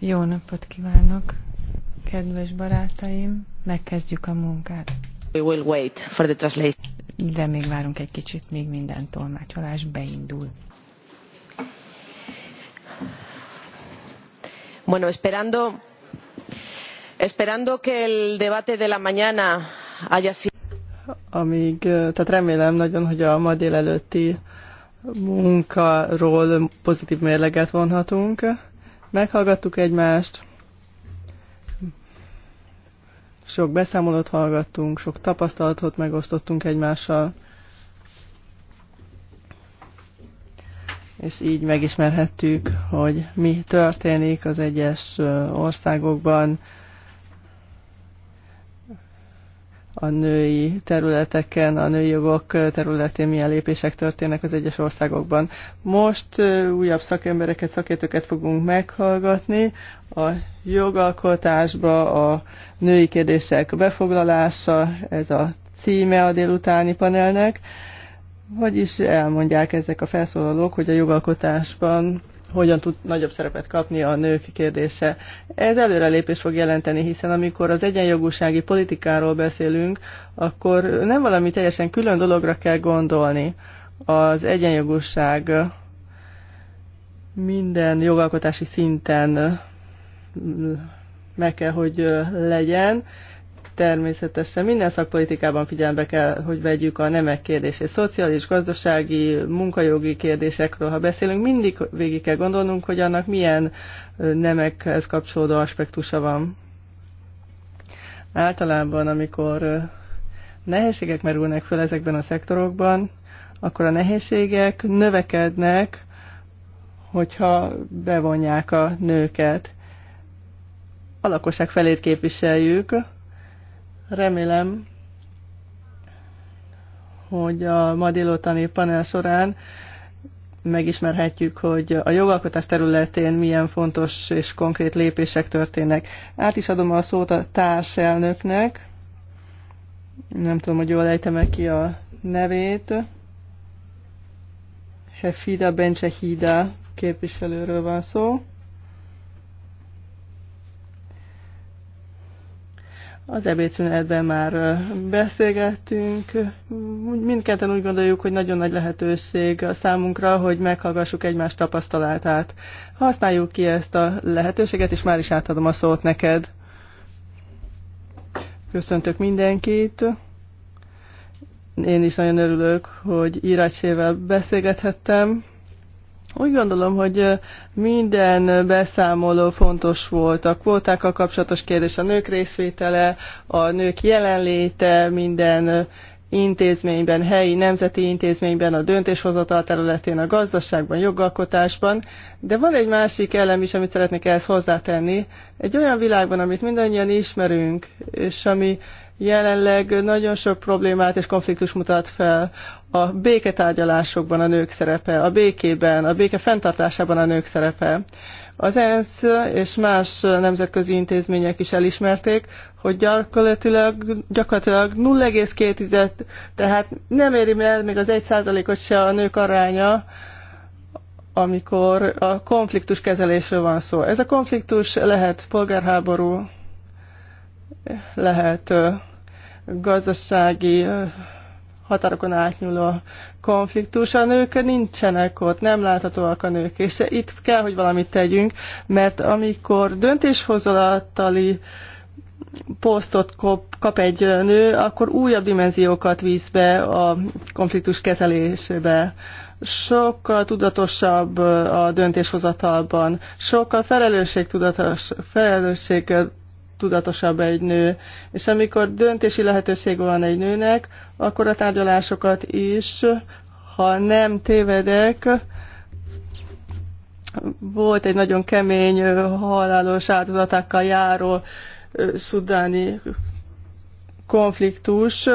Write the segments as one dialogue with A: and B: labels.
A: Jó napot kívánok, kedves barátaim! Megkezdjük a munkát.
B: We will wait for the translation.
A: De még várunk egy kicsit, még minden tolmácsolás beindul.
B: Bueno, esperando, esperando que el debate de la mañana
C: haya sido amíg, eh, tehát remélem nagyon, hogy a ma délelőtti munkáról pozitív mérleget vonhatunk. Meghallgattuk egymást, sok beszámolót hallgattunk, sok tapasztalatot megosztottunk egymással, és így megismerhettük, hogy mi történik az egyes országokban, a női területeken, a női jogok területén milyen lépések történnek az egyes országokban. Most újabb szakembereket, szakértőket fogunk meghallgatni a jogalkotásba, a női kérdések befoglalása, ez a címe a délutáni panelnek. Vagyis elmondják ezek a felszólalók, hogy a jogalkotásban hogyan tud nagyobb szerepet kapni a nők kérdése. Ez előrelépés fog jelenteni, hiszen amikor az egyenjogúsági politikáról beszélünk, akkor nem valami teljesen külön dologra kell gondolni. Az egyenjogúság minden jogalkotási szinten meg kell, hogy legyen, természetesen minden szakpolitikában figyelembe kell, hogy vegyük a nemek kérdését. Szociális, gazdasági, munkajogi kérdésekről, ha beszélünk, mindig végig kell gondolnunk, hogy annak milyen nemekhez kapcsolódó aspektusa van. Általában, amikor nehézségek merülnek föl ezekben a szektorokban, akkor a nehézségek növekednek, hogyha bevonják a nőket. A lakosság felét képviseljük, Remélem, hogy a ma délutáni panel során megismerhetjük, hogy a jogalkotás területén milyen fontos és konkrét lépések történnek. Át is adom a szót a társelnöknek. Nem tudom, hogy jól ejtem -e ki a nevét. Hefida Bencsehida képviselőről van szó. Az ebédszünetben már beszélgettünk. Mindketten úgy gondoljuk, hogy nagyon nagy lehetőség a számunkra, hogy meghallgassuk egymás tapasztalatát. Használjuk ki ezt a lehetőséget, és már is átadom a szót neked. Köszöntök mindenkit. Én is nagyon örülök, hogy írásével beszélgethettem. Úgy gondolom, hogy minden beszámoló fontos volt. A kvótákkal kapcsolatos kérdés, a nők részvétele, a nők jelenléte minden intézményben, helyi nemzeti intézményben, a döntéshozatal területén, a gazdaságban, jogalkotásban, de van egy másik elem is, amit szeretnék ehhez hozzátenni. Egy olyan világban, amit mindannyian ismerünk, és ami jelenleg nagyon sok problémát és konfliktus mutat fel. A béketárgyalásokban a nők szerepe, a békében, a béke fenntartásában a nők szerepe. Az ENSZ és más nemzetközi intézmények is elismerték, hogy gyakorlatilag, gyakorlatilag 0,2, tehát nem éri el még az 1%-ot se a nők aránya, amikor a konfliktus kezelésről van szó. Ez a konfliktus lehet polgárháború, lehet gazdasági határokon átnyúló konfliktus. A nők nincsenek ott, nem láthatóak a nők, és itt kell, hogy valamit tegyünk, mert amikor döntéshozatali posztot kap egy nő, akkor újabb dimenziókat visz be a konfliktus kezelésébe. Sokkal tudatosabb a döntéshozatalban, sokkal felelősségtudatos, felelősség tudatosabb egy nő. És amikor döntési lehetőség van egy nőnek, akkor a tárgyalásokat is, ha nem tévedek, volt egy nagyon kemény, halálos áldozatákkal járó szudáni konfliktus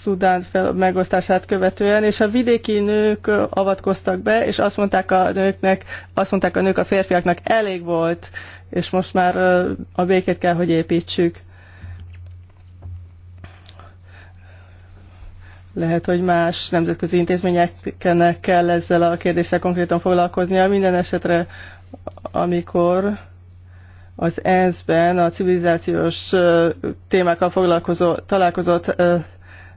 C: Szudán megosztását követően, és a vidéki nők avatkoztak be, és azt mondták a nőknek, azt mondták a nők a férfiaknak, elég volt, és most már a békét kell, hogy építsük. Lehet, hogy más nemzetközi intézményeknek kell ezzel a kérdéssel konkrétan foglalkoznia. Minden esetre, amikor az ENSZ-ben a civilizációs témákkal foglalkozó találkozott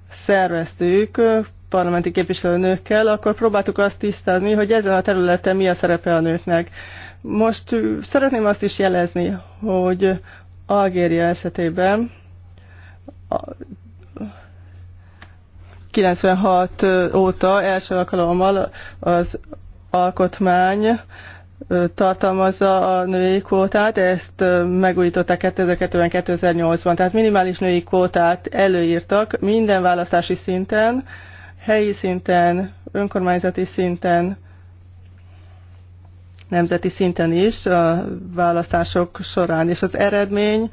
C: szerveztük parlamenti képviselőnőkkel, akkor próbáltuk azt tisztázni, hogy ezen a területen mi a szerepe a nőknek. Most szeretném azt is jelezni, hogy Algéria esetében 96 óta első alkalommal az alkotmány tartalmazza a női kvótát, ezt megújították 2002-2008-ban, tehát minimális női kvótát előírtak minden választási szinten, helyi szinten, önkormányzati szinten, nemzeti szinten is a választások során. És az eredmény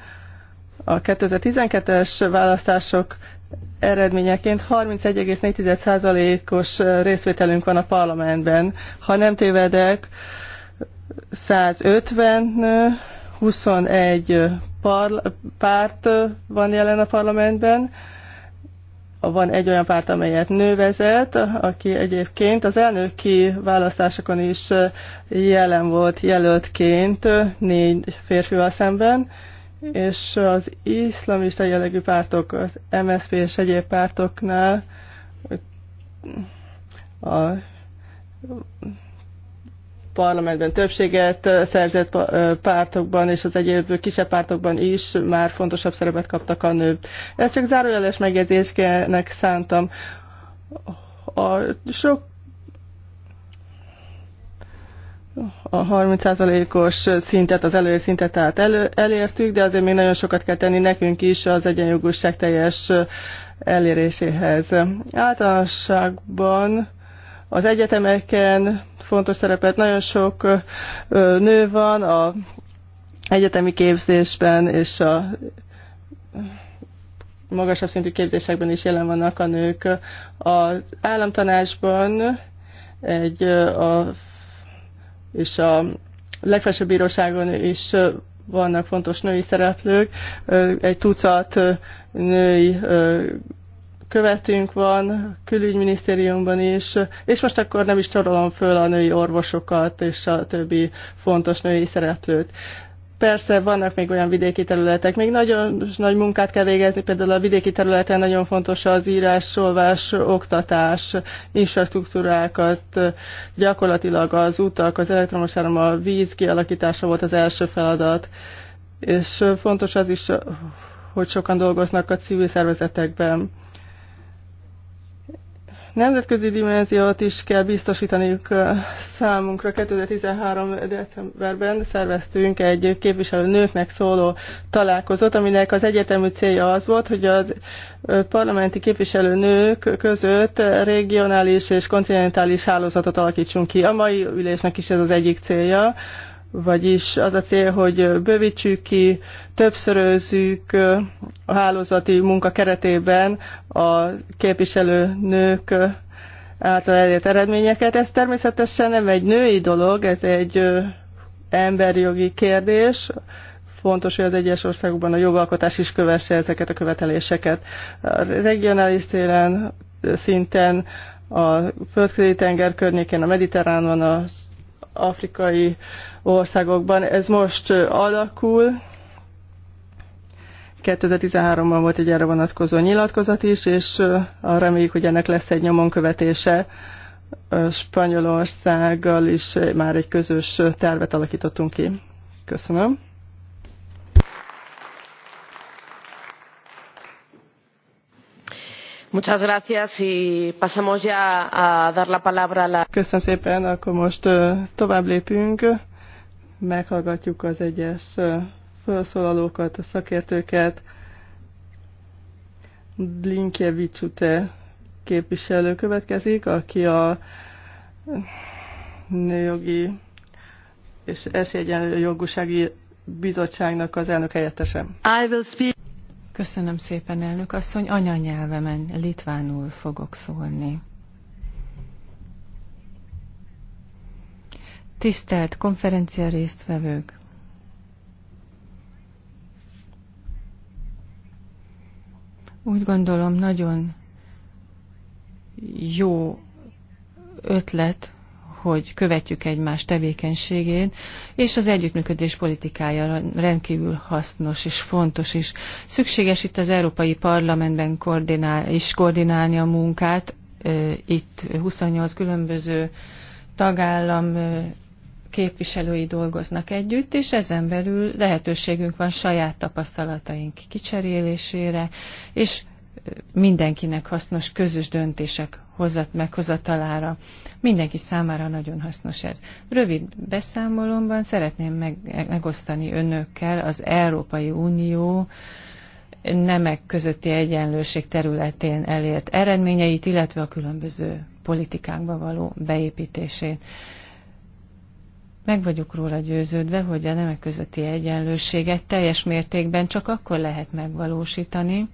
C: a 2012-es választások eredményeként 31,4%-os részvételünk van a parlamentben. Ha nem tévedek, 150 nő, 21 párt van jelen a parlamentben, van egy olyan párt, amelyet nő vezet, aki egyébként az elnöki választásokon is jelen volt jelöltként négy férfival szemben, és az iszlamista jellegű pártok, az MSZP és egyéb pártoknál a parlamentben többséget szerzett pártokban és az egyéb kisebb pártokban is már fontosabb szerepet kaptak a nők. Ezt csak zárójeles megjegyzésnek szántam. A sok a 30%-os szintet, az előre szintet tehát elő, elértük, de azért még nagyon sokat kell tenni nekünk is az egyenjogúság teljes eléréséhez. Általánosságban az egyetemeken fontos szerepet nagyon sok nő van a egyetemi képzésben és a magasabb szintű képzésekben is jelen vannak a nők. Az államtanácsban egy a, és a legfelsőbb bíróságon is vannak fontos női szereplők, egy tucat női követünk van külügyminisztériumban is, és most akkor nem is sorolom föl a női orvosokat és a többi fontos női szereplőt. Persze vannak még olyan vidéki területek, még nagyon nagy munkát kell végezni, például a vidéki területen nagyon fontos az írás, solvás, oktatás, infrastruktúrákat, gyakorlatilag az utak, az elektromos áram, a víz kialakítása volt az első feladat, és fontos az is, hogy sokan dolgoznak a civil szervezetekben. Nemzetközi dimenziót is kell biztosítaniuk számunkra. 2013. decemberben szerveztünk egy képviselő nőknek szóló találkozót, aminek az egyetemű célja az volt, hogy az parlamenti képviselő nők között regionális és kontinentális hálózatot alakítsunk ki. A mai ülésnek is ez az egyik célja vagyis az a cél, hogy bővítsük ki, többszörözzük a hálózati munka keretében a képviselő nők által elért eredményeket. Ez természetesen nem egy női dolog, ez egy emberjogi kérdés, fontos, hogy az egyes országokban a jogalkotás is kövesse ezeket a követeléseket. A regionális szélen, szinten, a földközi tenger környékén, a mediterránban, az afrikai országokban. Ez most alakul. 2013-ban volt egy erre vonatkozó nyilatkozat is, és reméljük, hogy ennek lesz egy nyomon követése. Spanyolországgal is már egy közös tervet alakítottunk ki. Köszönöm. Muchas gracias y pasamos ya a dar la palabra a la... Köszönöm szépen, akkor most tovább lépünk meghallgatjuk az egyes felszólalókat, a szakértőket. Linkjevics képviselő következik, aki a nőjogi és esélyegyenlő jogúsági bizottságnak az elnök helyettese.
A: I will speak. Köszönöm szépen, elnök asszony. Anyanyelvemen litvánul fogok szólni. Tisztelt konferencia résztvevők! Úgy gondolom nagyon jó ötlet, hogy követjük egymás tevékenységét, és az együttműködés politikája rendkívül hasznos és fontos is. Szükséges itt az Európai Parlamentben koordinál, is koordinálni a munkát, itt 28 különböző tagállam képviselői dolgoznak együtt, és ezen belül lehetőségünk van saját tapasztalataink kicserélésére, és mindenkinek hasznos közös döntések hozat meghozatalára. Mindenki számára nagyon hasznos ez. Rövid beszámolomban szeretném meg, megosztani önökkel az Európai Unió nemek közötti egyenlőség területén elért eredményeit, illetve a különböző politikákba való beépítését. Meg vagyok róla győződve, hogy a nemek közötti egyenlőséget teljes mértékben csak akkor lehet megvalósítani,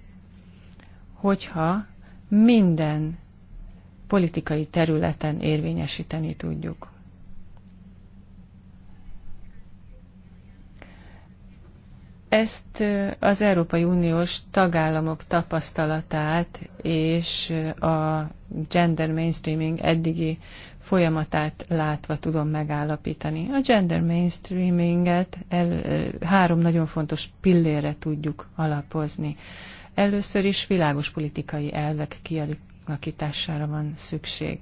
A: hogyha minden politikai területen érvényesíteni tudjuk. Ezt az Európai Uniós tagállamok tapasztalatát és a gender mainstreaming eddigi folyamatát látva tudom megállapítani. A gender mainstreaminget el, három nagyon fontos pillére tudjuk alapozni. Először is világos politikai elvek kialakítására van szükség.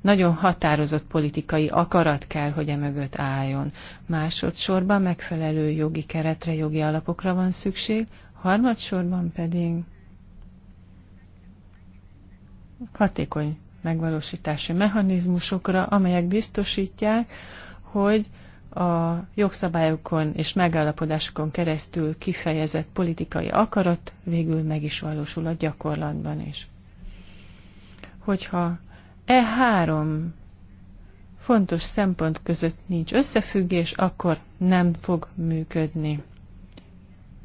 A: Nagyon határozott politikai akarat kell, hogy e mögött álljon. Másodszorban megfelelő jogi keretre, jogi alapokra van szükség, harmadsorban pedig hatékony megvalósítási mechanizmusokra, amelyek biztosítják, hogy a jogszabályokon és megállapodásokon keresztül kifejezett politikai akarat végül meg is valósul a gyakorlatban is. Hogyha e három fontos szempont között nincs összefüggés, akkor nem fog működni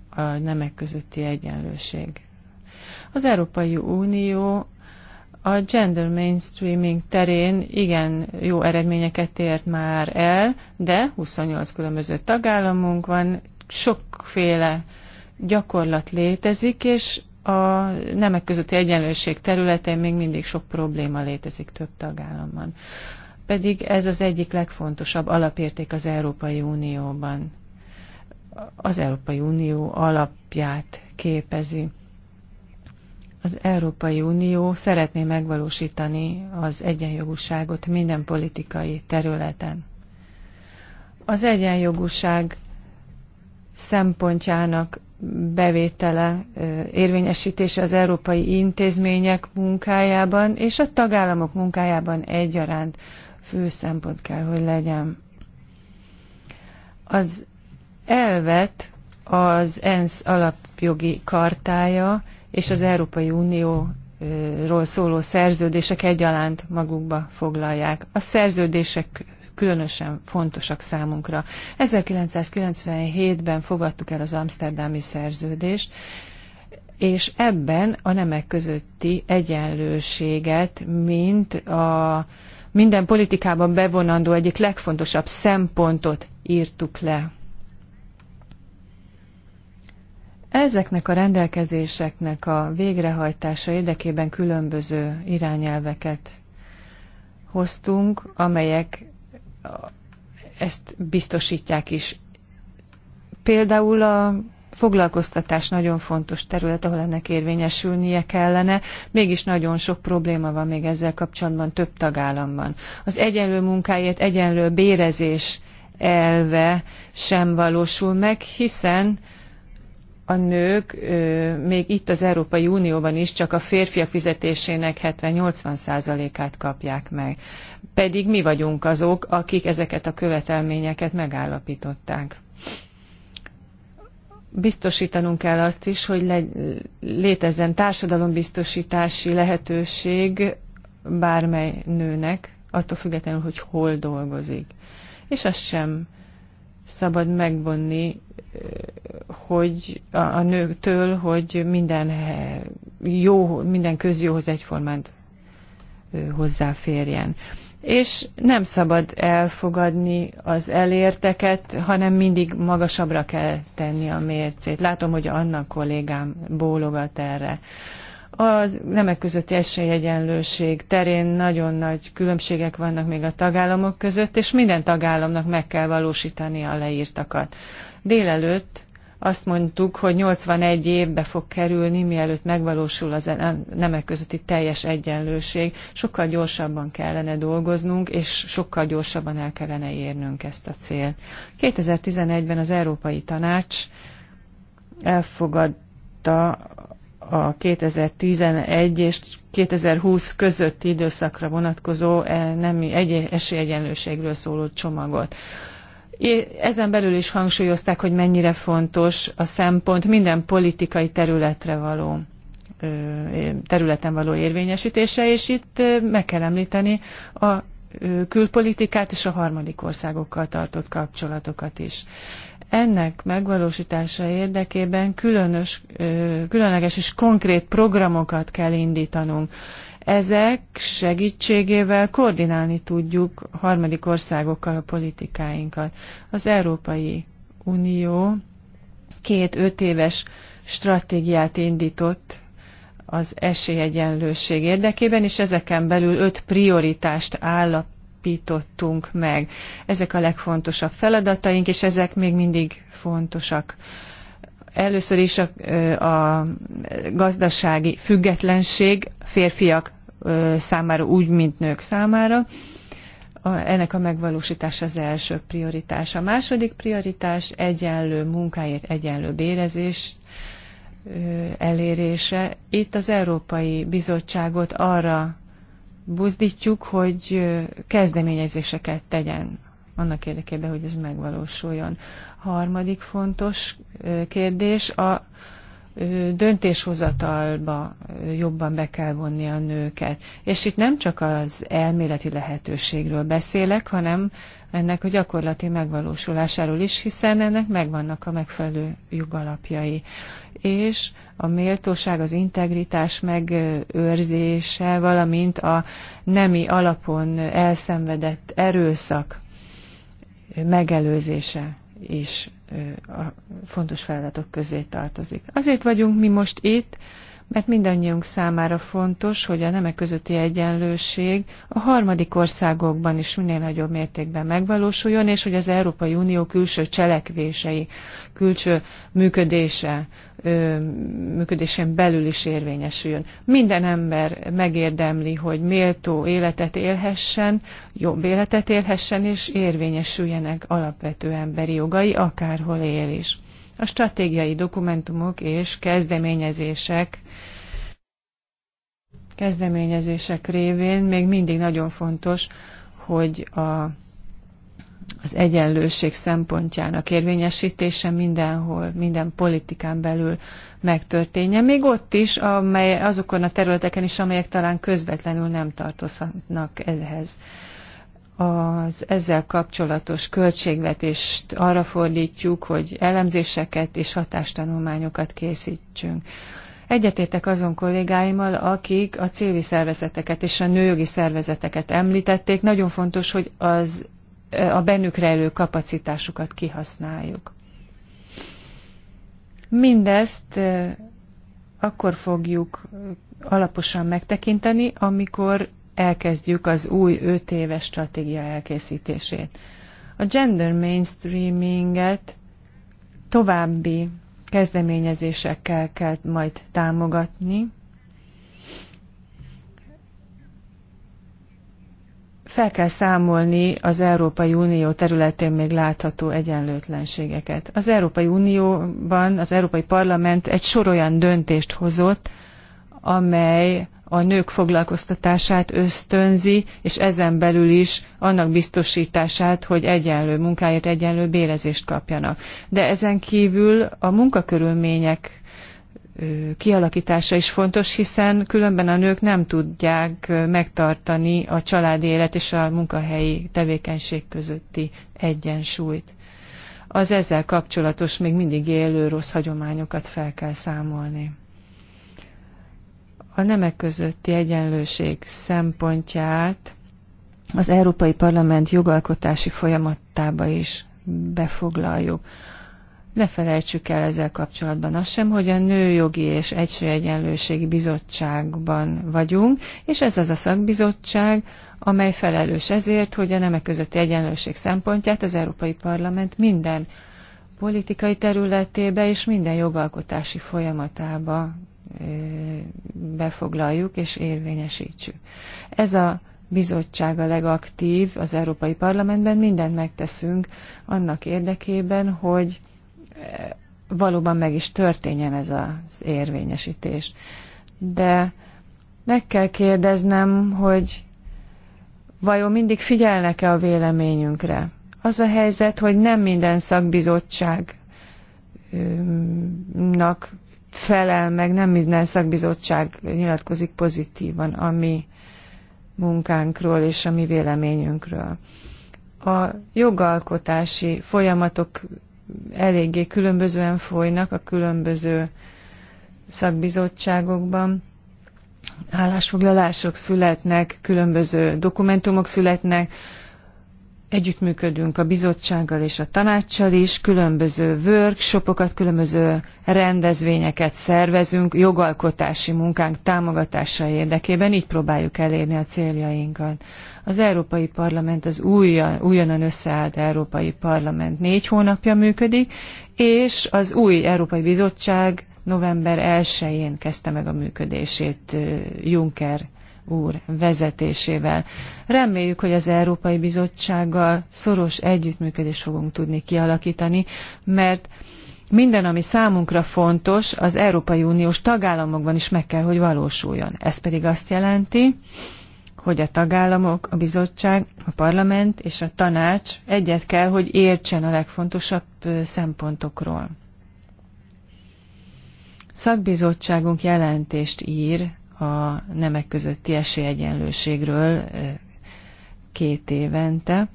A: a nemek közötti egyenlőség. Az Európai Unió a gender mainstreaming terén igen jó eredményeket ért már el, de 28 különböző tagállamunk van, sokféle gyakorlat létezik, és a nemek közötti egyenlőség területén még mindig sok probléma létezik több tagállamban. Pedig ez az egyik legfontosabb alapérték az Európai Unióban. Az Európai Unió alapját képezi az Európai Unió szeretné megvalósítani az egyenjogúságot minden politikai területen. Az egyenjogúság szempontjának bevétele, érvényesítése az európai intézmények munkájában és a tagállamok munkájában egyaránt fő szempont kell, hogy legyen. Az elvet az ENSZ alapjogi kartája és az Európai Unióról szóló szerződések egyaránt magukba foglalják. A szerződések különösen fontosak számunkra. 1997-ben fogadtuk el az Amsterdami szerződést, és ebben a nemek közötti egyenlőséget, mint a minden politikában bevonandó egyik legfontosabb szempontot írtuk le. Ezeknek a rendelkezéseknek a végrehajtása érdekében különböző irányelveket hoztunk, amelyek ezt biztosítják is. Például a foglalkoztatás nagyon fontos terület, ahol ennek érvényesülnie kellene, mégis nagyon sok probléma van még ezzel kapcsolatban több tagállamban. Az egyenlő munkáért egyenlő bérezés elve sem valósul meg, hiszen a nők még itt az Európai Unióban is csak a férfiak fizetésének 70-80%-át kapják meg. Pedig mi vagyunk azok, akik ezeket a követelményeket megállapították. Biztosítanunk kell azt is, hogy le, létezzen társadalombiztosítási lehetőség bármely nőnek, attól függetlenül, hogy hol dolgozik. És az sem szabad megvonni, eh, hogy a, a nőktől, hogy minden eh, jó, minden közjóhoz egyformán eh, hozzáférjen. És nem szabad elfogadni az elérteket, hanem mindig magasabbra kell tenni a mércét. Látom, hogy Anna kollégám bólogat erre. A nemek közötti esélyegyenlőség terén nagyon nagy különbségek vannak még a tagállamok között, és minden tagállamnak meg kell valósítani a leírtakat. Délelőtt azt mondtuk, hogy 81 évbe fog kerülni, mielőtt megvalósul az nemek közötti teljes egyenlőség. Sokkal gyorsabban kellene dolgoznunk, és sokkal gyorsabban el kellene érnünk ezt a célt. 2011-ben az Európai Tanács elfogadta a 2011 és 2020 közötti időszakra vonatkozó e, nemi egy esélyegyenlőségről szóló csomagot. Ezen belül is hangsúlyozták, hogy mennyire fontos a szempont minden politikai területre való területen való érvényesítése, és itt meg kell említeni a külpolitikát és a harmadik országokkal tartott kapcsolatokat is. Ennek megvalósítása érdekében különös, különleges és konkrét programokat kell indítanunk. Ezek segítségével koordinálni tudjuk harmadik országokkal a politikáinkat. Az Európai Unió két öt éves stratégiát indított az esélyegyenlőség érdekében, és ezeken belül öt prioritást állap, állapítottunk meg. Ezek a legfontosabb feladataink, és ezek még mindig fontosak. Először is a, a gazdasági függetlenség férfiak számára úgy, mint nők számára. A, ennek a megvalósítása az első prioritás. A második prioritás egyenlő munkáért egyenlő bérezést elérése. Itt az Európai Bizottságot arra buzdítjuk, hogy kezdeményezéseket tegyen annak érdekében, hogy ez megvalósuljon. Harmadik fontos kérdés, a döntéshozatalba jobban be kell vonni a nőket. És itt nem csak az elméleti lehetőségről beszélek, hanem ennek a gyakorlati megvalósulásáról is, hiszen ennek megvannak a megfelelő jogalapjai és a méltóság, az integritás megőrzése, valamint a nemi alapon elszenvedett erőszak megelőzése is a fontos feladatok közé tartozik. Azért vagyunk mi most itt, mert mindannyiunk számára fontos, hogy a nemek közötti egyenlőség a harmadik országokban is minél nagyobb mértékben megvalósuljon, és hogy az Európai Unió külső cselekvései, külső működése, működésén belül is érvényesüljön. Minden ember megérdemli, hogy méltó életet élhessen, jobb életet élhessen, és érvényesüljenek alapvető emberi jogai, akárhol él is a stratégiai dokumentumok és kezdeményezések kezdeményezések révén még mindig nagyon fontos, hogy a, az egyenlőség szempontjának érvényesítése mindenhol, minden politikán belül megtörténjen, még ott is, amely, azokon a területeken is, amelyek talán közvetlenül nem tartozhatnak ehhez az ezzel kapcsolatos költségvetést arra fordítjuk, hogy elemzéseket és hatástanulmányokat készítsünk. Egyetétek azon kollégáimmal, akik a civil szervezeteket és a nőjogi szervezeteket említették. Nagyon fontos, hogy az, a bennük rejlő kapacitásukat kihasználjuk. Mindezt eh, akkor fogjuk eh, alaposan megtekinteni, amikor elkezdjük az új 5 éves stratégia elkészítését. A gender mainstreaminget további kezdeményezésekkel kell majd támogatni. Fel kell számolni az Európai Unió területén még látható egyenlőtlenségeket. Az Európai Unióban az Európai Parlament egy sor olyan döntést hozott, amely a nők foglalkoztatását ösztönzi, és ezen belül is annak biztosítását, hogy egyenlő munkáért egyenlő bérezést kapjanak. De ezen kívül a munkakörülmények kialakítása is fontos, hiszen különben a nők nem tudják megtartani a családi élet és a munkahelyi tevékenység közötti egyensúlyt. Az ezzel kapcsolatos még mindig élő rossz hagyományokat fel kell számolni a nemek közötti egyenlőség szempontját az Európai Parlament jogalkotási folyamatába is befoglaljuk. Ne felejtsük el ezzel kapcsolatban azt sem, hogy a Nőjogi és Egységegyenlőségi Bizottságban vagyunk, és ez az a szakbizottság, amely felelős ezért, hogy a nemek közötti egyenlőség szempontját az Európai Parlament minden politikai területébe és minden jogalkotási folyamatába befoglaljuk és érvényesítsük. Ez a bizottság a legaktív az Európai Parlamentben, mindent megteszünk annak érdekében, hogy eh, valóban meg is történjen ez az érvényesítés. De meg kell kérdeznem, hogy vajon mindig figyelnek-e a véleményünkre? Az a helyzet, hogy nem minden szakbizottságnak felel meg, nem minden szakbizottság nyilatkozik pozitívan a mi munkánkról és a mi véleményünkről. A jogalkotási folyamatok eléggé különbözően folynak a különböző szakbizottságokban. Állásfoglalások születnek, különböző dokumentumok születnek, Együttműködünk a bizottsággal és a tanácssal is, különböző workshopokat, különböző rendezvényeket szervezünk jogalkotási munkánk támogatása érdekében, így próbáljuk elérni a céljainkat. Az Európai Parlament az újjan, újonnan összeállt Európai Parlament négy hónapja működik, és az új Európai Bizottság november 1-én kezdte meg a működését Juncker úr vezetésével. Reméljük, hogy az Európai Bizottsággal szoros együttműködést fogunk tudni kialakítani, mert minden, ami számunkra fontos, az Európai Uniós tagállamokban is meg kell, hogy valósuljon. Ez pedig azt jelenti, hogy a tagállamok, a bizottság, a parlament és a tanács egyet kell, hogy értsen a legfontosabb szempontokról. Szakbizottságunk jelentést ír a nemek közötti esélyegyenlőségről két évente.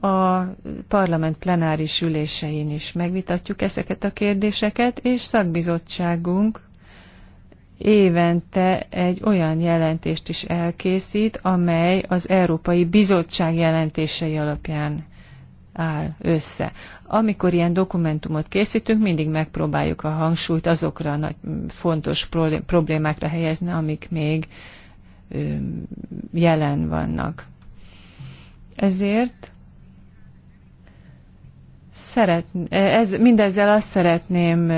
A: A parlament plenáris ülésein is megvitatjuk ezeket a kérdéseket, és szakbizottságunk évente egy olyan jelentést is elkészít, amely az Európai Bizottság jelentései alapján áll össze. Amikor ilyen dokumentumot készítünk, mindig megpróbáljuk a hangsúlyt azokra a nagy, mm, fontos problémákra helyezni, amik még jelen vannak. Ezért szeret, e, ez, mindezzel azt szeretném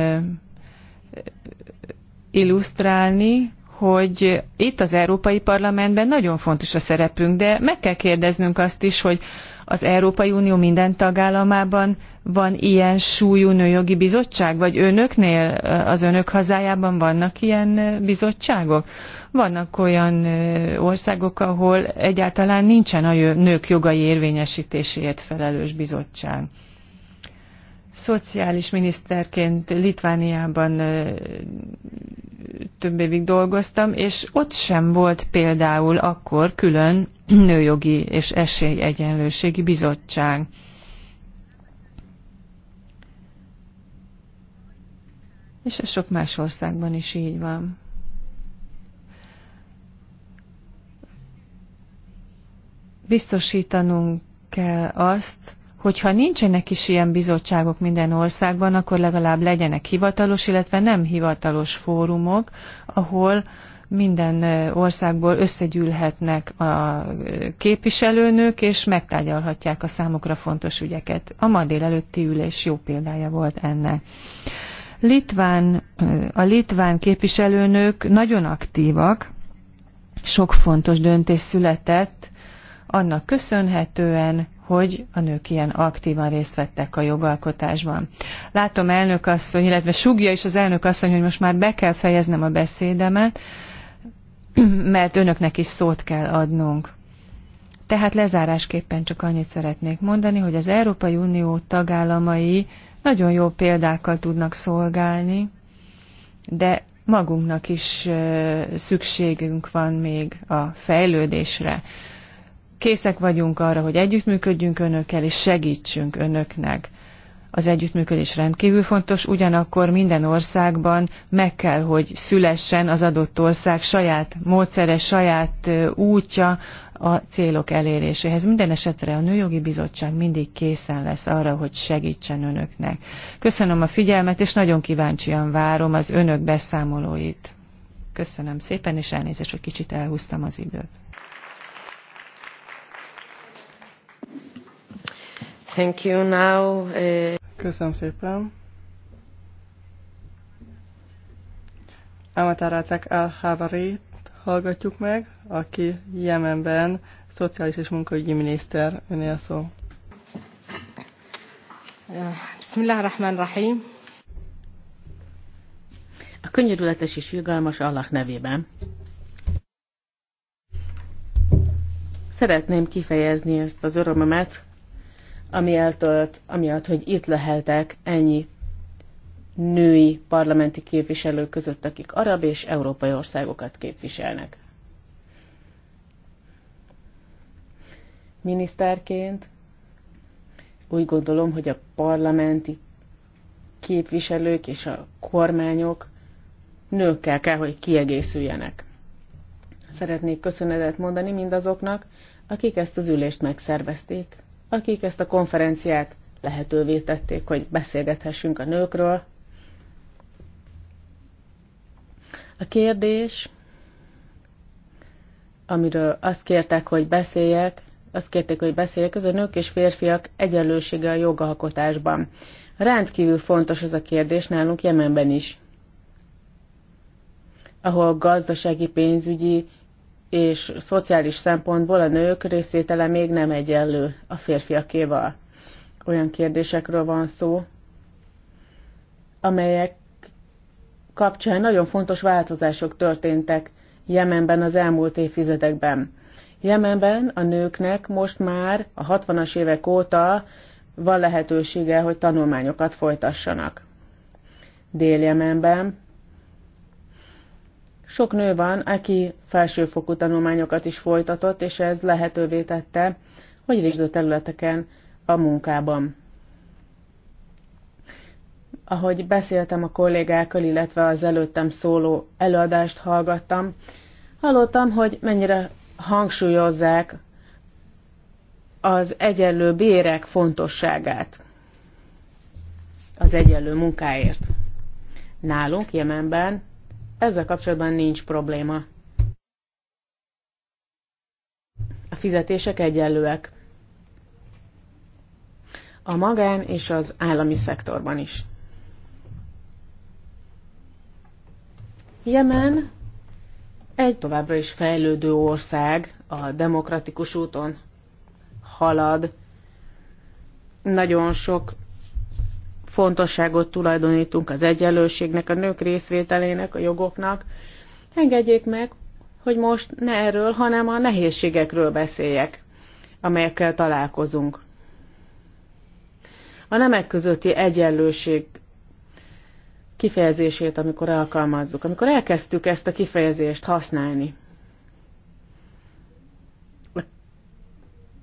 A: illusztrálni, hogy itt az Európai Parlamentben nagyon fontos a szerepünk, de meg kell kérdeznünk azt is, hogy az Európai Unió minden tagállamában van ilyen súlyú nőjogi bizottság, vagy önöknél, eh, az önök hazájában vannak ilyen eh, bizottságok? Vannak olyan eh, országok, ahol egyáltalán nincsen a nők jogai érvényesítéséért felelős bizottság. Szociális miniszterként Litvániában több évig dolgoztam, és ott sem volt például akkor külön Nőjogi és Esélyegyenlőségi Bizottság. És ez sok más országban is így van. Biztosítanunk kell azt, hogyha nincsenek is ilyen bizottságok minden országban, akkor legalább legyenek hivatalos, illetve nem hivatalos fórumok, ahol minden országból összegyűlhetnek a képviselőnők, és megtárgyalhatják a számokra fontos ügyeket. A ma délelőtti ülés jó példája volt ennek. Litván, a litván képviselőnők nagyon aktívak, sok fontos döntés született, annak köszönhetően, hogy a nők ilyen aktívan részt vettek a jogalkotásban. Látom elnök asszony, illetve sugja is az elnök asszony, hogy most már be kell fejeznem a beszédemet, mert önöknek is szót kell adnunk. Tehát lezárásképpen csak annyit szeretnék mondani, hogy az Európai Unió tagállamai nagyon jó példákkal tudnak szolgálni, de magunknak is szükségünk van még a fejlődésre. Készek vagyunk arra, hogy együttműködjünk önökkel, és segítsünk önöknek az együttműködés rendkívül fontos, ugyanakkor minden országban meg kell, hogy szülessen az adott ország saját módszere, saját útja a célok eléréséhez. Minden esetre a Nőjogi Bizottság mindig készen lesz arra, hogy segítsen önöknek. Köszönöm a figyelmet, és nagyon kíváncsian várom az önök beszámolóit. Köszönöm szépen, és elnézést, hogy kicsit elhúztam az időt.
C: Thank you now. Uh... Köszönöm szépen. Amatárálták Al-Havarit hallgatjuk meg, aki Jemenben szociális és munkaügyi miniszter. Önél szó. Bismillahirrahmanirrahim.
B: A könyörületes és irgalmas Allah nevében. Szeretném kifejezni ezt az örömömet, ami eltölt, amiatt, hogy itt leheltek ennyi női parlamenti képviselők között, akik arab és európai országokat képviselnek. Miniszterként úgy gondolom, hogy a parlamenti képviselők és a kormányok nőkkel kell, hogy kiegészüljenek. Szeretnék köszönetet mondani mindazoknak, akik ezt az ülést megszervezték, akik ezt a konferenciát lehetővé tették, hogy beszélgethessünk a nőkről. A kérdés, amiről azt kértek, hogy beszéljek, azt kérték, hogy beszéljek, az a nők és férfiak egyenlősége a jogalkotásban. Rendkívül fontos ez a kérdés nálunk Jemenben is, ahol gazdasági, pénzügyi és szociális szempontból a nők részétele még nem egyenlő a férfiakéval. Olyan kérdésekről van szó, amelyek kapcsán nagyon fontos változások történtek Jemenben az elmúlt évtizedekben. Jemenben a nőknek most már a 60-as évek óta van lehetősége, hogy tanulmányokat folytassanak. Dél-Jemenben sok nő van, aki felsőfokú tanulmányokat is folytatott, és ez lehetővé tette, hogy részző területeken a munkában. Ahogy beszéltem a kollégákkal, illetve az előttem szóló előadást hallgattam, hallottam, hogy mennyire hangsúlyozzák az egyenlő bérek fontosságát az egyenlő munkáért. Nálunk Jemenben ezzel kapcsolatban nincs probléma. A fizetések egyenlőek. A magán és az állami szektorban is. Jemen egy továbbra is fejlődő ország, a demokratikus úton halad. Nagyon sok fontosságot tulajdonítunk az egyenlőségnek, a nők részvételének, a jogoknak. Engedjék meg, hogy most ne erről, hanem a nehézségekről beszéljek, amelyekkel találkozunk. A nemek közötti egyenlőség kifejezését, amikor alkalmazzuk, amikor elkezdtük ezt a kifejezést használni.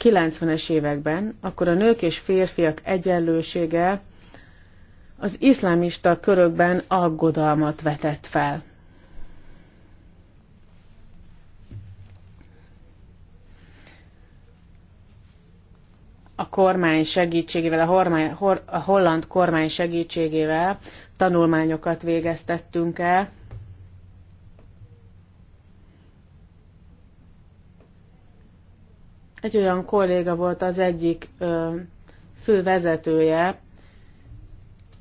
B: 90-es években, akkor a nők és férfiak egyenlősége az iszlámista körökben aggodalmat vetett fel. A kormány segítségével, a, hormány, a holland kormány segítségével tanulmányokat végeztettünk el, egy olyan kolléga volt az egyik ö, fő vezetője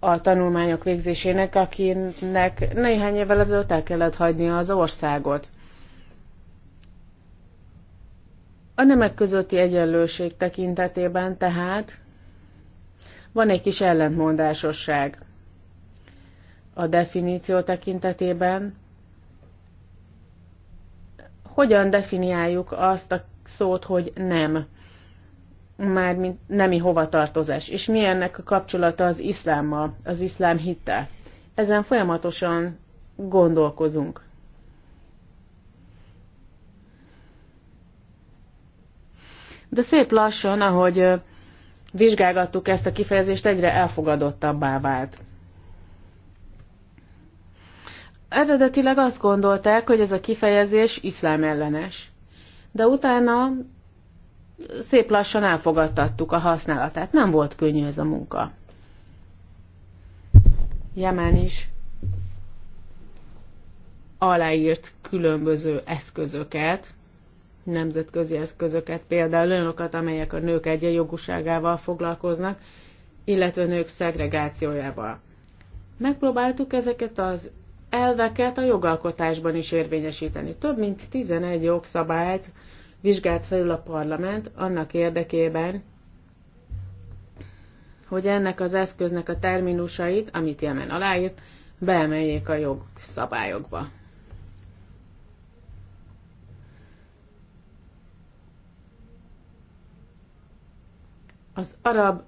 B: a tanulmányok végzésének, akinek néhány évvel ezelőtt el kellett hagynia az országot. A nemek közötti egyenlőség tekintetében tehát van egy kis ellentmondásosság. A definíció tekintetében hogyan definiáljuk azt a szót, hogy nem? már mint nemi hovatartozás, és mi ennek a kapcsolata az iszlámmal, az iszlám hittel. Ezen folyamatosan gondolkozunk. De szép lassan, ahogy vizsgálgattuk ezt a kifejezést, egyre elfogadottabbá vált. Eredetileg azt gondolták, hogy ez a kifejezés iszlám ellenes. De utána szép lassan elfogadtattuk a használatát. Nem volt könnyű ez a munka. Jemen is aláírt különböző eszközöket, nemzetközi eszközöket, például olyanokat, amelyek a nők egyenjogúságával foglalkoznak, illetve nők szegregációjával. Megpróbáltuk ezeket az elveket a jogalkotásban is érvényesíteni. Több mint 11 jogszabályt vizsgált felül a parlament annak érdekében, hogy ennek az eszköznek a terminusait, amit Jemen aláírt, beemeljék a jogszabályokba. Az arab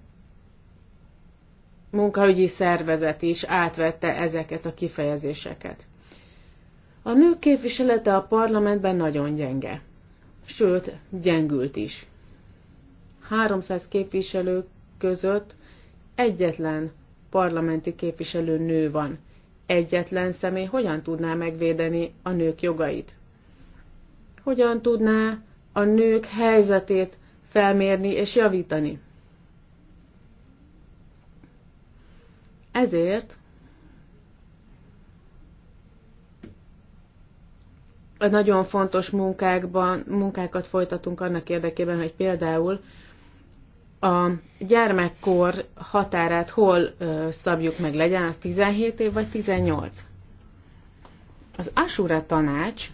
B: munkaügyi szervezet is átvette ezeket a kifejezéseket. A nők képviselete a parlamentben nagyon gyenge sőt, gyengült is. 300 képviselő között egyetlen parlamenti képviselő nő van. Egyetlen személy hogyan tudná megvédeni a nők jogait? Hogyan tudná a nők helyzetét felmérni és javítani? Ezért nagyon fontos munkákban, munkákat folytatunk annak érdekében, hogy például a gyermekkor határát hol ö, szabjuk meg, legyen az 17 év vagy 18. Az Asura tanács,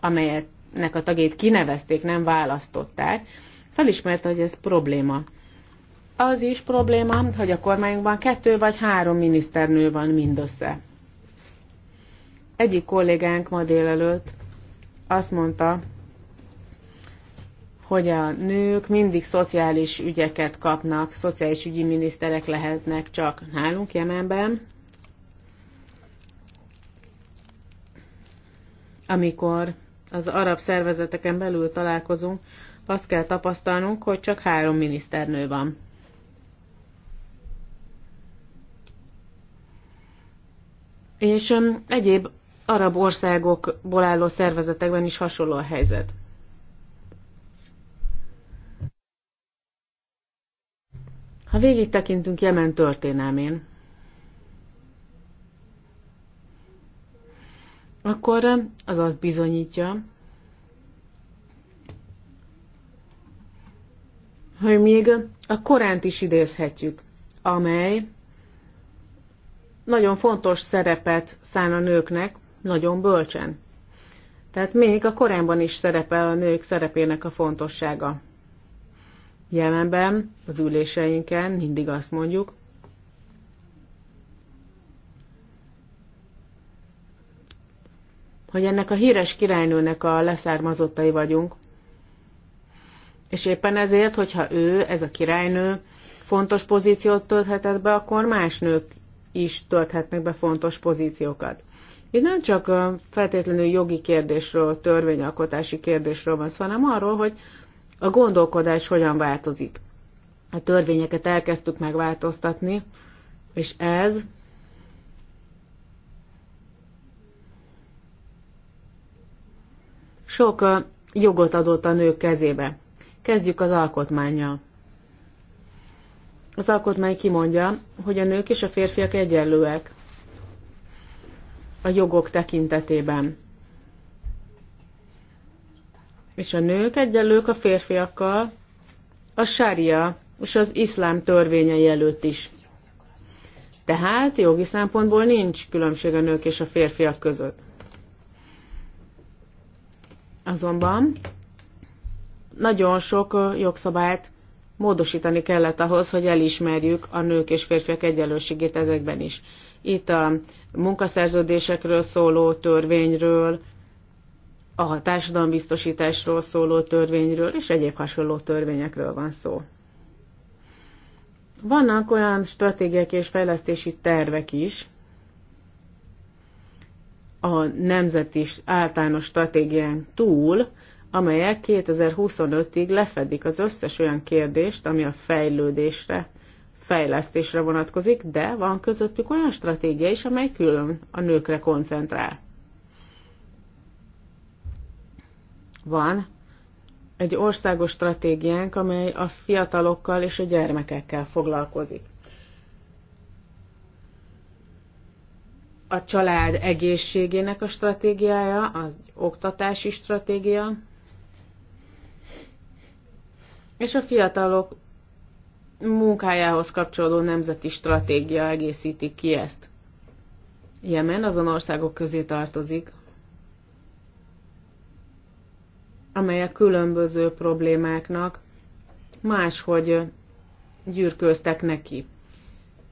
B: amelynek a tagjait kinevezték, nem választották, felismerte, hogy ez probléma. Az is probléma, hogy a kormányunkban kettő vagy három miniszternő van mindössze. Egyik kollégánk ma délelőtt azt mondta, hogy a nők mindig szociális ügyeket kapnak, szociális ügyi miniszterek lehetnek csak nálunk Jemenben. Amikor az arab szervezeteken belül találkozunk, azt kell tapasztalnunk, hogy csak három miniszternő van. És egyéb arab országokból álló szervezetekben is hasonló a helyzet. Ha végig tekintünk Jemen történelmén, akkor az azt bizonyítja, hogy még a Koránt is idézhetjük, amely nagyon fontos szerepet szán a nőknek, nagyon bölcsen. Tehát még a Koránban is szerepel a nők szerepének a fontossága. Jelenben az üléseinken mindig azt mondjuk, hogy ennek a híres királynőnek a leszármazottai vagyunk, és éppen ezért, hogyha ő, ez a királynő, fontos pozíciót tölthetett be, akkor más nők is tölthetnek be fontos pozíciókat. Itt nem csak feltétlenül jogi kérdésről, törvényalkotási kérdésről van szó, hanem arról, hogy a gondolkodás hogyan változik. A törvényeket elkezdtük megváltoztatni, és ez sok jogot adott a nők kezébe. Kezdjük az alkotmányjal. Az alkotmány kimondja, hogy a nők és a férfiak egyenlőek a jogok tekintetében. És a nők egyenlők a férfiakkal a sária és az iszlám törvényei előtt is. Tehát jogi szempontból nincs különbség a nők és a férfiak között. Azonban nagyon sok jogszabályt módosítani kellett ahhoz, hogy elismerjük a nők és férfiak egyenlőségét ezekben is. Itt a munkaszerződésekről szóló törvényről, a társadalombiztosításról szóló törvényről és egyéb hasonló törvényekről van szó. Vannak olyan stratégiák és fejlesztési tervek is, a nemzeti általános stratégián túl, amelyek 2025-ig lefedik az összes olyan kérdést, ami a fejlődésre fejlesztésre vonatkozik, de van közöttük olyan stratégia is, amely külön a nőkre koncentrál. Van egy országos stratégiánk, amely a fiatalokkal és a gyermekekkel foglalkozik. A család egészségének a stratégiája, az oktatási stratégia, és a fiatalok munkájához kapcsolódó nemzeti stratégia egészíti ki ezt. Jemen azon országok közé tartozik, amelyek különböző problémáknak máshogy gyűrköztek neki.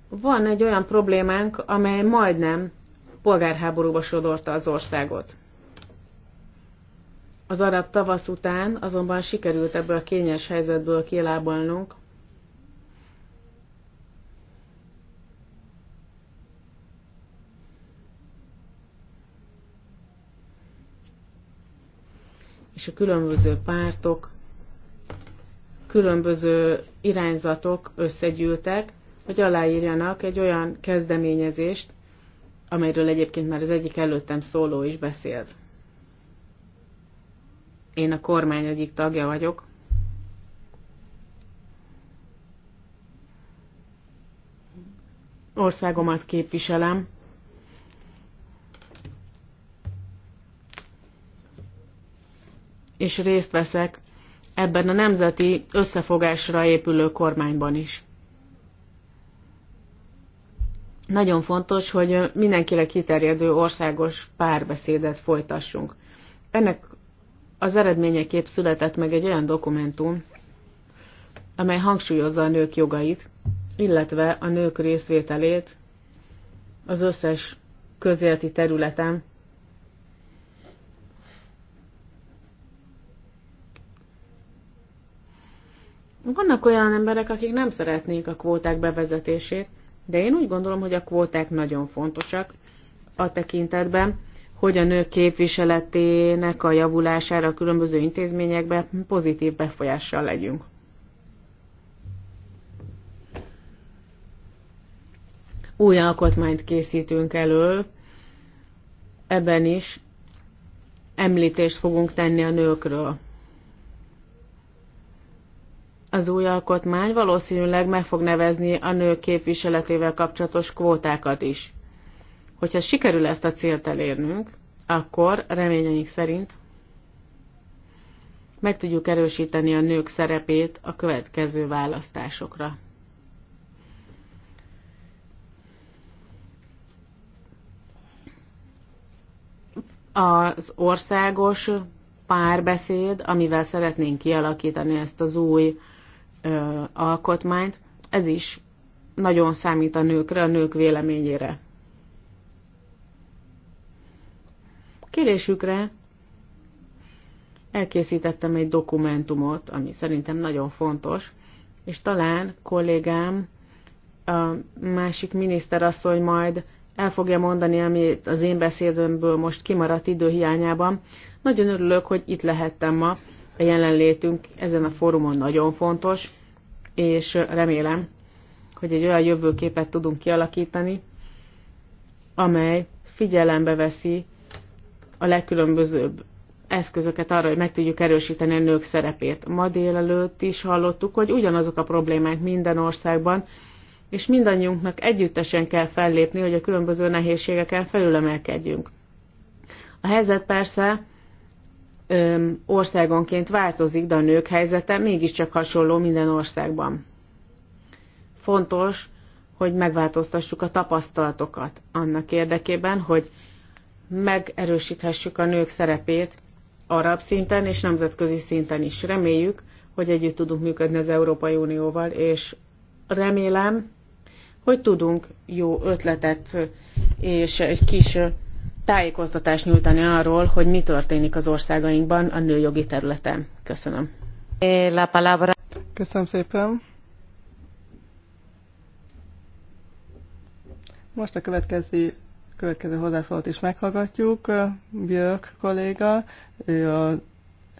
B: Van egy olyan problémánk, amely majdnem polgárháborúba sodorta az országot. Az arab tavasz után azonban sikerült ebből a kényes helyzetből kilábalnunk, és a különböző pártok, különböző irányzatok összegyűltek, hogy aláírjanak egy olyan kezdeményezést, amelyről egyébként már az egyik előttem szóló is beszélt. Én a kormány egyik tagja vagyok, országomat képviselem, és részt veszek ebben a nemzeti összefogásra épülő kormányban is. Nagyon fontos, hogy mindenkire kiterjedő országos párbeszédet folytassunk. Ennek az eredményeképp született meg egy olyan dokumentum, amely hangsúlyozza a nők jogait, illetve a nők részvételét az összes közéleti területen, Vannak olyan emberek, akik nem szeretnék a kvóták bevezetését, de én úgy gondolom, hogy a kvóták nagyon fontosak a tekintetben, hogy a nők képviseletének a javulására a különböző intézményekben pozitív befolyással legyünk. Új alkotmányt készítünk elő, ebben is említést fogunk tenni a nőkről. Az új alkotmány valószínűleg meg fog nevezni a nők képviseletével kapcsolatos kvótákat is. Hogyha sikerül ezt a célt elérnünk, akkor reményeink szerint meg tudjuk erősíteni a nők szerepét a következő választásokra. Az országos párbeszéd, amivel szeretnénk kialakítani ezt az új ö, alkotmányt, ez is nagyon számít a nőkre, a nők véleményére. Kérésükre elkészítettem egy dokumentumot, ami szerintem nagyon fontos, és talán kollégám, a másik miniszterasszony majd el fogja mondani, amit az én beszédemből most kimaradt időhiányában. Nagyon örülök, hogy itt lehettem ma, a jelenlétünk ezen a fórumon nagyon fontos, és remélem, hogy egy olyan jövőképet tudunk kialakítani, amely figyelembe veszi a legkülönbözőbb eszközöket arra, hogy meg tudjuk erősíteni a nők szerepét. Ma délelőtt is hallottuk, hogy ugyanazok a problémák minden országban, és mindannyiunknak együttesen kell fellépni, hogy a különböző nehézségeken felülemelkedjünk. A helyzet persze országonként változik, de a nők helyzete mégiscsak hasonló minden országban. Fontos, hogy megváltoztassuk a tapasztalatokat annak érdekében, hogy megerősíthessük a nők szerepét arab szinten és nemzetközi szinten is. Reméljük, hogy együtt tudunk működni az Európai Unióval, és remélem, hogy tudunk jó ötletet és egy kis tájékoztatást nyújtani arról, hogy mi történik az országainkban a nőjogi területen. Köszönöm. Eh, Köszönöm szépen.
C: Most a következő, következő hozzászólót is meghallgatjuk. Björk kolléga, ő az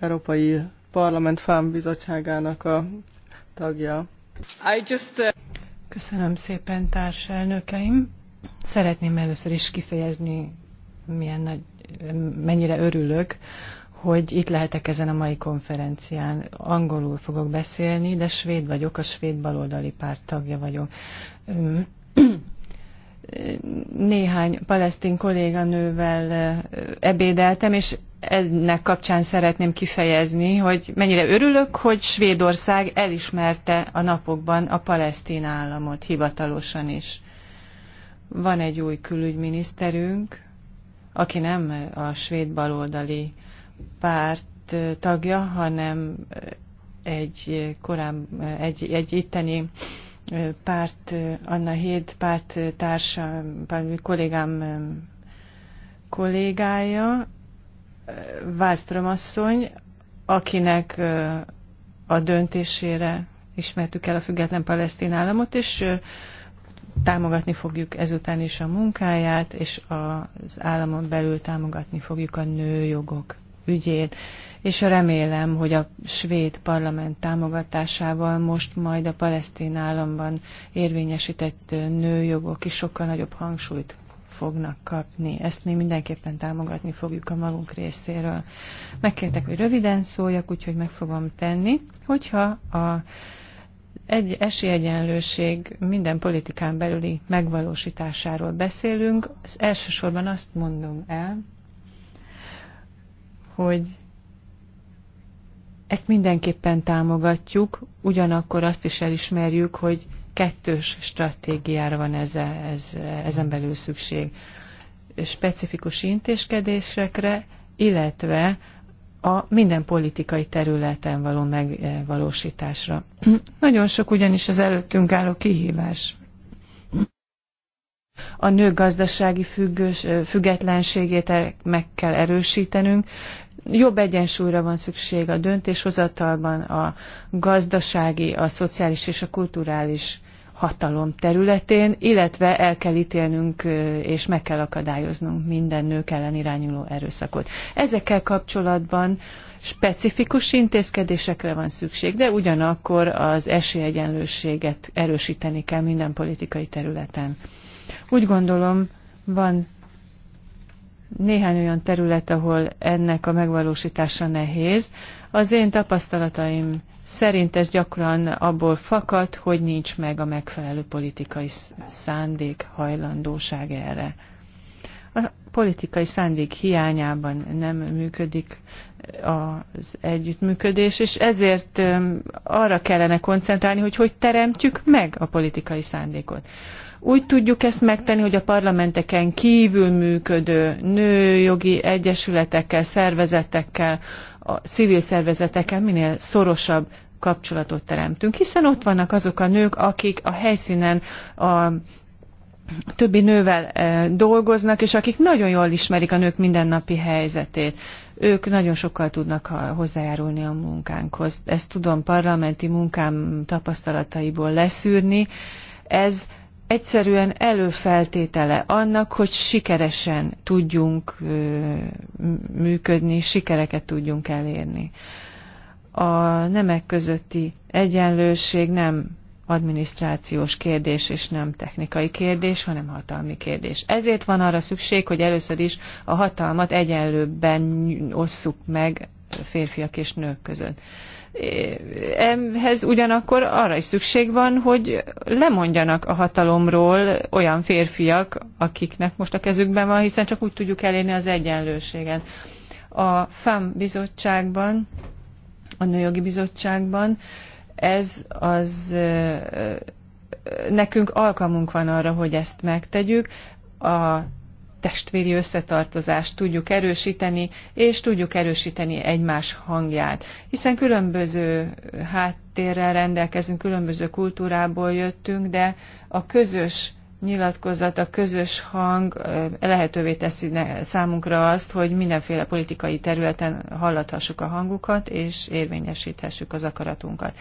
C: Európai Parlament FAM bizottságának a tagja.
A: I just, uh... Köszönöm szépen társelnökeim.
C: Szeretném először
A: is kifejezni milyen nagy, mennyire örülök, hogy itt lehetek ezen a mai konferencián. Angolul fogok beszélni, de svéd vagyok, a svéd baloldali párt tagja vagyok. Néhány palesztin kolléganővel ebédeltem, és ennek kapcsán szeretném kifejezni, hogy mennyire örülök, hogy Svédország elismerte a napokban a palesztin államot hivatalosan is. Van egy új külügyminiszterünk, aki nem a svéd baloldali párt tagja, hanem egy, korán, egy, egy itteni párt, Anna Héd párt társa, kollégám kollégája, Wallström asszony, akinek a döntésére ismertük el a független palesztin államot, és támogatni fogjuk ezután is a munkáját, és az államon belül támogatni fogjuk a nőjogok ügyét, és remélem, hogy a svéd parlament támogatásával most majd a palesztin államban érvényesített nőjogok is sokkal nagyobb hangsúlyt fognak kapni. Ezt mi mindenképpen támogatni fogjuk a magunk részéről. Megkértek, hogy röviden szóljak, úgyhogy meg fogom tenni, hogyha a egy esélyegyenlőség minden politikán belüli megvalósításáról beszélünk. Az elsősorban azt mondom el, hogy ezt mindenképpen támogatjuk, ugyanakkor azt is elismerjük, hogy kettős stratégiára van ez, ez, ezen belül szükség. Specifikus intézkedésekre, illetve a minden politikai területen való megvalósításra. Eh, Nagyon sok ugyanis az előttünk álló kihívás. A nők gazdasági függős, eh, függetlenségét er-, meg kell erősítenünk. Jobb egyensúlyra van szükség a döntéshozatalban, a gazdasági, a szociális és a kulturális hatalom területén, illetve el kell ítélnünk és meg kell akadályoznunk minden nők ellen irányuló erőszakot. Ezekkel kapcsolatban specifikus intézkedésekre van szükség, de ugyanakkor az esélyegyenlőséget erősíteni kell minden politikai területen. Úgy gondolom, van néhány olyan terület, ahol ennek a megvalósítása nehéz. Az én tapasztalataim szerint ez gyakran abból fakad, hogy nincs meg a megfelelő politikai szándék, hajlandóság erre. A politikai szándék hiányában nem működik az együttműködés, és ezért arra kellene koncentrálni, hogy hogy teremtjük meg a politikai szándékot. Úgy tudjuk ezt megtenni, hogy a parlamenteken kívül működő nőjogi egyesületekkel, szervezetekkel, a civil szervezeteken minél szorosabb kapcsolatot teremtünk, hiszen ott vannak azok a nők, akik a helyszínen a többi nővel e, dolgoznak, és akik nagyon jól ismerik a nők mindennapi helyzetét. Ők nagyon sokkal tudnak hozzájárulni a munkánkhoz. Ezt tudom parlamenti munkám tapasztalataiból leszűrni. Ez egyszerűen előfeltétele annak, hogy sikeresen tudjunk működni, sikereket tudjunk elérni. A nemek közötti egyenlőség nem adminisztrációs kérdés és nem technikai kérdés, hanem hatalmi kérdés. Ezért van arra szükség, hogy először is a hatalmat egyenlőbben osszuk meg férfiak és nők között ehhez ugyanakkor arra is szükség van, hogy lemondjanak a hatalomról olyan férfiak, akiknek most a kezükben van, hiszen csak úgy tudjuk elérni az egyenlőséget. A FAM bizottságban, a Nőjogi Bizottságban ez az nekünk alkalmunk van arra, hogy ezt megtegyük. A testvéri összetartozást tudjuk erősíteni, és tudjuk erősíteni egymás hangját. Hiszen különböző háttérrel rendelkezünk, különböző kultúrából jöttünk, de a közös nyilatkozat, a közös hang lehetővé teszi számunkra azt, hogy mindenféle politikai területen hallathassuk a hangukat, és érvényesíthessük az akaratunkat.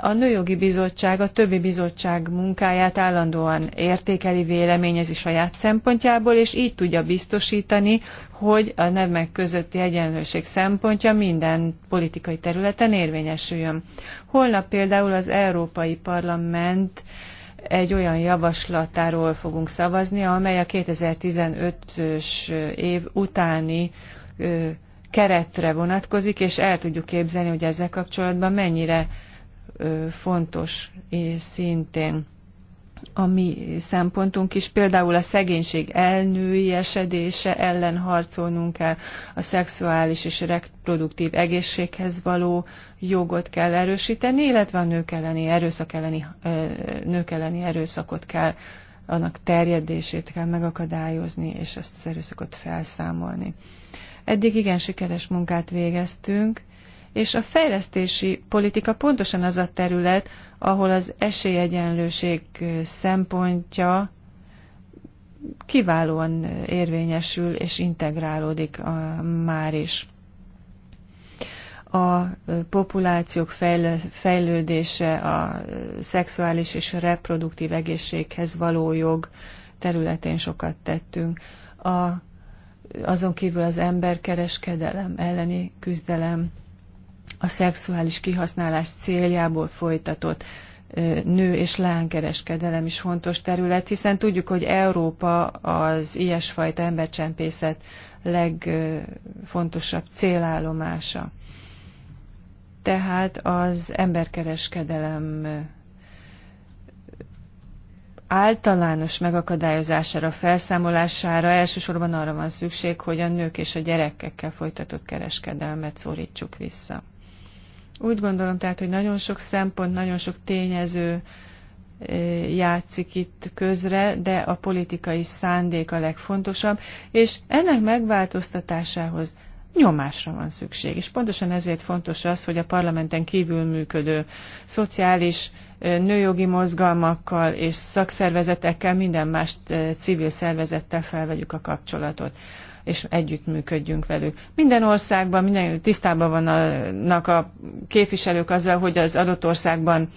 A: A Nőjogi Bizottság a többi bizottság munkáját állandóan értékeli, véleményezi saját szempontjából, és így tudja biztosítani, hogy a nemek közötti egyenlőség szempontja minden politikai területen érvényesüljön. Holnap például az Európai Parlament egy olyan javaslatáról fogunk szavazni, amely a 2015-ös év utáni keretre vonatkozik, és el tudjuk képzelni, hogy ezzel kapcsolatban mennyire fontos szintén a mi szempontunk is. Például a szegénység elnői esedése ellen harcolnunk kell, a szexuális és reproduktív egészséghez való jogot kell erősíteni, illetve a nők elleni, erőszak elleni, nők elleni erőszakot kell, annak terjedését kell megakadályozni, és ezt az erőszakot felszámolni. Eddig igen sikeres munkát végeztünk, és a fejlesztési politika pontosan az a terület, ahol az esélyegyenlőség szempontja kiválóan érvényesül és integrálódik a, már is. A populációk fejlődése, a szexuális és reproduktív egészséghez való jog területén sokat tettünk. A, azon kívül az emberkereskedelem elleni küzdelem a szexuális kihasználás céljából folytatott nő és lánykereskedelem is fontos terület, hiszen tudjuk, hogy Európa az ilyesfajta embercsempészet legfontosabb célállomása. Tehát az emberkereskedelem általános megakadályozására, felszámolására elsősorban arra van szükség, hogy a nők és a gyerekekkel folytatott kereskedelmet szorítsuk vissza. Úgy gondolom tehát, hogy nagyon sok szempont, nagyon sok tényező eh, játszik itt közre, de a politikai szándék a legfontosabb, és ennek megváltoztatásához nyomásra van szükség. És pontosan ezért fontos az, hogy a parlamenten kívül működő szociális, eh, nőjogi mozgalmakkal és szakszervezetekkel, minden más eh, civil szervezettel felvegyük a kapcsolatot és együttműködjünk velük. Minden országban minden tisztában vannak a képviselők azzal, hogy az adott országban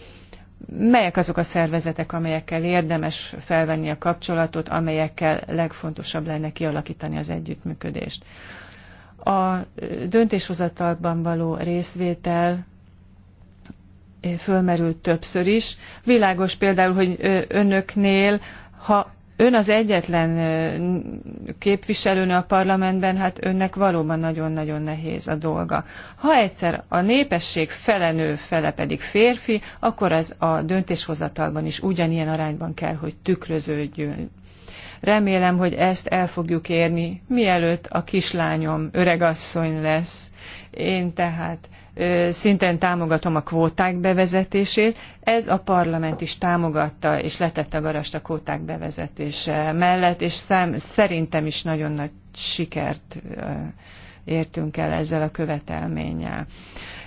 A: melyek azok a szervezetek, amelyekkel érdemes felvenni a kapcsolatot, amelyekkel legfontosabb lenne kialakítani az együttműködést. A döntéshozatalban való részvétel fölmerült többször is. Világos például, hogy önöknél, ha Ön az egyetlen képviselőnő a parlamentben, hát önnek valóban nagyon-nagyon nehéz a dolga. Ha egyszer a népesség fele nő, fele pedig férfi, akkor ez a döntéshozatalban is ugyanilyen arányban kell, hogy tükröződjön. Remélem, hogy ezt el fogjuk érni, mielőtt a kislányom öregasszony lesz. Én tehát szinten támogatom a kvóták bevezetését. Ez a parlament is támogatta és letette a garast a kvóták bevezetése mellett, és szám, szerintem is nagyon nagy sikert értünk el ezzel a követelménnyel.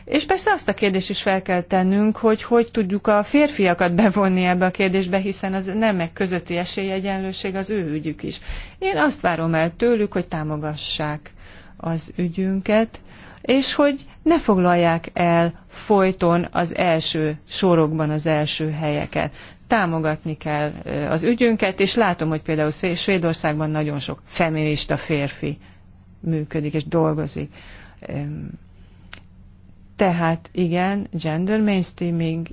A: És persze azt a kérdést is fel kell tennünk, hogy hogy tudjuk a férfiakat bevonni ebbe a kérdésbe, hiszen az nemek közötti esélyegyenlőség az ő ügyük is. Én azt várom el tőlük, hogy támogassák az ügyünket, és hogy ne foglalják el folyton az első sorokban az első helyeket. Támogatni kell az ügyünket, és látom, hogy például Svédországban nagyon sok feminista férfi működik és dolgozik. Tehát igen, gender mainstreaming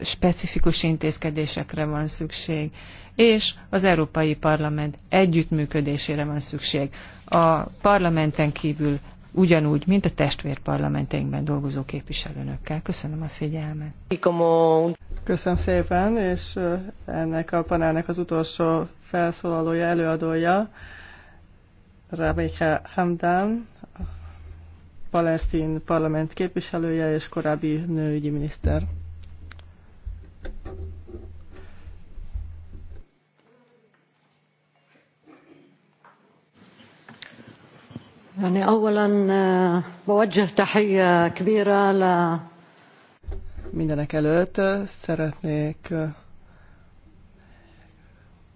A: specifikus intézkedésekre van szükség, és az Európai Parlament együttműködésére van szükség. A parlamenten kívül ugyanúgy, mint a testvérparlamenteinkben dolgozó képviselőnökkel. Köszönöm a figyelmet.
C: Köszönöm szépen, és ennek a panelnek az utolsó felszólalója, előadója, Rabika Hamdan, palesztin parlament képviselője és korábbi nőügyi miniszter. يعني أولا بوجه تحية كبيرة ل Mindenek előtt szeretnék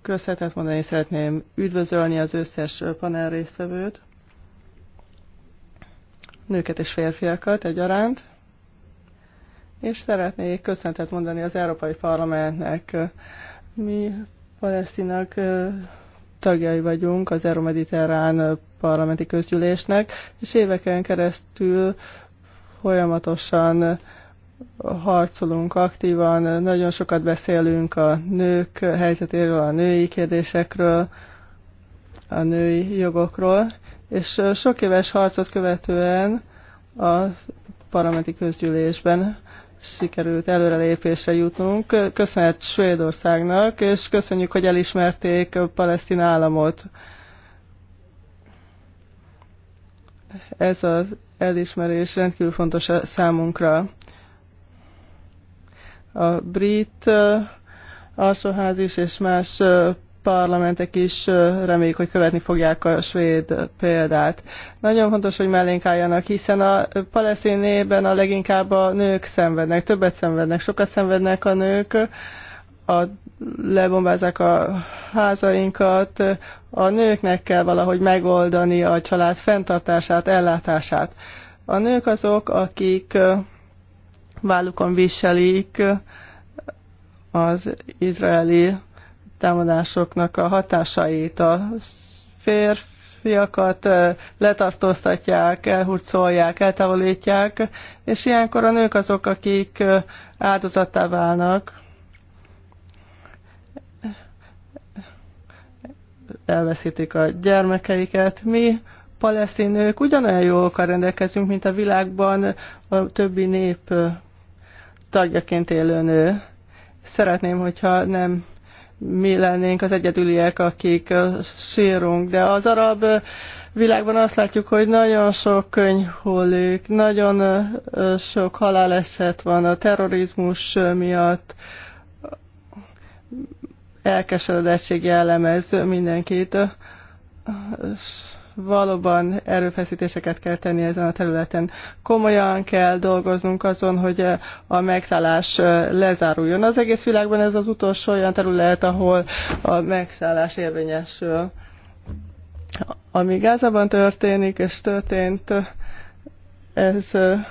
C: köszönetet mondani, szeretném üdvözölni az összes panel résztvevőt, nőket és férfiakat egyaránt, és szeretnék köszönetet mondani az Európai Parlamentnek. Mi Palesztinak tagjai vagyunk az Euromediterrán parlamenti közgyűlésnek, és éveken keresztül folyamatosan harcolunk aktívan, nagyon sokat beszélünk a nők helyzetéről, a női kérdésekről, a női jogokról, és sok éves harcot követően a parlamenti közgyűlésben sikerült előrelépésre jutnunk. Köszönet Svédországnak, és köszönjük, hogy elismerték a palesztin államot. Ez az elismerés rendkívül fontos a számunkra. A brit uh, alsóház is és más uh, parlamentek is reméljük, hogy követni fogják a svéd példát. Nagyon fontos, hogy mellénk álljanak, hiszen a palesztinében a leginkább a nők szenvednek, többet szenvednek, sokat szenvednek a nők, a, lebombázzák a házainkat, a nőknek kell valahogy megoldani a család fenntartását, ellátását. A nők azok, akik vállukon viselik az izraeli támadásoknak a hatásait. A férfiakat letartóztatják, elhurcolják, eltávolítják, és ilyenkor a nők azok, akik áldozattá válnak. elveszítik a gyermekeiket. Mi palesztinők ugyanolyan jogokkal rendelkezünk, mint a világban a többi nép tagjaként élő nő. Szeretném, hogyha nem mi lennénk az egyedüliek, akik sírunk. De az arab világban azt látjuk, hogy nagyon sok könyv nagyon sok haláleset van a terrorizmus miatt, elkeseredettség jellemez mindenkit valóban erőfeszítéseket kell tenni ezen a területen. Komolyan kell dolgoznunk azon, hogy eh, a megszállás eh, lezáruljon. Az egész világban ez az utolsó olyan terület, ahol a megszállás érvényesül. Ami Gázában történik és történt, ez eh,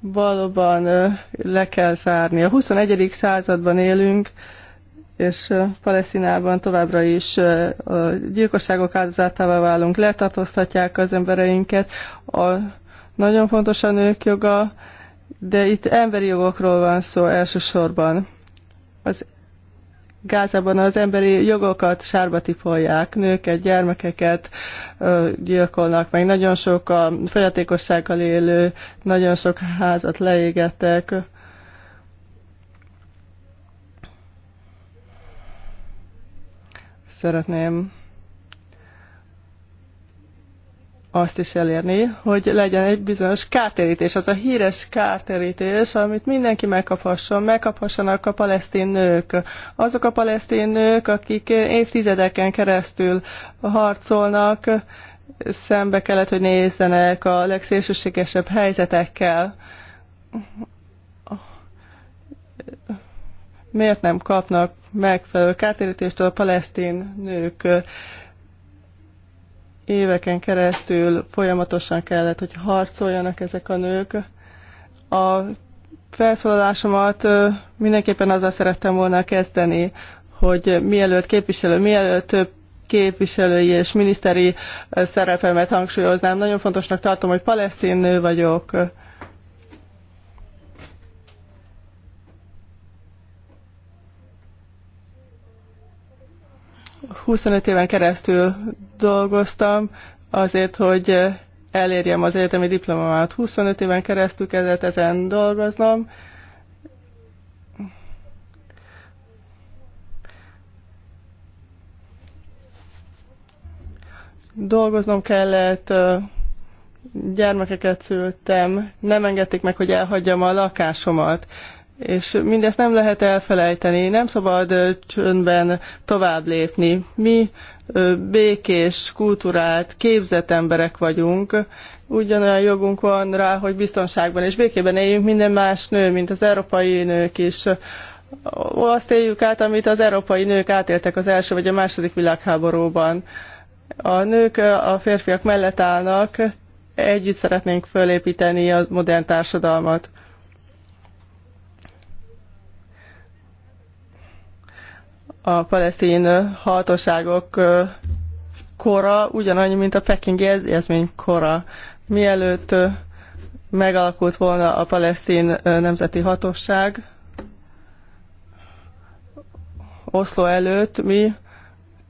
C: valóban le kell zárni. A 21. században élünk, és Palesztinában továbbra is a gyilkosságok áldozatává válunk, letartóztatják az embereinket. A, nagyon fontos a nők joga, de itt emberi jogokról van szó elsősorban. Az Gázában az emberi jogokat sárba tipolják, nőket, gyermekeket gyilkolnak meg. Nagyon sok a fogyatékossággal élő, nagyon sok házat leégettek. szeretném azt is elérni, hogy legyen egy bizonyos kártérítés, az a híres kártérítés, amit mindenki megkaphasson, megkaphassanak a palesztin nők. Azok a palesztin nők, akik évtizedeken keresztül harcolnak, szembe kellett, hogy nézzenek a legszélsőségesebb helyzetekkel. Miért nem kapnak megfelelő kártérítéstől a palesztin nők éveken keresztül folyamatosan kellett, hogy harcoljanak ezek a nők. A felszólalásomat mindenképpen azzal szerettem volna kezdeni, hogy mielőtt képviselő, mielőtt több képviselői és miniszteri szerepemet hangsúlyoznám. Nagyon fontosnak tartom, hogy palesztin nő vagyok, 25 éven keresztül dolgoztam azért, hogy elérjem az egyetemi diplomámat. 25 éven keresztül kezdett ezen dolgoznom. Dolgoznom kellett, gyermekeket szültem, nem engedték meg, hogy elhagyjam a lakásomat és mindezt nem lehet elfelejteni, nem szabad csöndben tovább lépni. Mi békés, kultúrált, képzett emberek vagyunk, ugyanolyan jogunk van rá, hogy biztonságban és békében éljünk minden más nő, mint az európai nők is. Azt éljük át, amit az európai nők átéltek az első vagy a második világháborúban. A nők a férfiak mellett állnak, együtt szeretnénk fölépíteni a modern társadalmat a palesztin hatóságok kora ugyanannyi, mint a pekingi egyezmény kora. Mielőtt megalakult volna a palesztin nemzeti hatóság, Oszló előtt mi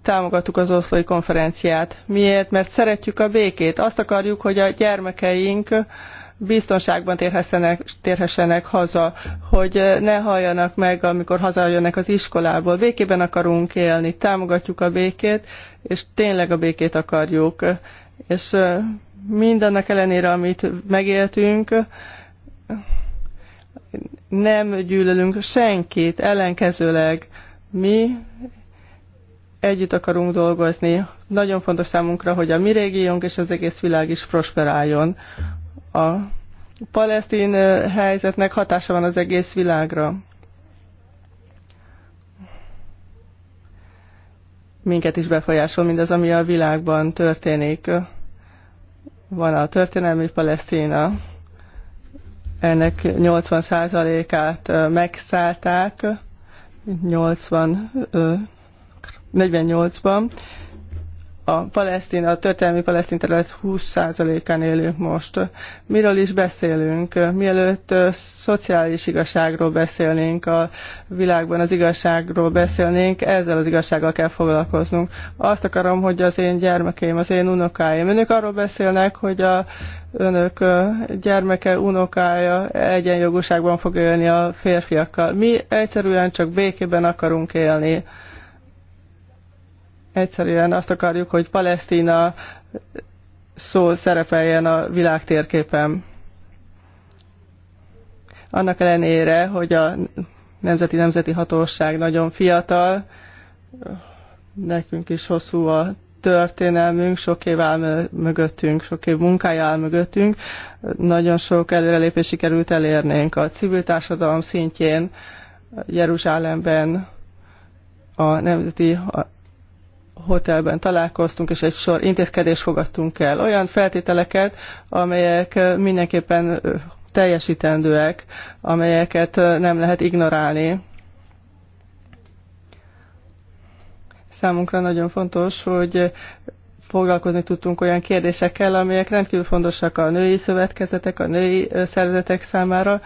C: támogattuk az oszlói konferenciát. Miért? Mert szeretjük a békét. Azt akarjuk, hogy a gyermekeink biztonságban térhessenek, térhessenek haza, hogy ne halljanak meg, amikor hazajönnek az iskolából. Békében akarunk élni, támogatjuk a békét, és tényleg a békét akarjuk. És mindennek ellenére, amit megéltünk, nem gyűlölünk senkit, ellenkezőleg mi együtt akarunk dolgozni. Nagyon fontos számunkra, hogy a mi régiónk és az egész világ is prosperáljon. A palesztin helyzetnek hatása van az egész világra. Minket is befolyásol mindaz, ami a világban történik. Van a történelmi Palesztina, ennek 80%-át megszállták 80, 48-ban, a, palesztin, a történelmi palesztin terület 20%-án élünk most. Miről is beszélünk? Mielőtt szociális igazságról beszélnénk, a világban az igazságról beszélnénk, ezzel az igazsággal kell foglalkoznunk. Azt akarom, hogy az én gyermekeim, az én unokáim, önök arról beszélnek, hogy a önök gyermeke, unokája egyenjogúságban fog élni a férfiakkal. Mi egyszerűen csak békében akarunk élni. Egyszerűen azt akarjuk, hogy Palesztina szó szerepeljen a világ térképen. Annak ellenére, hogy a Nemzeti Nemzeti Hatóság nagyon fiatal, nekünk is hosszú a történelmünk, sok év áll mögöttünk, sok év munkája áll mögöttünk, nagyon sok előrelépés sikerült elérnénk a civil társadalom szintjén, Jeruzsálemben, a nemzeti hotelben találkoztunk, és egy sor intézkedést fogadtunk el. Olyan feltételeket, amelyek mindenképpen teljesítendőek, amelyeket nem lehet ignorálni. Számunkra nagyon fontos, hogy foglalkozni tudtunk olyan kérdésekkel, amelyek rendkívül fontosak a női szövetkezetek, a női szervezetek számára,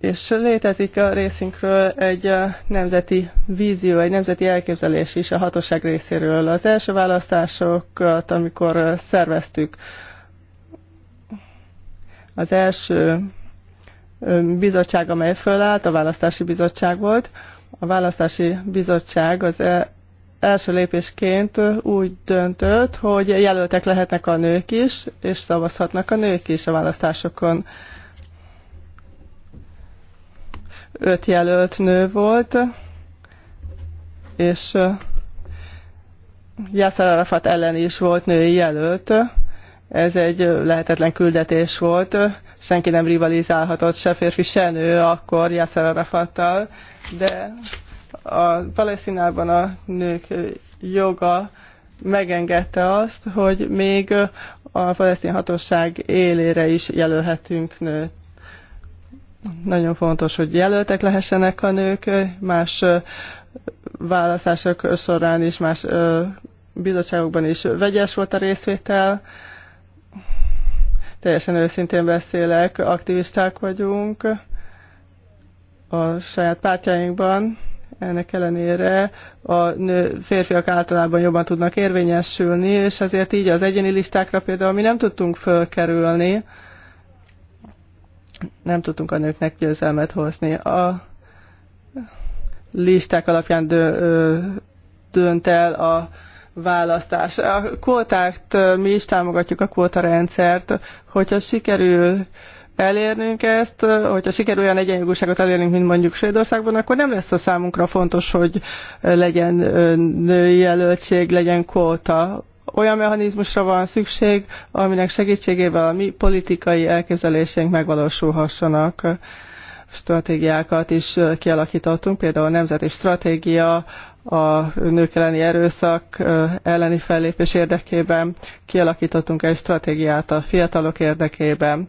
C: és létezik a részünkről egy nemzeti vízió, egy nemzeti elképzelés is a hatóság részéről. Az első választásokat, amikor szerveztük, az első bizottság, amely fölállt, a választási bizottság volt. A választási bizottság az első lépésként úgy döntött, hogy jelöltek lehetnek a nők is, és szavazhatnak a nők is a választásokon öt jelölt nő volt, és Yasser Arafat ellen is volt női jelölt. Ez egy lehetetlen küldetés volt. Senki nem rivalizálhatott, se férfi, se nő akkor Yasser Arafattal, de a Palesztinában a nők joga megengedte azt, hogy még a palesztin hatóság élére is jelölhetünk nőt. Nagyon fontos, hogy jelöltek lehessenek a nők, más választások során is, más bizottságokban is vegyes volt a részvétel. Teljesen őszintén beszélek, aktivisták vagyunk a saját pártjainkban, ennek ellenére a nő, férfiak általában jobban tudnak érvényesülni, és ezért így az egyéni listákra például mi nem tudtunk fölkerülni, nem tudtunk a nőknek győzelmet hozni. A listák alapján dö, dönt el a választás. A kvótákt mi is támogatjuk a kvótarendszert, hogyha sikerül elérnünk ezt, hogyha sikerül olyan egyenjogúságot elérnünk, mint mondjuk Svédországban, akkor nem lesz a számunkra fontos, hogy legyen női jelöltség, legyen kvóta olyan mechanizmusra van szükség, aminek segítségével a mi politikai elképzelésénk megvalósulhassanak stratégiákat is kialakítottunk, például a nemzeti stratégia a nők elleni erőszak elleni fellépés érdekében, kialakítottunk egy stratégiát a fiatalok érdekében,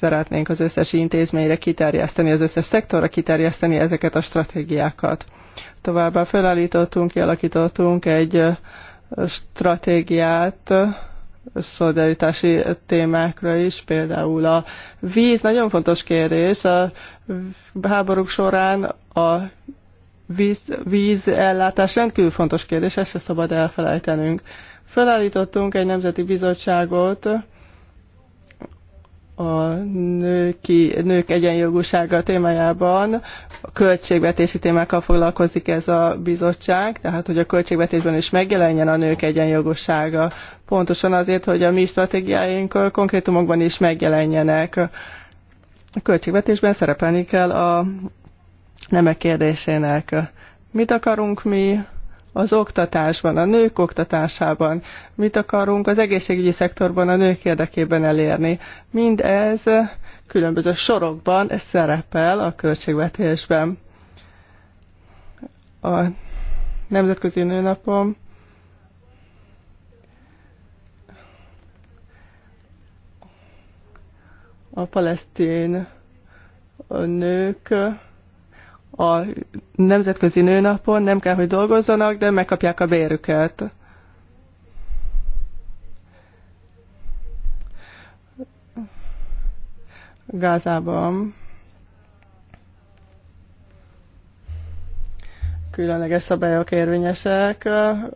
C: szeretnénk az összes intézményre kiterjeszteni, az összes szektorra kiterjeszteni ezeket a stratégiákat. Továbbá felállítottunk, kialakítottunk egy stratégiát szolidaritási témákra is, például a víz, nagyon fontos kérdés, a háborúk során a víz, vízellátás rendkívül fontos kérdés, ezt se szabad elfelejtenünk. Felállítottunk egy nemzeti bizottságot, a nőki, nők egyenjogúsága témájában a költségvetési témákkal foglalkozik ez a bizottság, tehát hogy a költségvetésben is megjelenjen a nők egyenjogossága. Pontosan azért, hogy a mi stratégiáink konkrétumokban is megjelenjenek. A költségvetésben szerepelni kell a nemek kérdésének. Mit akarunk mi? az oktatásban, a nők oktatásában, mit akarunk az egészségügyi szektorban a nők érdekében elérni. Mindez különböző sorokban ez szerepel a költségvetésben. A Nemzetközi Nőnapom a palesztin nők a Nemzetközi Nőnapon nem kell, hogy dolgozzanak, de megkapják a bérüket. Gázában különleges szabályok érvényesek,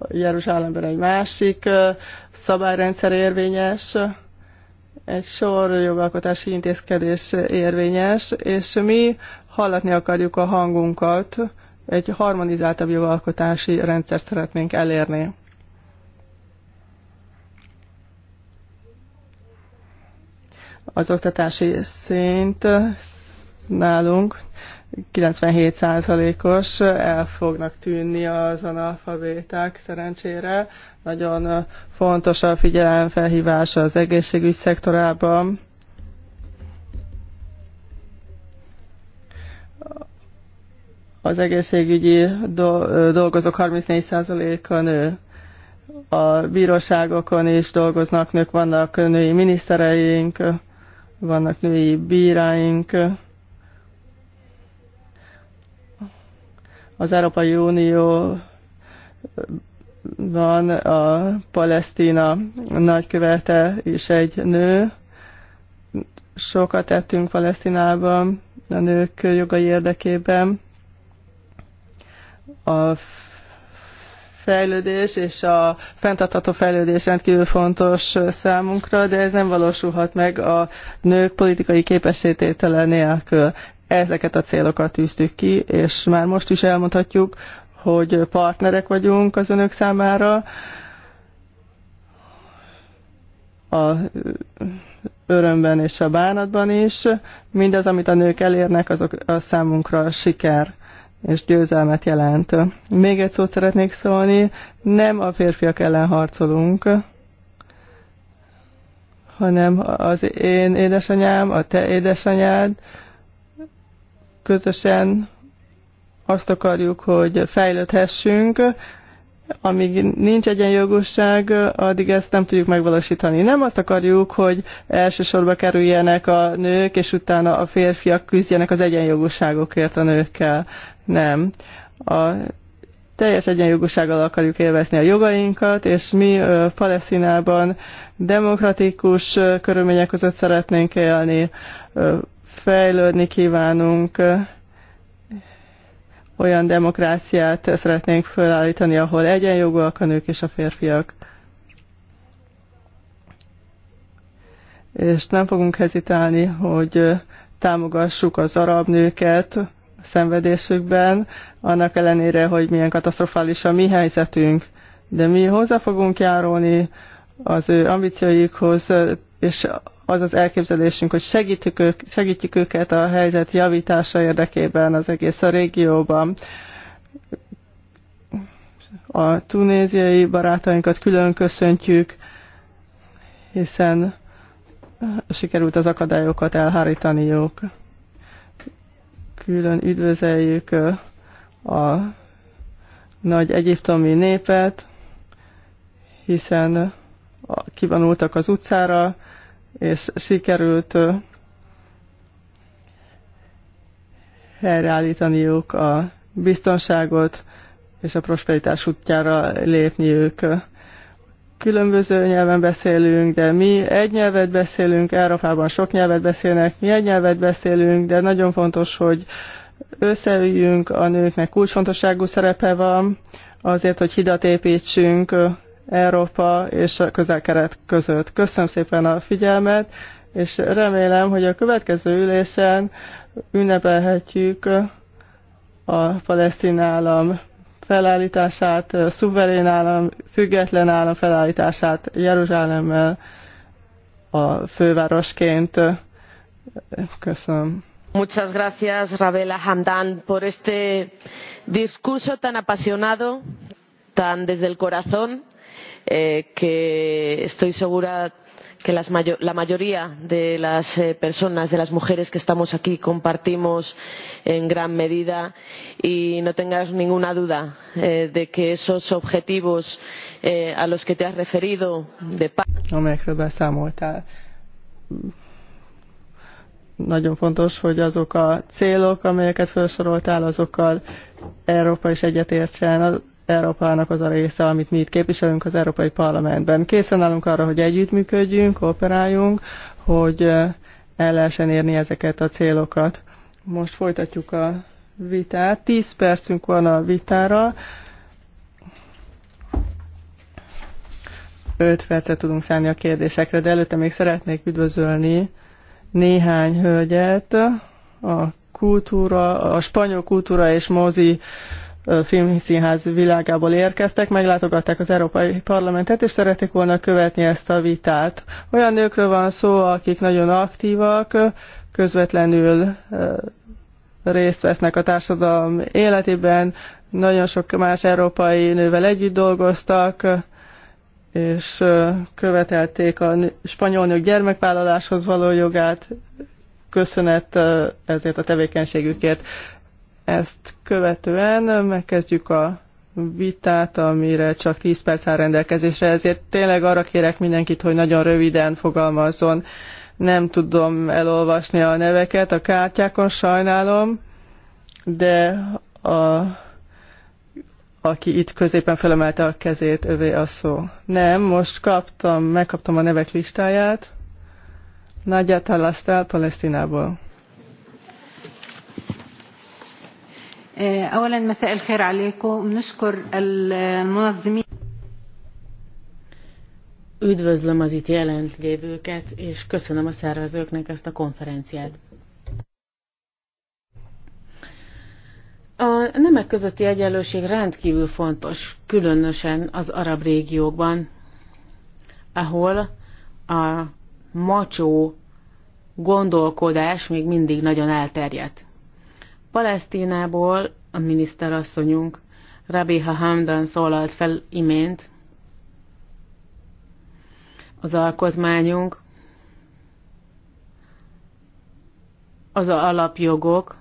C: Jeruzsálemben egy másik szabályrendszer érvényes, egy sor jogalkotási intézkedés érvényes, és mi hallatni akarjuk a hangunkat, egy harmonizáltabb jogalkotási rendszert szeretnénk elérni. az oktatási szint nálunk 97%-os, el fognak tűnni az analfabéták szerencsére. Nagyon fontos a figyelemfelhívása az egészségügy szektorában. Az egészségügyi dolgozók 34%-a nő. A bíróságokon is dolgoznak nők, vannak női minisztereink, vannak női bíráink. Az Európai Unió van a Palesztina nagykövete is egy nő. Sokat tettünk Palesztinában a nők jogai érdekében. A fejlődés és a fenntartható fejlődés rendkívül fontos számunkra, de ez nem valósulhat meg a nők politikai képességtétele nélkül. Ezeket a célokat tűztük ki, és már most is elmondhatjuk, hogy partnerek vagyunk az önök számára. A örömben és a bánatban is. Mindez, amit a nők elérnek, azok a számunkra siker és győzelmet jelent. Még egy szót szeretnék szólni, nem a férfiak ellen harcolunk, hanem az én édesanyám, a te édesanyád, közösen azt akarjuk, hogy fejlődhessünk, amíg nincs egyenjogosság, addig ezt nem tudjuk megvalósítani. Nem azt akarjuk, hogy elsősorban kerüljenek a nők, és utána a férfiak küzdjenek az egyenjogosságokért a nőkkel. Nem. A teljes egyenjogúsággal akarjuk élvezni a jogainkat, és mi Palesztinában demokratikus körülmények között szeretnénk élni, fejlődni kívánunk, olyan demokráciát szeretnénk felállítani, ahol egyenjogúak a nők és a férfiak. És nem fogunk hezitálni, hogy támogassuk az arab nőket, szenvedésükben, annak ellenére, hogy milyen katasztrofális a mi helyzetünk. De mi hozzá fogunk járulni az ő ambícióikhoz, és az az elképzelésünk, hogy segítjük, ők, segítjük őket a helyzet javítása érdekében az egész a régióban. A tunéziai barátainkat külön köszöntjük, hiszen sikerült az akadályokat elhárítaniuk külön üdvözeljük a nagy egyiptomi népet, hiszen kivonultak az utcára, és sikerült helyreállítaniuk a biztonságot, és a prosperitás útjára lépniük különböző nyelven beszélünk, de mi egy nyelvet beszélünk, Európában sok nyelvet beszélnek, mi egy nyelvet beszélünk, de nagyon fontos, hogy összeüljünk, a nőknek kulcsfontosságú szerepe van, azért, hogy hidat építsünk Európa és a közel között. Köszönöm szépen a figyelmet, és remélem, hogy a következő ülésen ünnepelhetjük a palesztin állam felállítását, szuverén állam, független állam felállítását Jeruzsálemmel a fővárosként. Köszönöm.
B: Muchas gracias, Ravela Hamdan, por este discurso tan apasionado, tan desde el corazón, eh, que estoy segura que la mayoría de las eh, personas, de las mujeres que estamos aquí compartimos en gran medida y no tengas ninguna duda eh, de que esos objetivos
C: eh, a los que te has referido de paz. Nagyon fontos, hogy azok a célok, amelyeket felsoroltál, azokkal Európa is egyetértsen. Európának az a része, amit mi itt képviselünk az Európai Parlamentben. Készen állunk arra, hogy együttműködjünk, kooperáljunk, hogy eh, el lehessen érni ezeket a célokat. Most folytatjuk a vitát. Tíz percünk van a vitára. 5 percet tudunk szállni a kérdésekre, de előtte még szeretnék üdvözölni néhány hölgyet, a kultúra, a spanyol kultúra és mozi filmszínház világából érkeztek, meglátogatták az Európai Parlamentet, és szeretik volna követni ezt a vitát. Olyan nőkről van szó, akik nagyon aktívak, közvetlenül részt vesznek a társadalom életében, nagyon sok más európai nővel együtt dolgoztak, és követelték a spanyol nők gyermekvállaláshoz való jogát, köszönet ezért a tevékenységükért. Ezt követően megkezdjük a vitát, amire csak 10 perc áll rendelkezésre, ezért tényleg arra kérek mindenkit, hogy nagyon röviden fogalmazzon. Nem tudom elolvasni a neveket a kártyákon, sajnálom, de a, aki itt középen felemelte a kezét, övé a szó. Nem, most kaptam, megkaptam a nevek listáját. Nagyját Alasztál, Palesztinából.
B: أولا مساء الخير عليكم نشكر المنظمين Üdvözlöm az itt jelenlévőket, és köszönöm a szervezőknek ezt a konferenciát. A nemek közötti egyenlőség rendkívül fontos, különösen az arab régiókban, ahol a macsó gondolkodás még mindig nagyon elterjedt. Palesztinából a miniszterasszonyunk Rabiha Hamdan szólalt fel imént. Az alkotmányunk, az a alapjogok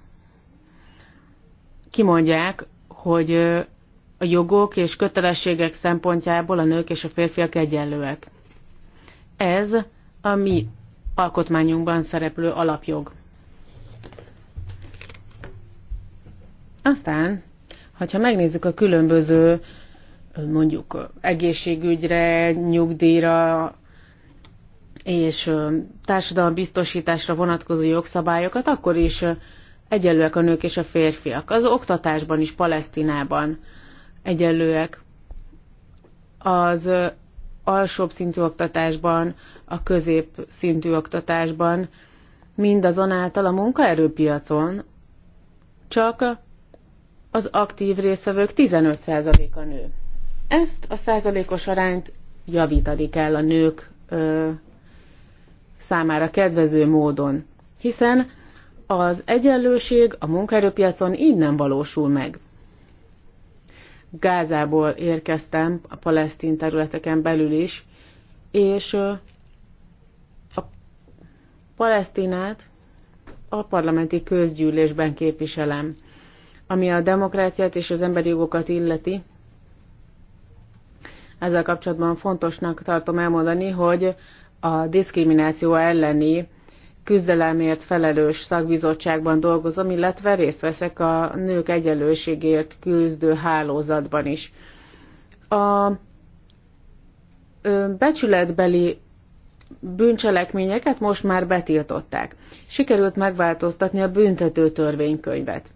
B: kimondják, hogy a jogok és kötelességek szempontjából a nők és a férfiak egyenlőek. Ez a mi alkotmányunkban szereplő alapjog. Aztán, hogyha megnézzük a különböző mondjuk egészségügyre, nyugdíjra és társadalombiztosításra vonatkozó jogszabályokat, akkor is egyenlőek a nők és a férfiak. Az oktatásban is, Palesztinában egyenlőek. Az alsóbb szintű oktatásban, a közép szintű oktatásban, mindazonáltal a munkaerőpiacon csak az aktív részvevők 15%-a nő. Ezt a százalékos arányt javítani kell a nők ö, számára kedvező módon, hiszen az egyenlőség a munkaerőpiacon így nem valósul meg. Gázából érkeztem a palesztin területeken belül is, és a Palesztinát a parlamenti közgyűlésben képviselem ami a demokráciát és az emberi jogokat illeti. Ezzel kapcsolatban fontosnak tartom elmondani, hogy a diszkrimináció elleni küzdelemért felelős szakbizottságban dolgozom, illetve részt veszek a nők egyenlőségért küzdő hálózatban is. A becsületbeli bűncselekményeket most már betiltották. Sikerült megváltoztatni a büntető törvénykönyvet.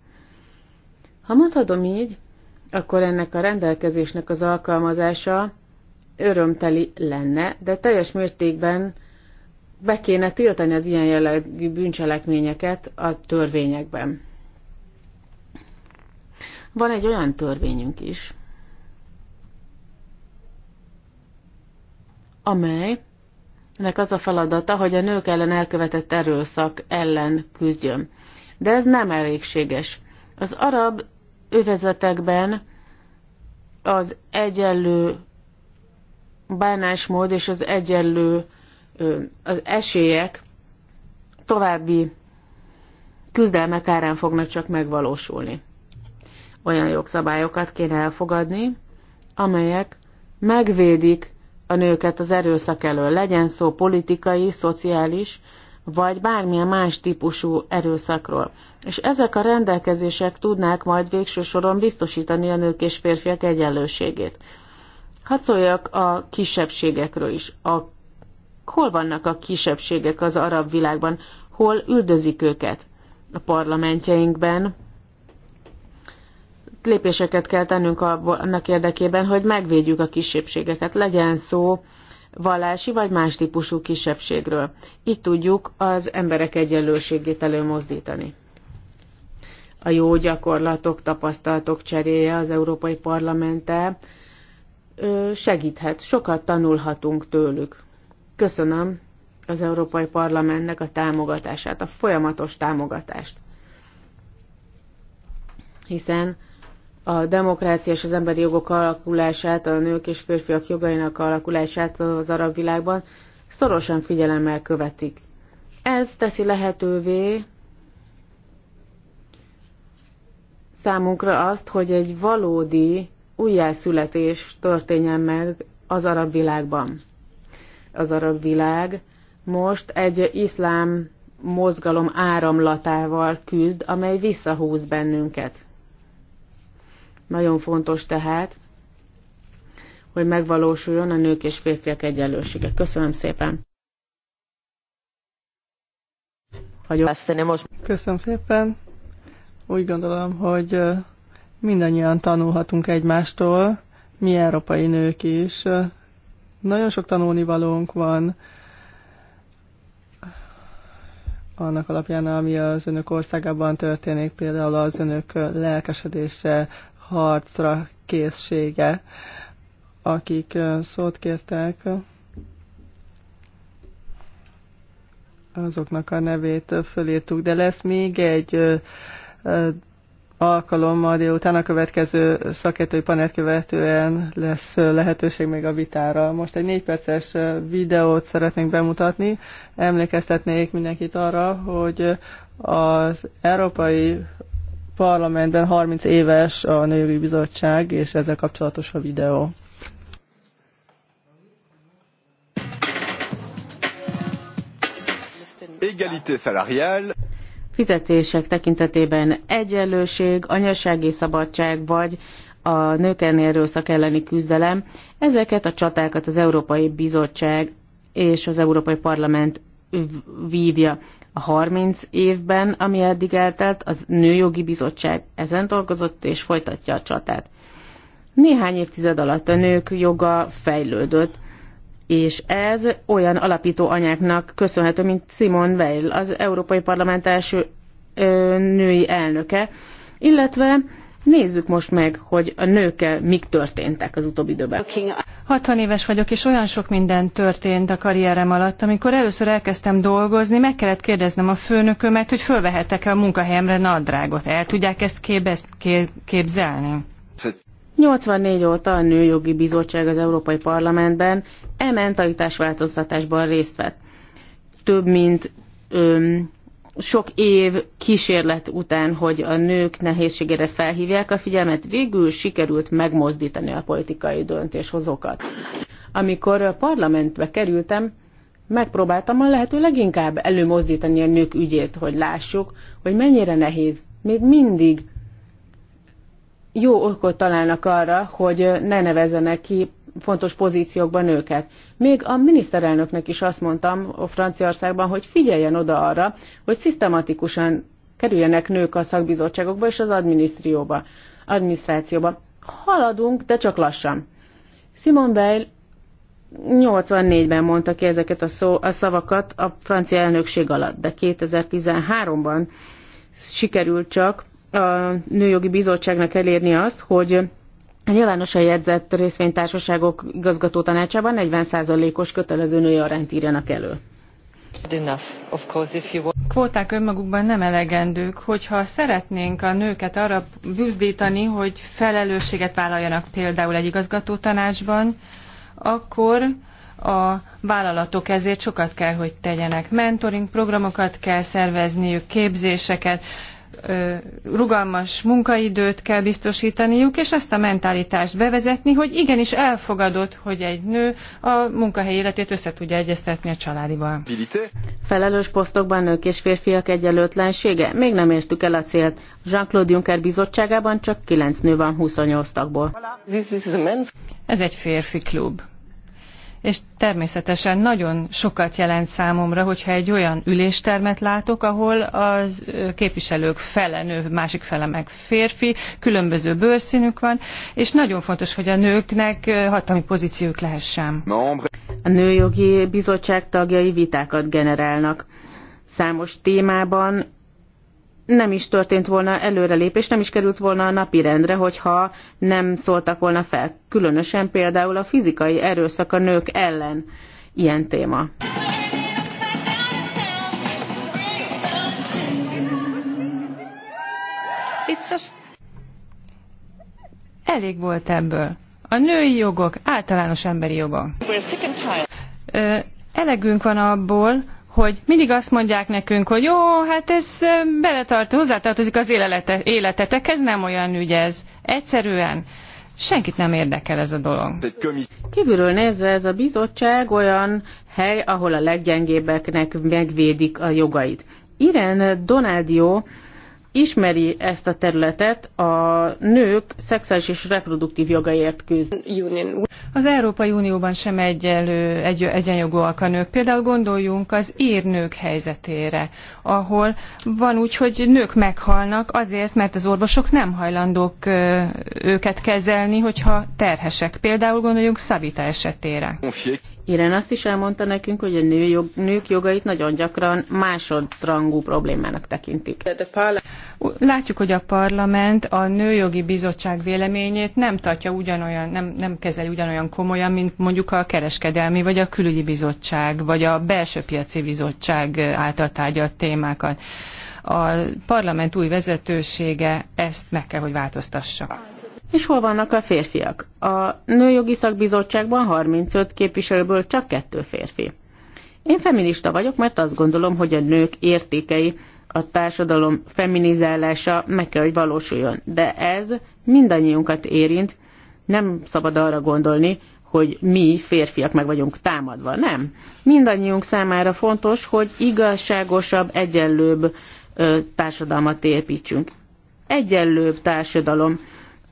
B: Ha mondhatom így, akkor ennek a rendelkezésnek az alkalmazása örömteli lenne, de teljes mértékben be kéne tiltani az ilyen jellegű bűncselekményeket a törvényekben. Van egy olyan törvényünk is, amelynek az a feladata, hogy a nők ellen elkövetett erőszak ellen küzdjön. De ez nem elégséges. Az arab övezetekben az egyenlő bánásmód és az egyenlő az esélyek további küzdelmek árán fognak csak megvalósulni. Olyan jogszabályokat kéne elfogadni, amelyek megvédik a nőket az erőszak elől, legyen szó politikai, szociális vagy bármilyen más típusú erőszakról. És ezek a rendelkezések tudnák majd végső soron biztosítani a nők és férfiak egyenlőségét. Hadd szóljak a kisebbségekről is. A, hol vannak a kisebbségek az arab világban? Hol üldözik őket? A parlamentjeinkben lépéseket kell tennünk annak érdekében, hogy megvédjük a kisebbségeket. Legyen szó vallási vagy más típusú kisebbségről. Így tudjuk az emberek egyenlőségét előmozdítani. A jó gyakorlatok, tapasztalatok cseréje az Európai Parlamente segíthet, sokat tanulhatunk tőlük. Köszönöm az Európai Parlamentnek a támogatását, a folyamatos támogatást. Hiszen a demokrácia és az emberi jogok alakulását, a nők és férfiak jogainak alakulását az arab világban szorosan figyelemmel követik. Ez teszi lehetővé számunkra azt, hogy egy valódi újjászületés történjen meg az arab világban. Az arab világ most egy iszlám mozgalom áramlatával küzd, amely visszahúz bennünket nagyon fontos tehát, hogy megvalósuljon a nők és férfiak egyenlősége. Köszönöm szépen!
C: Köszönöm szépen! Úgy gondolom, hogy mindannyian tanulhatunk egymástól, mi európai nők is. Nagyon sok tanulnivalónk van annak alapján, ami az önök országában történik, például az önök lelkesedése, harcra készsége. Akik szót kértek, azoknak a nevét fölírtuk, de lesz még egy alkalommal délután a következő szakértői panelt követően lesz lehetőség még a vitára. Most egy négy perces videót szeretnénk bemutatni. Emlékeztetnék mindenkit arra, hogy az Európai parlamentben 30 éves a Nőjogi Bizottság, és ezzel kapcsolatos a videó. Égalité salariale.
B: Fizetések tekintetében egyenlőség, anyasági szabadság vagy a nők erőszak elleni küzdelem. Ezeket a csatákat az Európai Bizottság és az Európai Parlament vívja a 30 évben, ami eddig eltelt, az Nőjogi Bizottság ezen dolgozott és folytatja a csatát. Néhány évtized alatt a nők joga fejlődött, és ez olyan alapító anyáknak köszönhető, mint Simon Weil, az Európai Parlament első ö, női elnöke, illetve Nézzük most meg, hogy a nőkkel mik történtek az utóbbi időben.
A: 60 éves vagyok, és olyan sok minden történt a karrierem alatt. Amikor először elkezdtem dolgozni, meg kellett kérdeznem a főnökömet, hogy fölvehetek-e a munkahelyemre nadrágot. El tudják ezt képez- képzelni?
B: 84 óta a Nőjogi Bizottság az Európai Parlamentben e változtatásban részt vett. Több mint öm, sok év kísérlet után, hogy a nők nehézségére felhívják a figyelmet, végül sikerült megmozdítani a politikai döntéshozókat. Amikor a parlamentbe kerültem, megpróbáltam a lehető leginkább előmozdítani a nők ügyét, hogy lássuk, hogy mennyire nehéz. Még mindig jó okot találnak arra, hogy ne nevezzenek ki fontos pozíciókban nőket. Még a miniszterelnöknek is azt mondtam a Franciaországban, hogy figyeljen oda arra, hogy szisztematikusan kerüljenek nők a szakbizottságokba és az adminisztrióba, adminisztrációba. Haladunk, de csak lassan. Simon Weil 84-ben mondta ki ezeket a, szó, a szavakat a francia elnökség alatt, de 2013-ban sikerült csak a Nőjogi Bizottságnak elérni azt, hogy Nyilvánosan jegyzett részvénytársaságok igazgató tanácsában
A: 40%-os kötelező női arányt írjanak elő. Kvóták önmagukban nem elegendők, hogyha szeretnénk a nőket arra büzdítani, hogy felelősséget vállaljanak például egy igazgató tanácsban, akkor a vállalatok ezért sokat kell, hogy tegyenek. Mentoring programokat kell szervezniük, képzéseket, rugalmas munkaidőt kell biztosítaniuk, és azt a mentalitást bevezetni, hogy igenis elfogadott, hogy egy nő a munkahelyi életét össze tudja egyeztetni a családival. Felelős posztokban
B: nők és férfiak egyenlőtlensége? Még nem értük el a célt. Jean-Claude Juncker bizottságában csak 9 nő van 28 tagból.
A: Ez egy férfi klub és természetesen nagyon sokat jelent számomra, hogyha egy olyan üléstermet látok, ahol az képviselők fele nő, másik fele meg férfi, különböző bőrszínük van, és nagyon fontos, hogy a nőknek hatalmi pozíciók lehessen.
B: A Nőjogi Bizottság tagjai vitákat generálnak. Számos témában nem is történt volna előrelépés, nem is került volna a napirendre, hogyha nem szóltak volna fel. Különösen például a fizikai erőszak a nők ellen ilyen téma.
A: Elég volt ebből. A női jogok általános emberi jogok. Elegünk van abból, hogy mindig azt mondják nekünk, hogy jó, hát ez beletart, hozzátartozik az élete, életetekhez, nem olyan ügy ez. Egyszerűen senkit nem érdekel ez a dolog. Kívülről
B: nézve ez a bizottság olyan hely, ahol a leggyengébbeknek megvédik a jogait. Irene Donádió ismeri ezt a területet, a
A: nők szexuális és reproduktív jogaiért küzd. Az Európai Unióban sem egyenlő, egy, egyenjogúak a nők. Például gondoljunk az ír nők helyzetére, ahol van úgy, hogy nők meghalnak azért, mert az orvosok nem hajlandók őket kezelni, hogyha terhesek. Például gondoljunk Szavita esetére.
B: Iren azt is elmondta nekünk, hogy a nő jog, nők jogait nagyon gyakran másodrangú problémának tekintik.
A: Látjuk, hogy a parlament a Nőjogi Bizottság véleményét nem tartja ugyanolyan, nem, nem kezeli ugyanolyan komolyan, mint mondjuk a Kereskedelmi, vagy a Külügyi Bizottság, vagy a Belső Piaci Bizottság által tárgyalt témákat. A parlament új vezetősége ezt meg kell, hogy változtassa.
B: És hol vannak a férfiak? A Nőjogi Szakbizottságban 35 képviselőből csak kettő férfi. Én feminista vagyok, mert azt gondolom, hogy a nők értékei, a társadalom feminizálása meg kell, hogy valósuljon. De ez mindannyiunkat érint, nem szabad arra gondolni, hogy mi férfiak meg vagyunk támadva. Nem. Mindannyiunk számára fontos, hogy igazságosabb, egyenlőbb ö, társadalmat építsünk. Egyenlőbb társadalom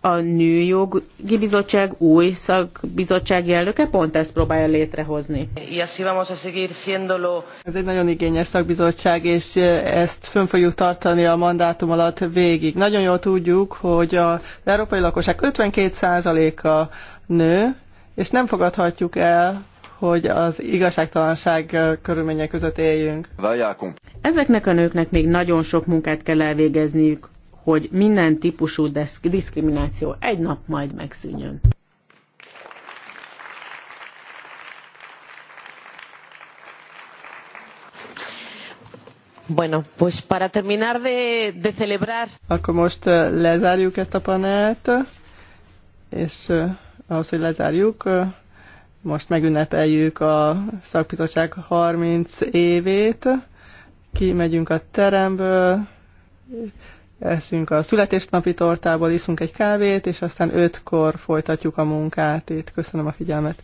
B: a Nőjogi Bizottság új szakbizottsági elnöke pont
C: ezt próbálja létrehozni. Ez egy nagyon igényes szakbizottság, és ezt fönn fogjuk tartani a mandátum alatt végig. Nagyon jól tudjuk, hogy az európai lakosság 52%-a nő, és nem fogadhatjuk el, hogy az igazságtalanság körülmények között éljünk.
B: Ezeknek a nőknek még nagyon sok munkát kell elvégezniük hogy minden típusú diszkrimináció egy nap majd megszűnjön.
C: Bueno, pues para terminar de, de celebrar. Akkor most eh, lezárjuk ezt a panelt, és eh, ahhoz, hogy lezárjuk, eh, most megünnepeljük a szakbizottság 30 évét, kimegyünk a teremből, eszünk a születésnapi tortából, iszunk egy kávét, és aztán ötkor folytatjuk a munkát itt. Köszönöm a figyelmet!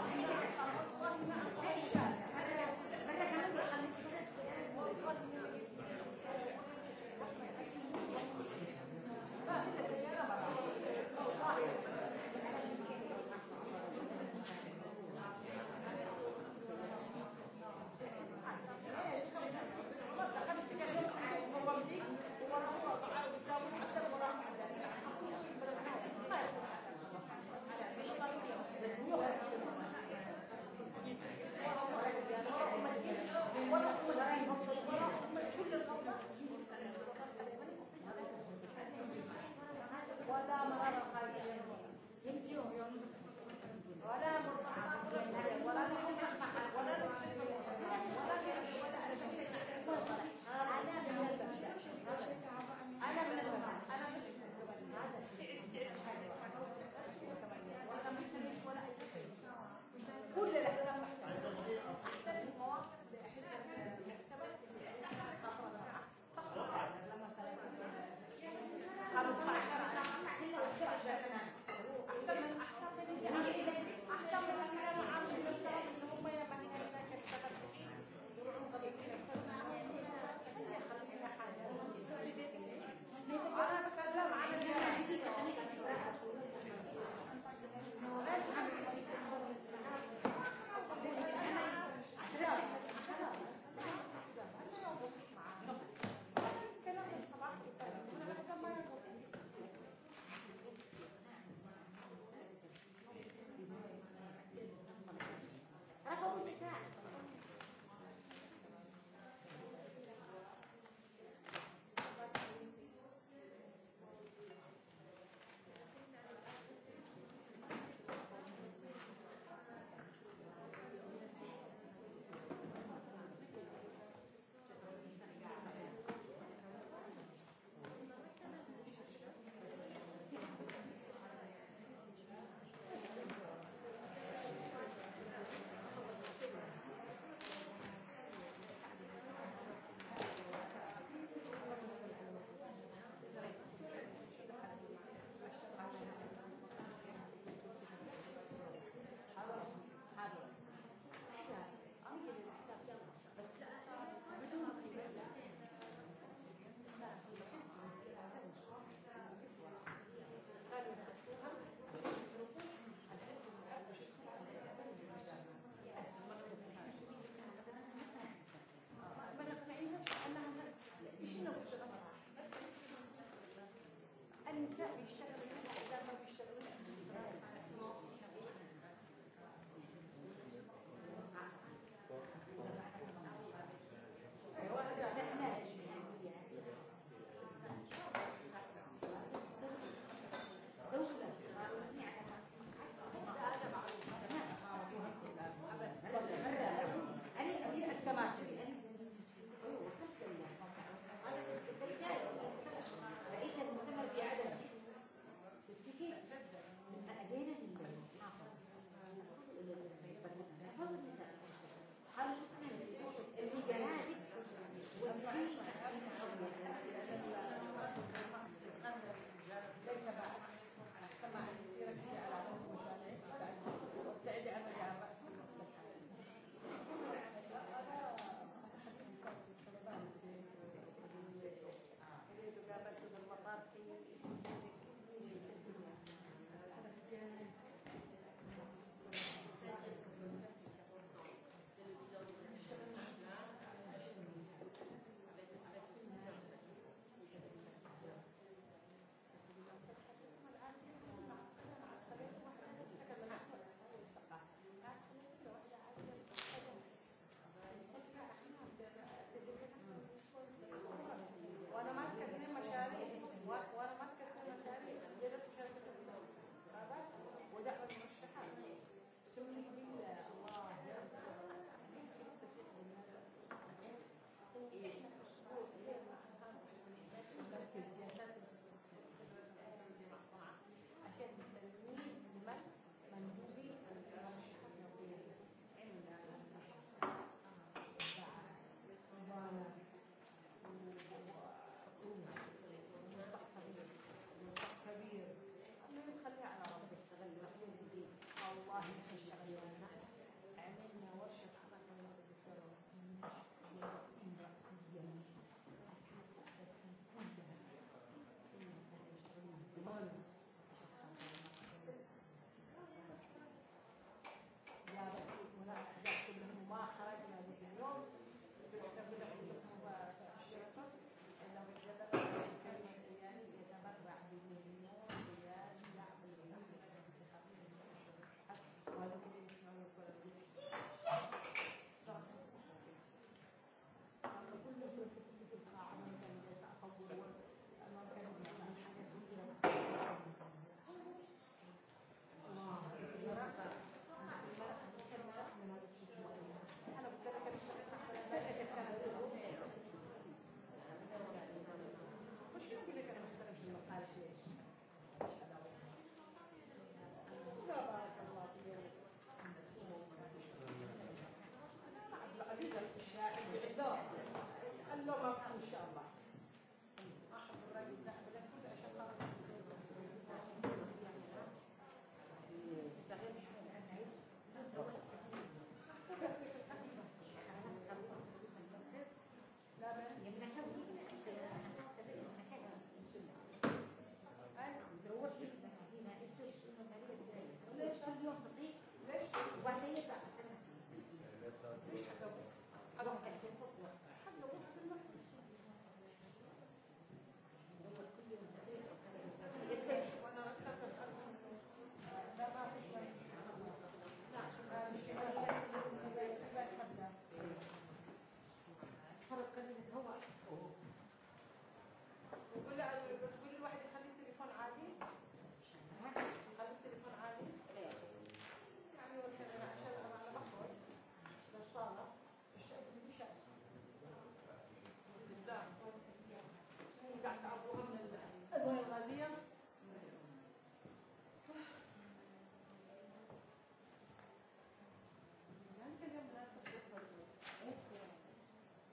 D: szerintem is se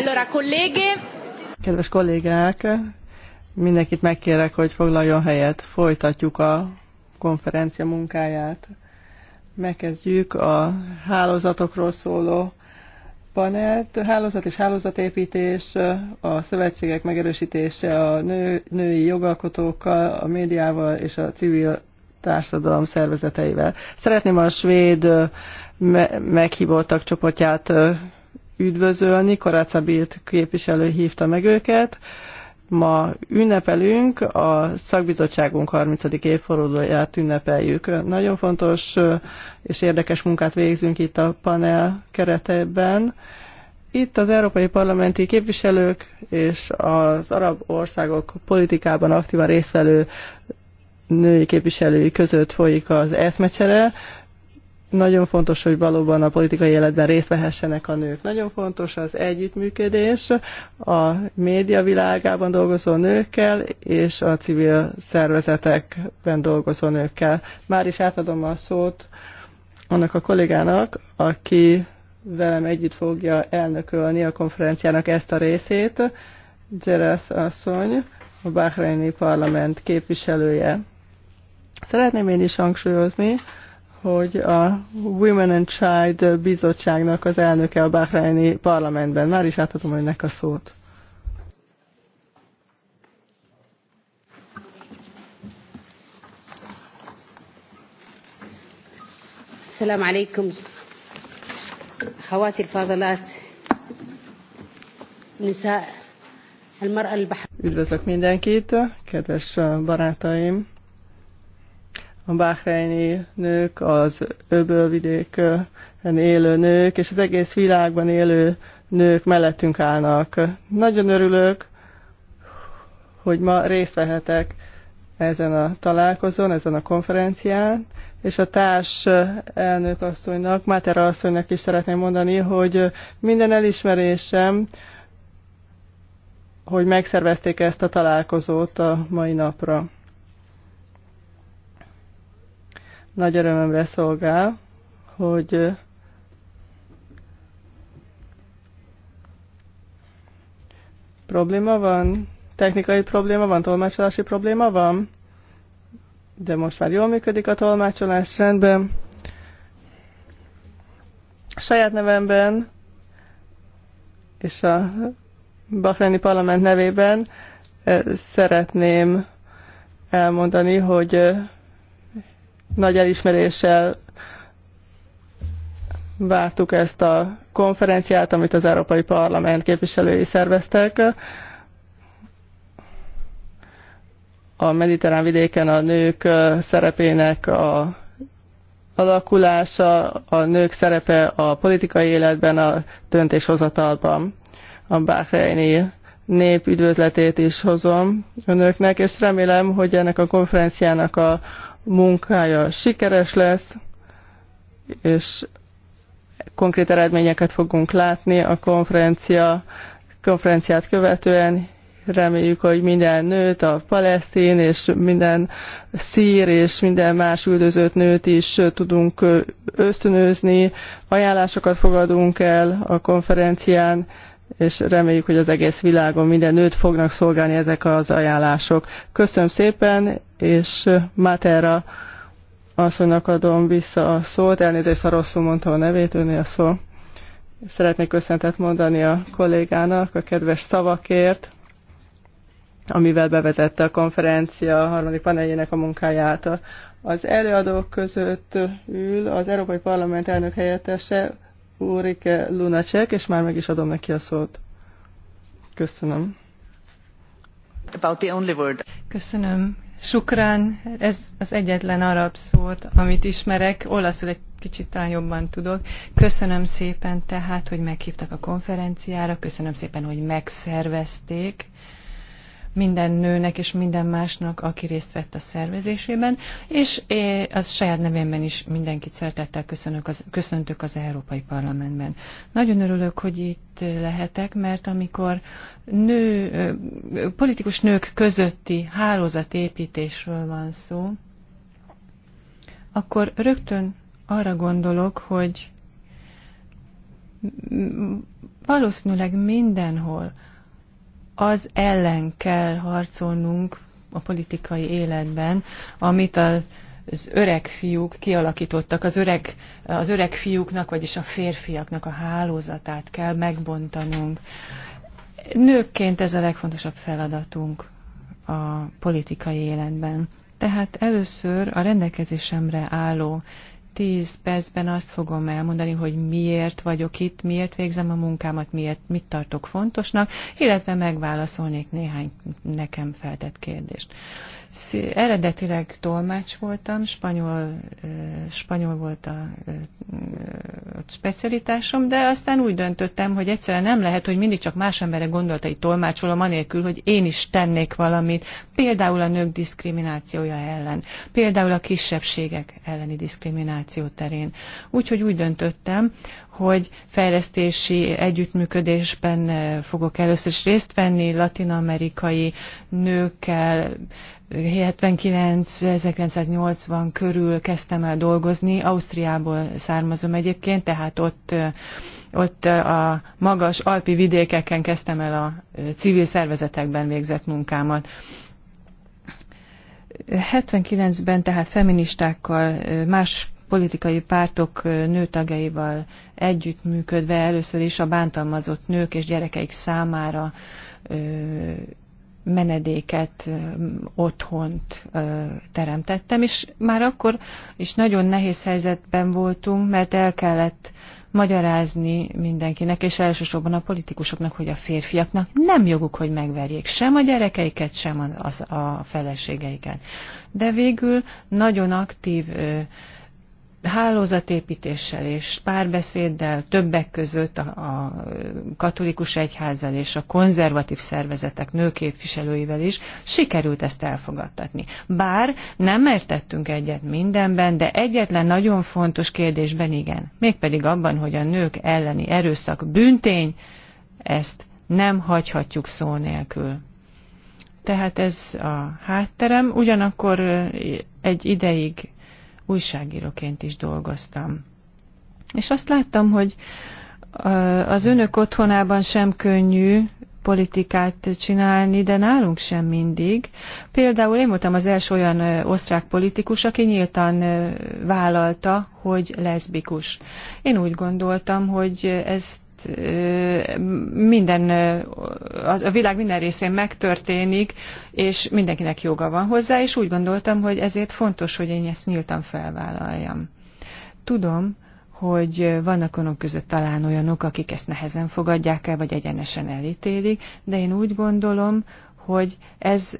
D: Allora,
C: Kedves kollégák, mindenkit megkérek, hogy foglaljon helyet. Folytatjuk a konferencia munkáját. Megkezdjük a hálózatokról szóló panelt. Hálózat és hálózatépítés, a szövetségek megerősítése a nő, női jogalkotókkal, a médiával és a civil társadalom szervezeteivel. Szeretném a svéd meghívottak csoportját üdvözölni. Karáca képviselő hívta meg őket. Ma ünnepelünk, a szakbizottságunk 30. évfordulóját ünnepeljük. Nagyon fontos és érdekes munkát végzünk itt a panel keretében. Itt az európai parlamenti képviselők és az arab országok politikában aktívan résztvevő női képviselői között folyik az eszmecsere. Nagyon fontos, hogy valóban a politikai életben részt vehessenek a nők. Nagyon fontos az együttműködés a média világában dolgozó nőkkel és a civil szervezetekben dolgozó nőkkel. Már is átadom a szót annak a kollégának, aki velem együtt fogja elnökölni a konferenciának ezt a részét, Jeres asszony, a Bahreini Parlament képviselője. Szeretném én is hangsúlyozni, hogy a Women and Child bizottságnak az elnöke a Bahreini parlamentben. Már is átadom önnek a szót.
B: السلام عليكم خواتي الفاضلات
D: نساء المرأة البحر
C: Üdvözlök mindenkit, kedves barátaim! a báhreini nők, az öbölvidéken élő nők, és az egész világban élő nők mellettünk állnak. Nagyon örülök, hogy ma részt vehetek ezen a találkozón, ezen a konferencián, és a társ elnök asszonynak, Máter asszonynak is szeretném mondani, hogy minden elismerésem, hogy megszervezték ezt a találkozót a mai napra. Nagy örömömre szolgál, hogy probléma van, technikai probléma van, tolmácsolási probléma van, de most már jól működik a tolmácsolás, rendben. A saját nevemben és a Bahreini Parlament nevében szeretném elmondani, hogy nagy elismeréssel vártuk ezt a konferenciát, amit az Európai Parlament képviselői szerveztek. A mediterrán vidéken a nők szerepének a alakulása, a nők szerepe a politikai életben, a döntéshozatalban. A Bahreini nép üdvözletét is hozom önöknek, és remélem, hogy ennek a konferenciának a munkája sikeres lesz, és konkrét eredményeket fogunk látni a konferencia, konferenciát követően. Reméljük, hogy minden nőt, a palesztin és minden szír és minden más üldözött nőt is tudunk ösztönözni. Ajánlásokat fogadunk el a konferencián, és reméljük, hogy az egész világon minden nőt fognak szolgálni ezek az ajánlások. Köszönöm szépen, és Máterra asszonynak adom vissza a szót, elnézést, ha rosszul mondtam a nevét, önné a szó. Szeretnék köszöntet mondani a kollégának a kedves szavakért, amivel bevezette a konferencia a harmadik paneljének a munkáját. Az előadók között ül az Európai Parlament elnök helyettese Úrike Lunacek, és már meg is adom neki a szót. Köszönöm. About the only
A: word. Köszönöm. Sukrán, ez az egyetlen arab szót, amit ismerek, olaszul egy kicsit talán jobban tudok. Köszönöm szépen tehát, hogy meghívtak a konferenciára, köszönöm szépen, hogy megszervezték minden nőnek és minden másnak, aki részt vett a szervezésében, és az saját nevemben is mindenkit szeretettel köszönök az, köszöntök az Európai Parlamentben. Nagyon örülök, hogy itt lehetek, mert amikor nő, politikus nők közötti hálózatépítésről van szó, akkor rögtön arra gondolok, hogy valószínűleg mindenhol, az ellen kell harcolnunk a politikai életben, amit a az öreg fiúk kialakítottak, az öreg, az öreg fiúknak, vagyis a férfiaknak a hálózatát kell megbontanunk. Nőkként ez a legfontosabb feladatunk a politikai életben. Tehát először a rendelkezésemre álló 10 percben azt fogom elmondani, hogy miért vagyok itt, miért végzem a munkámat, miért, mit tartok fontosnak, illetve megválaszolnék néhány nekem feltett kérdést. Eredetileg tolmács voltam, spanyol, spanyol volt a specialitásom, de aztán úgy döntöttem, hogy egyszerűen nem lehet, hogy mindig csak más emberek gondolatai tolmácsolom, anélkül, hogy én is tennék valamit, például a nők diszkriminációja ellen, például a kisebbségek elleni diszkrimináció terén. Úgyhogy úgy döntöttem, hogy fejlesztési együttműködésben fogok először is részt venni latinamerikai nőkkel, 79-1980 körül kezdtem el dolgozni, Ausztriából származom egyébként, tehát ott, ott a magas alpi vidékeken kezdtem el a civil szervezetekben végzett munkámat. 79-ben tehát feministákkal, más politikai pártok nőtagjaival együttműködve először is a bántalmazott nők és gyerekeik számára menedéket, otthont teremtettem, és már akkor is nagyon nehéz helyzetben voltunk, mert el kellett magyarázni mindenkinek, és elsősorban a politikusoknak, hogy a férfiaknak nem joguk, hogy megverjék sem a gyerekeiket, sem a, a feleségeiket. De végül nagyon aktív ö, hálózatépítéssel és párbeszéddel, többek között a, a katolikus egyházzal és a konzervatív szervezetek nőképviselőivel is sikerült ezt elfogadtatni. Bár nem értettünk egyet mindenben, de egyetlen nagyon fontos kérdésben igen, mégpedig abban, hogy a nők elleni erőszak büntény, ezt nem hagyhatjuk szó nélkül. Tehát ez a hátterem, ugyanakkor egy ideig újságíróként is dolgoztam. És azt láttam, hogy az önök otthonában sem könnyű politikát csinálni, de nálunk sem mindig. Például én voltam az első olyan osztrák politikus, aki nyíltan vállalta, hogy leszbikus. Én úgy gondoltam, hogy ez Hát, minden, a világ minden részén megtörténik, és mindenkinek joga van hozzá, és úgy gondoltam, hogy ezért fontos, hogy én ezt nyíltan felvállaljam. Tudom, hogy vannak önök között talán olyanok, akik ezt nehezen fogadják el, vagy egyenesen elítélik, de én úgy gondolom, hogy ez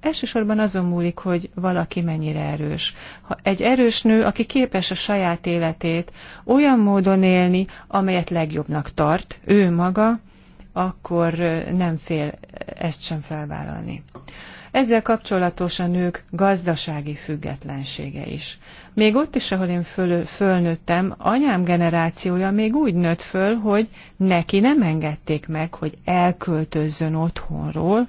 A: elsősorban azon múlik, hogy valaki mennyire erős. Ha egy erős nő, aki képes a saját életét olyan módon élni, amelyet legjobbnak tart, ő maga, akkor nem fél ezt sem felvállalni. Ezzel kapcsolatos a nők gazdasági függetlensége is. Még ott is, ahol én föl, fölnőttem, anyám generációja még úgy nőtt föl, hogy neki nem engedték meg, hogy elköltözzön otthonról,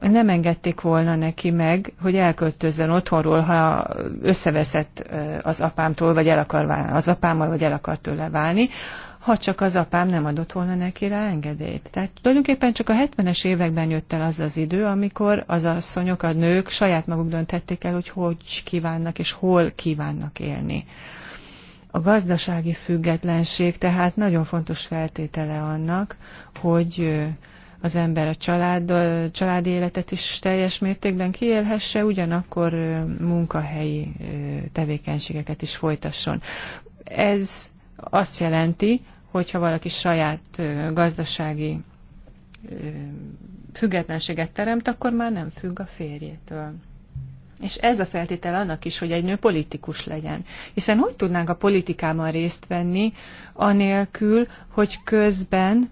A: nem engedték volna neki meg, hogy elköltözzen otthonról, ha összeveszett az apámtól, vagy el akar válni, az apámmal, vagy el akar tőle válni, ha csak az apám nem adott volna neki rá engedélyt. Tehát tulajdonképpen csak a 70-es években jött el az az idő, amikor az asszonyok, a nők saját maguk döntették el, hogy hogy kívánnak és hol kívánnak élni. A gazdasági függetlenség tehát nagyon fontos feltétele annak, hogy az ember a család, a családi életet is teljes mértékben kiélhesse, ugyanakkor munkahelyi tevékenységeket is folytasson. Ez azt jelenti, hogyha valaki saját gazdasági függetlenséget teremt, akkor már nem függ a férjétől. És ez a feltétel annak is, hogy egy nő politikus legyen. Hiszen hogy tudnánk a politikában részt venni, anélkül, hogy közben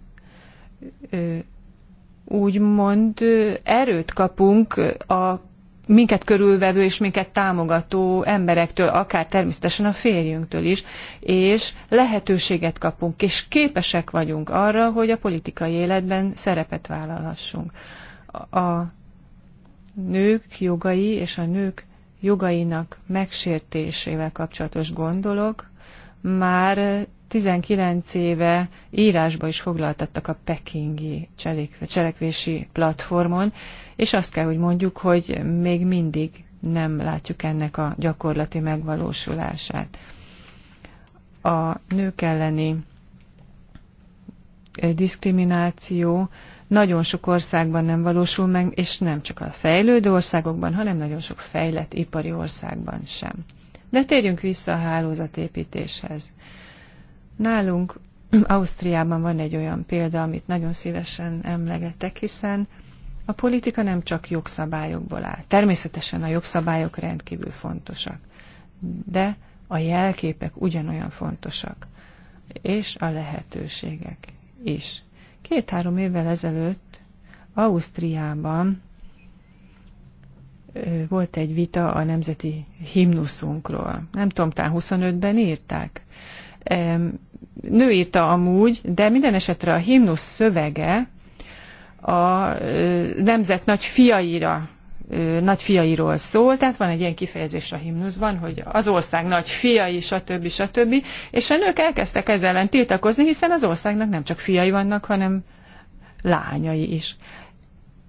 A: úgymond erőt kapunk a minket körülvevő és minket támogató emberektől, akár természetesen a férjünktől is, és lehetőséget kapunk, és képesek vagyunk arra, hogy a politikai életben szerepet vállalhassunk. A nők jogai és a nők jogainak megsértésével kapcsolatos gondolok már 19 éve írásba is foglaltattak a pekingi cselekvési platformon, és azt kell, hogy mondjuk, hogy még mindig nem látjuk ennek a gyakorlati megvalósulását. A nők elleni eh, diszkrimináció nagyon sok országban nem valósul meg, és nem csak a fejlődő országokban, hanem nagyon sok fejlett ipari országban sem. De térjünk vissza a hálózatépítéshez. Nálunk Ausztriában van egy olyan példa, amit nagyon szívesen emlegetek, hiszen a politika nem csak jogszabályokból áll. Természetesen a jogszabályok rendkívül fontosak, de a jelképek ugyanolyan fontosak, és a lehetőségek is. Két-három évvel ezelőtt Ausztriában volt egy vita a nemzeti himnuszunkról. Nem tudom, talán 25-ben írták. Nő írta amúgy, de minden esetre a himnusz szövege a nemzet nagy fiaira fiairól szól, tehát van egy ilyen kifejezés a himnuszban, hogy az ország nagy fiai, stb. stb. És a nők elkezdtek ezzel ellen tiltakozni, hiszen az országnak nem csak fiai vannak, hanem lányai is.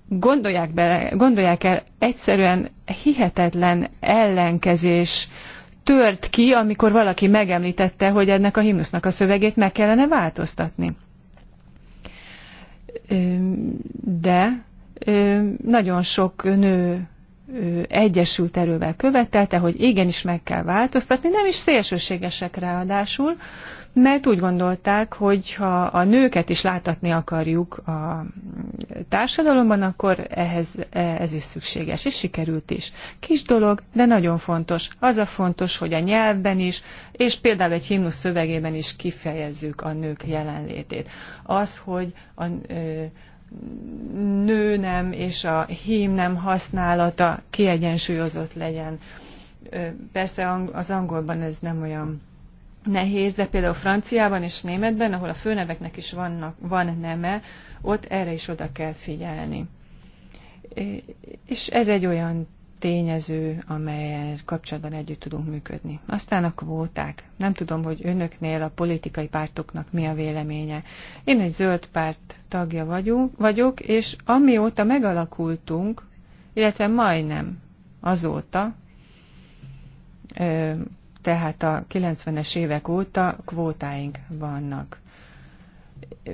A: Gondolják, bele, gondolják el, egyszerűen hihetetlen ellenkezés tört ki, amikor valaki megemlítette, hogy ennek a himnusznak a szövegét meg kellene változtatni. De nagyon sok nő egyesült erővel követelte, hogy igenis meg kell változtatni, nem is szélsőségesek ráadásul, mert úgy gondolták, hogy ha a nőket is láthatni akarjuk a társadalomban, akkor ehhez ez is szükséges, és sikerült is. Kis dolog, de nagyon fontos. Az a fontos, hogy a nyelvben is, és például egy himnusz szövegében is kifejezzük a nők jelenlétét. Az, hogy a nő nem és a hím nem használata kiegyensúlyozott legyen. Persze az angolban ez nem olyan nehéz, de például Franciában és Németben, ahol a főneveknek is vannak, van neme, ott erre is oda kell figyelni. És ez egy olyan tényező, amelyel kapcsolatban együtt tudunk működni. Aztán a kvóták. Nem tudom, hogy önöknél a politikai pártoknak mi a véleménye. Én egy zöld párt tagja vagyunk, vagyok, és amióta megalakultunk, illetve majdnem azóta, tehát a 90-es évek óta kvótáink vannak.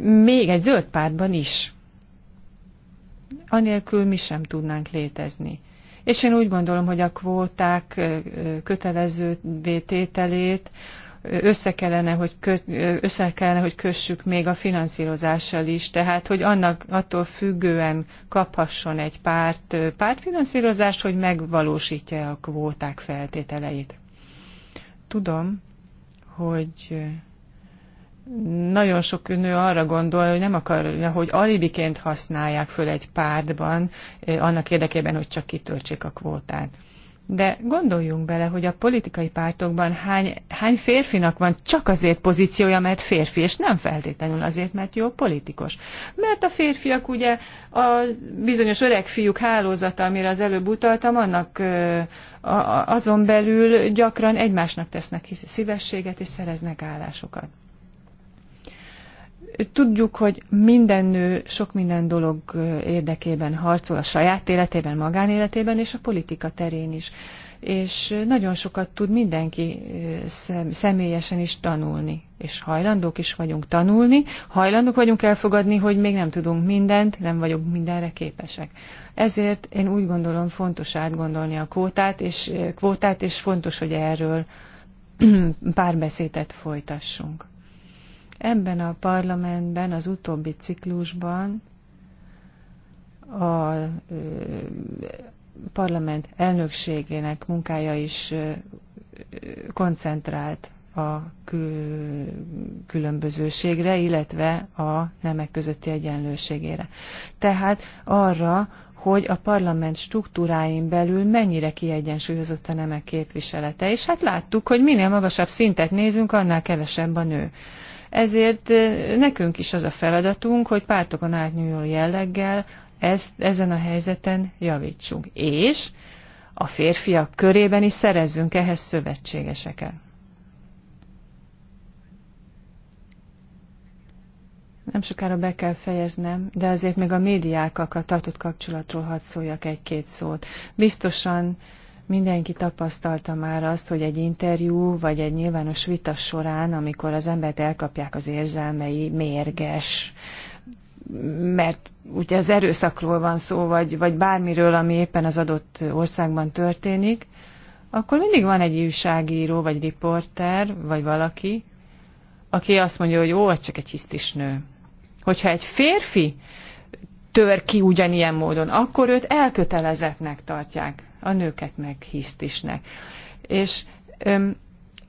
A: Még egy zöld pártban is. Anélkül mi sem tudnánk létezni. És én úgy gondolom, hogy a kvóták kötelező vétételét össze kellene, hogy kö, össze kellene, hogy kössük még a finanszírozással is, tehát hogy annak attól függően kaphasson egy párt pártfinanszírozást, hogy megvalósítja a kvóták feltételeit. Tudom, hogy nagyon sok nő arra gondol, hogy nem akarja, hogy alibiként használják föl egy pártban annak érdekében, hogy csak kitöltsék a kvótát de gondoljunk bele, hogy a politikai pártokban hány, hány férfinak van csak azért pozíciója, mert férfi, és nem feltétlenül azért, mert jó politikus. Mert a férfiak ugye a bizonyos öreg fiúk hálózata, amire az előbb utaltam, annak azon belül gyakran egymásnak tesznek szívességet és szereznek állásokat. Tudjuk, hogy minden nő sok minden dolog érdekében harcol a saját életében, magánéletében és a politika terén is. És nagyon sokat tud mindenki személyesen is tanulni, és hajlandók is vagyunk tanulni, hajlandók vagyunk elfogadni, hogy még nem tudunk mindent, nem vagyunk mindenre képesek. Ezért én úgy gondolom fontos átgondolni a kvótát, és, kvótát, és fontos, hogy erről párbeszédet folytassunk. Ebben a parlamentben az utóbbi ciklusban a parlament elnökségének munkája is koncentrált a különbözőségre, illetve a nemek közötti egyenlőségére. Tehát arra, hogy a parlament struktúráin belül mennyire kiegyensúlyozott a nemek képviselete. És hát láttuk, hogy minél magasabb szintet nézünk, annál kevesebb a nő. Ezért nekünk is az a feladatunk, hogy pártokon átnyúló jelleggel ezt, ezen a helyzeten javítsunk. És a férfiak körében is szerezzünk ehhez szövetségeseket. Nem sokára be kell fejeznem, de azért még a médiákkal tartott kapcsolatról hadd szóljak egy-két szót. Biztosan Mindenki tapasztalta már azt, hogy egy interjú vagy egy nyilvános vita során, amikor az embert elkapják az érzelmei, mérges, mert ugye az erőszakról van szó, vagy, vagy bármiről, ami éppen az adott országban történik, akkor mindig van egy újságíró, vagy riporter, vagy valaki, aki azt mondja, hogy ó, ez csak egy hisztis nő. Hogyha egy férfi tör ki ugyanilyen módon, akkor őt elkötelezettnek tartják a nőket hisztisnek. És öm,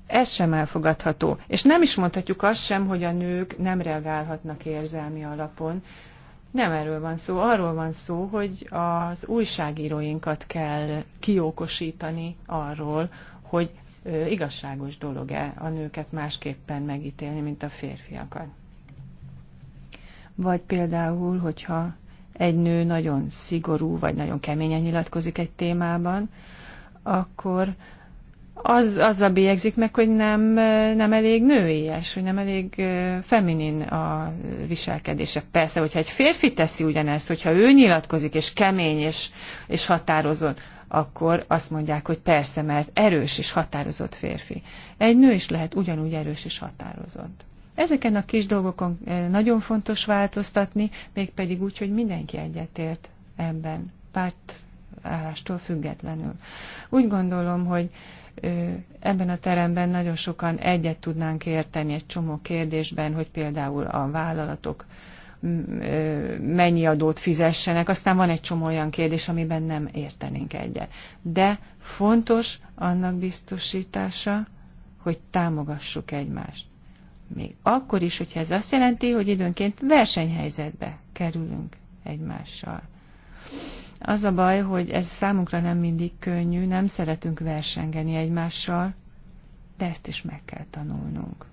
A: ez sem elfogadható. És nem is mondhatjuk azt sem, hogy a nők nem reagálhatnak érzelmi alapon. Nem erről van szó. Arról van szó, hogy az újságíróinkat kell kiókosítani arról, hogy igazságos dolog-e a nőket másképpen megítélni, mint a férfiakat. Vagy például, hogyha egy nő nagyon szigorú, vagy nagyon keményen nyilatkozik egy témában, akkor az, a bélyegzik meg, hogy nem, nem elég nőies, hogy nem elég feminin a viselkedése. Persze, hogyha egy férfi teszi ugyanezt, hogyha ő nyilatkozik, és kemény, és, és határozott, akkor azt mondják, hogy persze, mert erős és határozott férfi. Egy nő is lehet ugyanúgy erős és határozott. Ezeken a kis dolgokon eh, nagyon fontos változtatni, mégpedig úgy, hogy mindenki egyetért ebben, pártállástól függetlenül. Úgy gondolom, hogy ebben a teremben nagyon sokan egyet tudnánk érteni egy csomó kérdésben, hogy például a vállalatok mennyi adót fizessenek. Aztán van egy csomó olyan kérdés, amiben nem értenénk egyet. De fontos annak biztosítása, hogy támogassuk egymást. Még akkor is, hogyha ez azt jelenti, hogy időnként versenyhelyzetbe kerülünk egymással. Az a baj, hogy ez számunkra nem mindig könnyű, nem szeretünk versengeni egymással, de ezt is meg kell tanulnunk.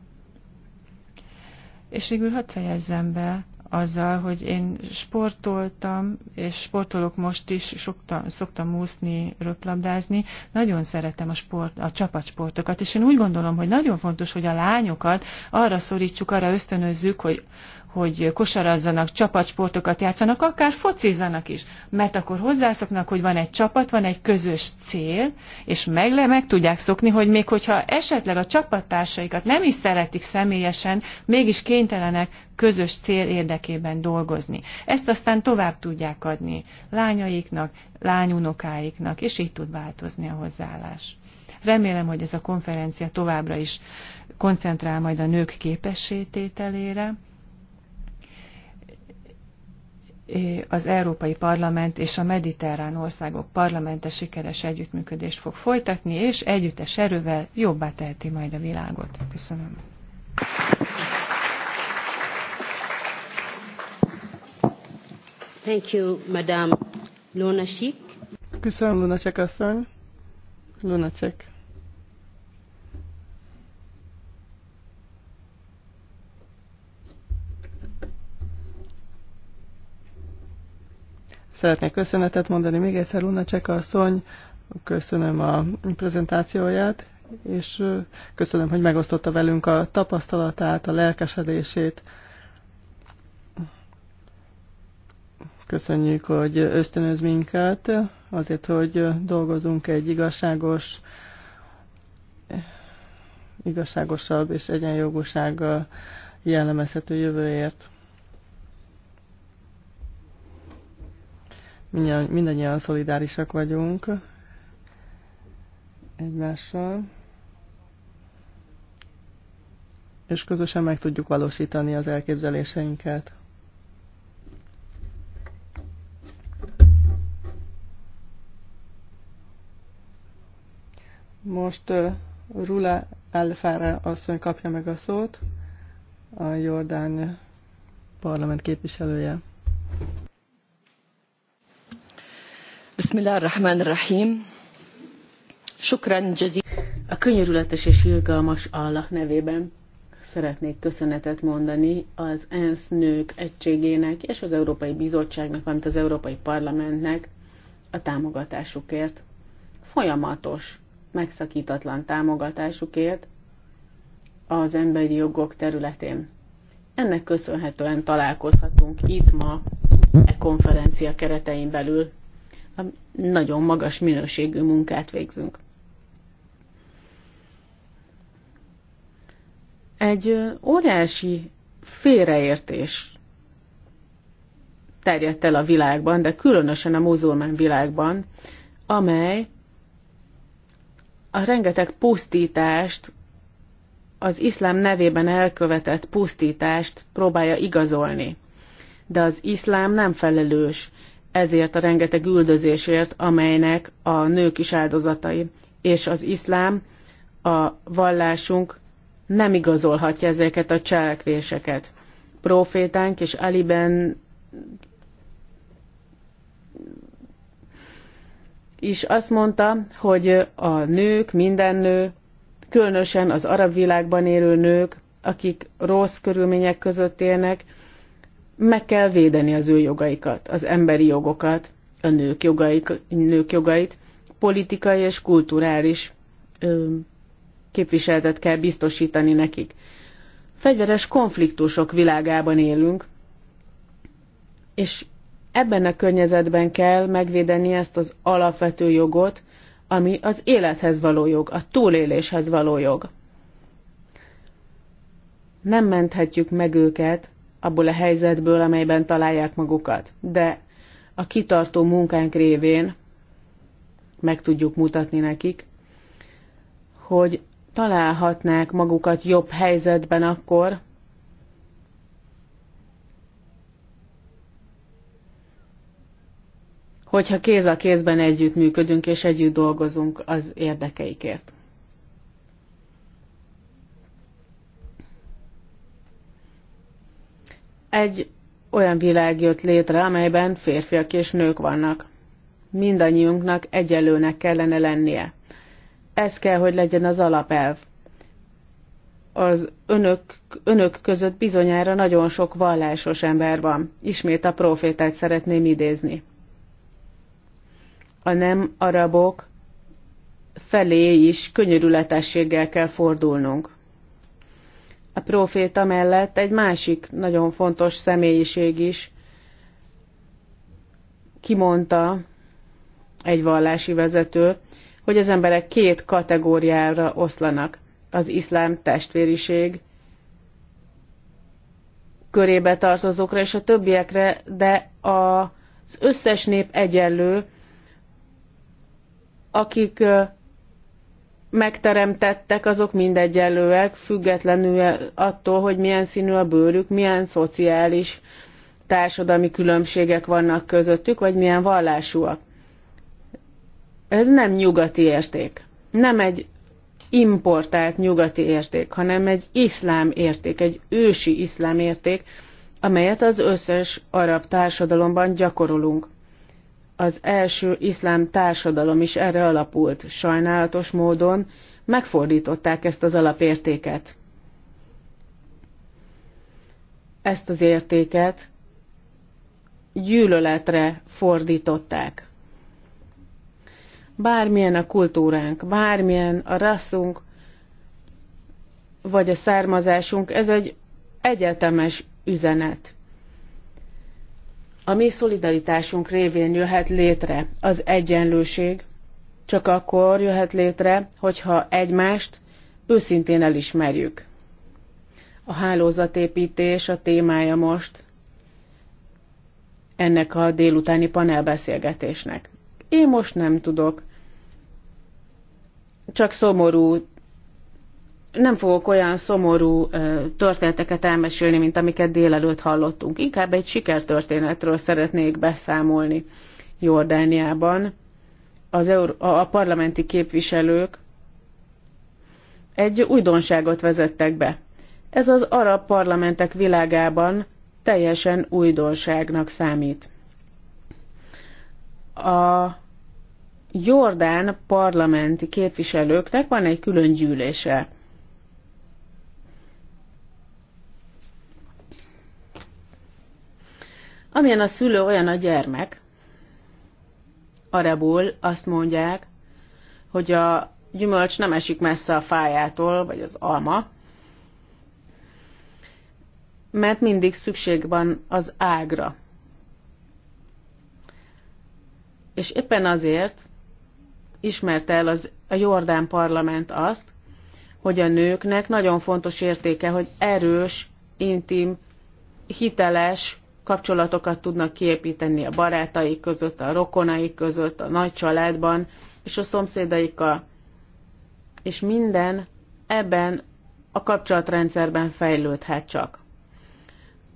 A: És végül hadd fejezzem be azzal, hogy én sportoltam, és sportolok most is, sokta, szoktam úszni, röplabdázni. Nagyon szeretem a, sport, a csapatsportokat, és én úgy gondolom, hogy nagyon fontos, hogy a lányokat arra szorítsuk, arra ösztönözzük, hogy hogy kosarazzanak, csapatsportokat játszanak, akár focizzanak is, mert akkor hozzászoknak, hogy van egy csapat, van egy közös cél, és meg, meg tudják szokni, hogy még hogyha esetleg a csapattársaikat nem is szeretik személyesen, mégis kénytelenek közös cél érdekében dolgozni. Ezt aztán tovább tudják adni lányaiknak, lányunokáiknak, és így tud változni a hozzáállás. Remélem, hogy ez a konferencia továbbra is koncentrál majd a nők képessétételére az Európai Parlament és a mediterrán országok parlamente sikeres együttműködést fog folytatni, és együttes erővel jobbá teheti majd a világot. Köszönöm.
B: Thank you, Madame Lunacek.
C: Köszönöm, Lunacek asszony. Lunacek Szeretnék köszönetet mondani még egyszer Cseka asszony, köszönöm a prezentációját, és köszönöm, hogy megosztotta velünk a tapasztalatát, a lelkesedését. Köszönjük, hogy ösztönöz minket azért, hogy dolgozunk egy igazságos, igazságosabb és egyenjogúsággal jellemezhető jövőért. Mindjárt, mindannyian szolidárisak vagyunk egymással, és közösen meg tudjuk valósítani az elképzeléseinket. Most uh, Rula Elfára asszony kapja meg a szót, a Jordán parlament képviselője. A könyörületes
B: és irgalmas Allah nevében szeretnék köszönetet mondani az ENSZ nők egységének és az Európai Bizottságnak, valamint az Európai Parlamentnek a támogatásukért. Folyamatos, megszakítatlan támogatásukért az emberi jogok területén. Ennek köszönhetően találkozhatunk itt ma e konferencia keretein belül nagyon magas minőségű munkát végzünk. Egy óriási félreértés terjedt el a világban, de különösen a muzulmán világban, amely a rengeteg pusztítást, az iszlám nevében elkövetett pusztítást próbálja igazolni. De az iszlám nem felelős ezért a rengeteg üldözésért, amelynek a nők is áldozatai. És az iszlám, a vallásunk nem igazolhatja ezeket a cselekvéseket. Profétánk és Aliben is azt mondta, hogy a nők, minden nő, különösen az arab világban élő nők, akik rossz körülmények között élnek, meg kell védeni az ő jogaikat, az emberi jogokat, a nők, jogaik, nők jogait, politikai és kulturális ö, képviseletet kell biztosítani nekik. Fegyveres konfliktusok világában élünk, és ebben a környezetben kell megvédeni ezt az alapvető jogot, ami az élethez való jog, a túléléshez való jog. Nem menthetjük meg őket abból a helyzetből, amelyben találják magukat. De a kitartó munkánk révén meg tudjuk mutatni nekik, hogy találhatnák magukat jobb helyzetben akkor, hogyha kéz a kézben együtt működünk és együtt dolgozunk az érdekeikért. Egy olyan világ jött létre, amelyben férfiak és nők vannak. Mindannyiunknak egyelőnek kellene lennie. Ez kell, hogy legyen az alapelv. Az önök, önök között bizonyára nagyon sok vallásos ember van. Ismét a profétát szeretném idézni. A nem arabok felé is könyörületességgel kell fordulnunk a próféta mellett egy másik nagyon fontos személyiség is kimondta, egy vallási vezető, hogy az emberek két kategóriára oszlanak. Az iszlám testvériség körébe tartozókra és a többiekre, de az összes nép egyenlő, akik megteremtettek, azok mindegyelőek, függetlenül attól, hogy milyen színű a bőrük, milyen szociális, társadalmi különbségek vannak közöttük, vagy milyen vallásúak. Ez nem nyugati érték. Nem egy importált nyugati érték, hanem egy iszlám érték, egy ősi iszlám érték, amelyet az összes arab társadalomban gyakorolunk az első iszlám társadalom is erre alapult. Sajnálatos módon megfordították ezt az alapértéket. Ezt az értéket gyűlöletre fordították. Bármilyen a kultúránk, bármilyen a rasszunk, vagy a származásunk, ez egy egyetemes üzenet. A mi szolidaritásunk révén jöhet létre az egyenlőség, csak akkor jöhet létre, hogyha egymást őszintén elismerjük. A hálózatépítés a témája most ennek a délutáni panelbeszélgetésnek. Én most nem tudok csak szomorú nem fogok olyan szomorú történeteket elmesélni, mint amiket délelőtt hallottunk. Inkább egy sikertörténetről szeretnék beszámolni Jordániában. Az Euró- a parlamenti képviselők egy újdonságot vezettek be. Ez az arab parlamentek világában teljesen újdonságnak számít. A Jordán parlamenti képviselőknek van egy külön gyűlése Amilyen a szülő, olyan a gyermek. Arabul azt mondják, hogy a gyümölcs nem esik messze a fájától, vagy az alma, mert mindig szükség van az ágra. És éppen azért ismerte el az, a Jordán parlament azt, hogy a nőknek nagyon fontos értéke, hogy erős, intim, hiteles kapcsolatokat tudnak kiépíteni a barátaik között, a rokonaik között, a nagy családban és a szomszédaikkal. És minden ebben a kapcsolatrendszerben fejlődhet csak.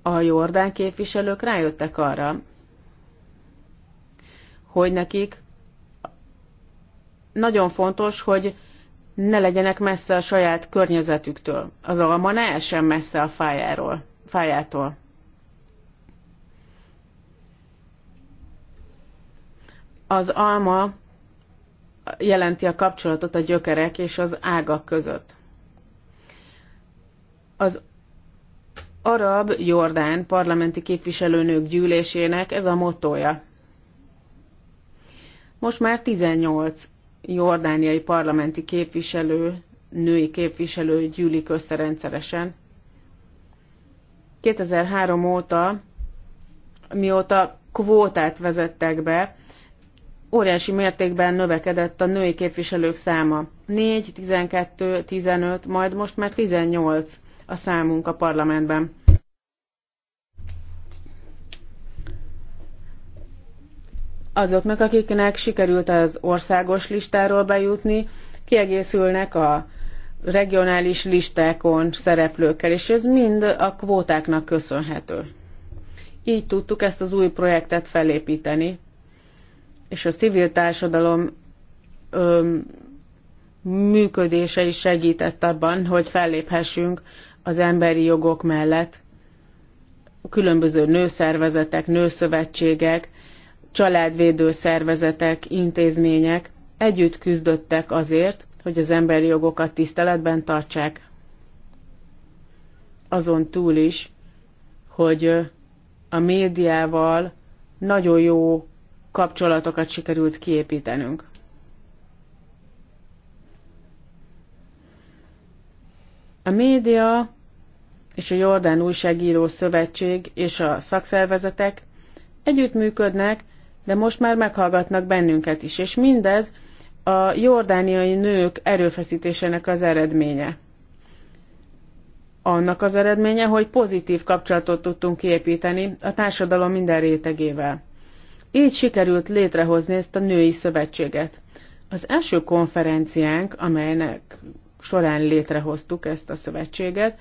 B: A jordán képviselők rájöttek arra, hogy nekik nagyon fontos, hogy ne legyenek messze a saját környezetüktől. Az alma ne essen messze a fájáról, fájától. Az alma jelenti a kapcsolatot a gyökerek és az ágak között. Az arab Jordán parlamenti képviselőnők gyűlésének ez a motója. Most már 18 jordániai parlamenti képviselő, női képviselő gyűlik össze rendszeresen. 2003 óta, mióta kvótát vezettek be, óriási mértékben növekedett a női képviselők száma. 4, 12, 15, majd most már 18 a számunk a parlamentben. Azoknak, akiknek sikerült az országos listáról bejutni, kiegészülnek a regionális listákon szereplőkkel, és ez mind a kvótáknak köszönhető. Így tudtuk ezt az új projektet felépíteni, és a civil társadalom ö, működése is segített abban, hogy felléphessünk az emberi jogok mellett. Különböző nőszervezetek, nőszövetségek, családvédő szervezetek, intézmények együtt küzdöttek azért, hogy az emberi jogokat tiszteletben tartsák. Azon túl is, hogy a médiával nagyon jó kapcsolatokat sikerült kiépítenünk. A média és a Jordán Újságíró Szövetség és a szakszervezetek együttműködnek, de most már meghallgatnak bennünket is, és mindez a jordániai nők erőfeszítésének az eredménye. Annak az eredménye, hogy pozitív kapcsolatot tudtunk kiépíteni a társadalom minden rétegével. Így sikerült létrehozni ezt a női szövetséget. Az első konferenciánk, amelynek során létrehoztuk ezt a szövetséget,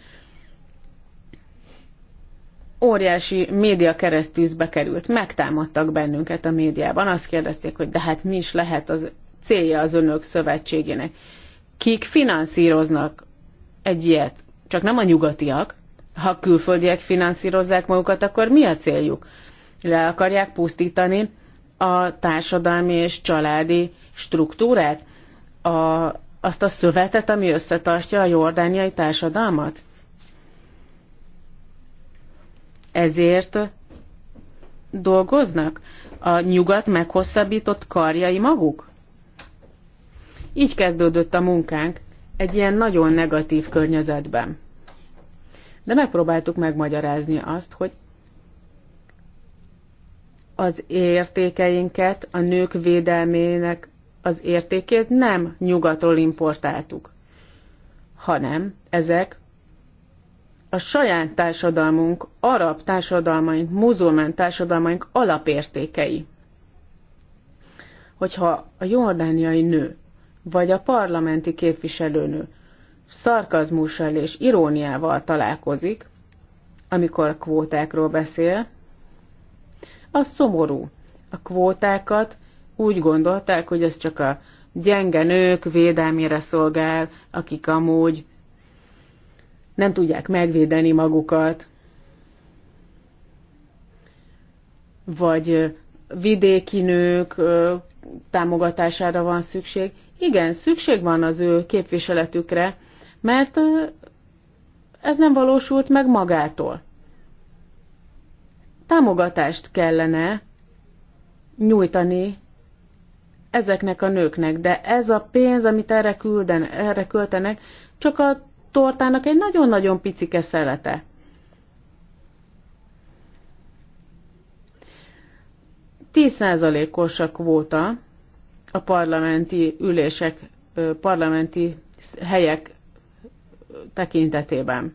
B: óriási média keresztűzbe került. Megtámadtak bennünket a médiában. Azt kérdezték, hogy de hát mi is lehet az célja az önök szövetségének. Kik finanszíroznak egy ilyet? Csak nem a nyugatiak. Ha külföldiek finanszírozzák magukat, akkor mi a céljuk? le akarják pusztítani a társadalmi és családi struktúrát, a, azt a szövetet, ami összetartja a jordániai társadalmat? Ezért dolgoznak? A nyugat meghosszabbított karjai maguk? Így kezdődött a munkánk, egy ilyen nagyon negatív környezetben. De megpróbáltuk megmagyarázni azt, hogy az értékeinket, a nők védelmének az értékét nem nyugatról importáltuk, hanem ezek a saját társadalmunk, arab társadalmaink, muzulmán társadalmaink alapértékei. Hogyha a jordániai nő, vagy a parlamenti képviselőnő szarkazmussal és iróniával találkozik, amikor kvótákról beszél, az szomorú. A kvótákat úgy gondolták, hogy ez csak a gyenge nők védelmére szolgál, akik amúgy nem tudják megvédeni magukat, vagy vidéki nők támogatására van szükség. Igen, szükség van az ő képviseletükre, mert ez nem valósult meg magától támogatást kellene nyújtani ezeknek a nőknek, de ez a pénz, amit erre, külden, erre költenek, csak a tortának egy nagyon-nagyon picike szelete. Tízszázalékos a kvóta a parlamenti ülések, parlamenti helyek tekintetében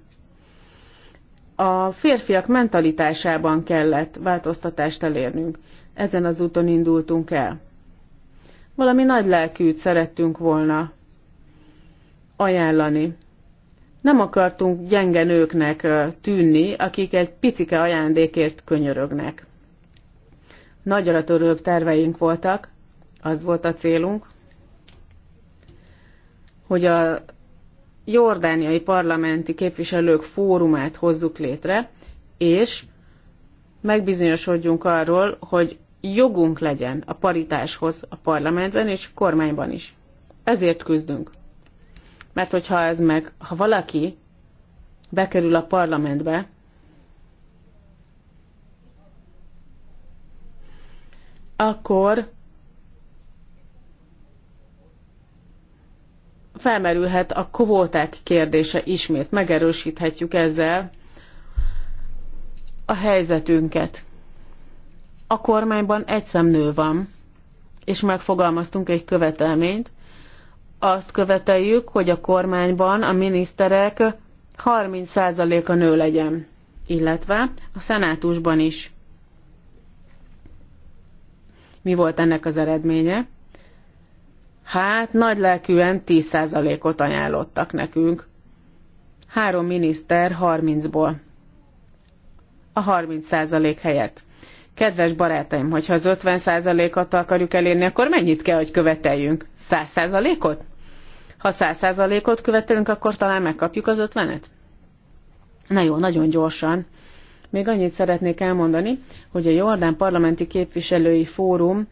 B: a férfiak mentalitásában kellett változtatást elérnünk. Ezen az úton indultunk el. Valami nagy lelkűt szerettünk volna ajánlani. Nem akartunk gyenge nőknek tűnni, akik egy picike ajándékért könyörögnek. Nagyra törőbb terveink voltak, az volt a célunk, hogy a jordániai parlamenti képviselők fórumát hozzuk létre, és megbizonyosodjunk arról, hogy jogunk legyen a paritáshoz a parlamentben és a kormányban is. Ezért küzdünk. Mert hogyha ez meg, ha valaki bekerül a parlamentbe, akkor felmerülhet a kvóták kérdése ismét. Megerősíthetjük ezzel a helyzetünket. A kormányban egy szemnő van, és megfogalmaztunk egy követelményt. Azt követeljük, hogy a kormányban a miniszterek 30%-a nő legyen, illetve a szenátusban is. Mi volt ennek az eredménye? Hát nagy lelkűen 10%-ot ajánlottak nekünk. Három miniszter 30-ból. A 30% helyett. Kedves barátaim, hogyha az 50%-at akarjuk elérni, akkor mennyit kell, hogy követeljünk? 100%-ot? Ha 100%-ot követelünk, akkor talán megkapjuk az 50-et? Na jó, nagyon gyorsan. Még annyit szeretnék elmondani, hogy a Jordán Parlamenti Képviselői Fórum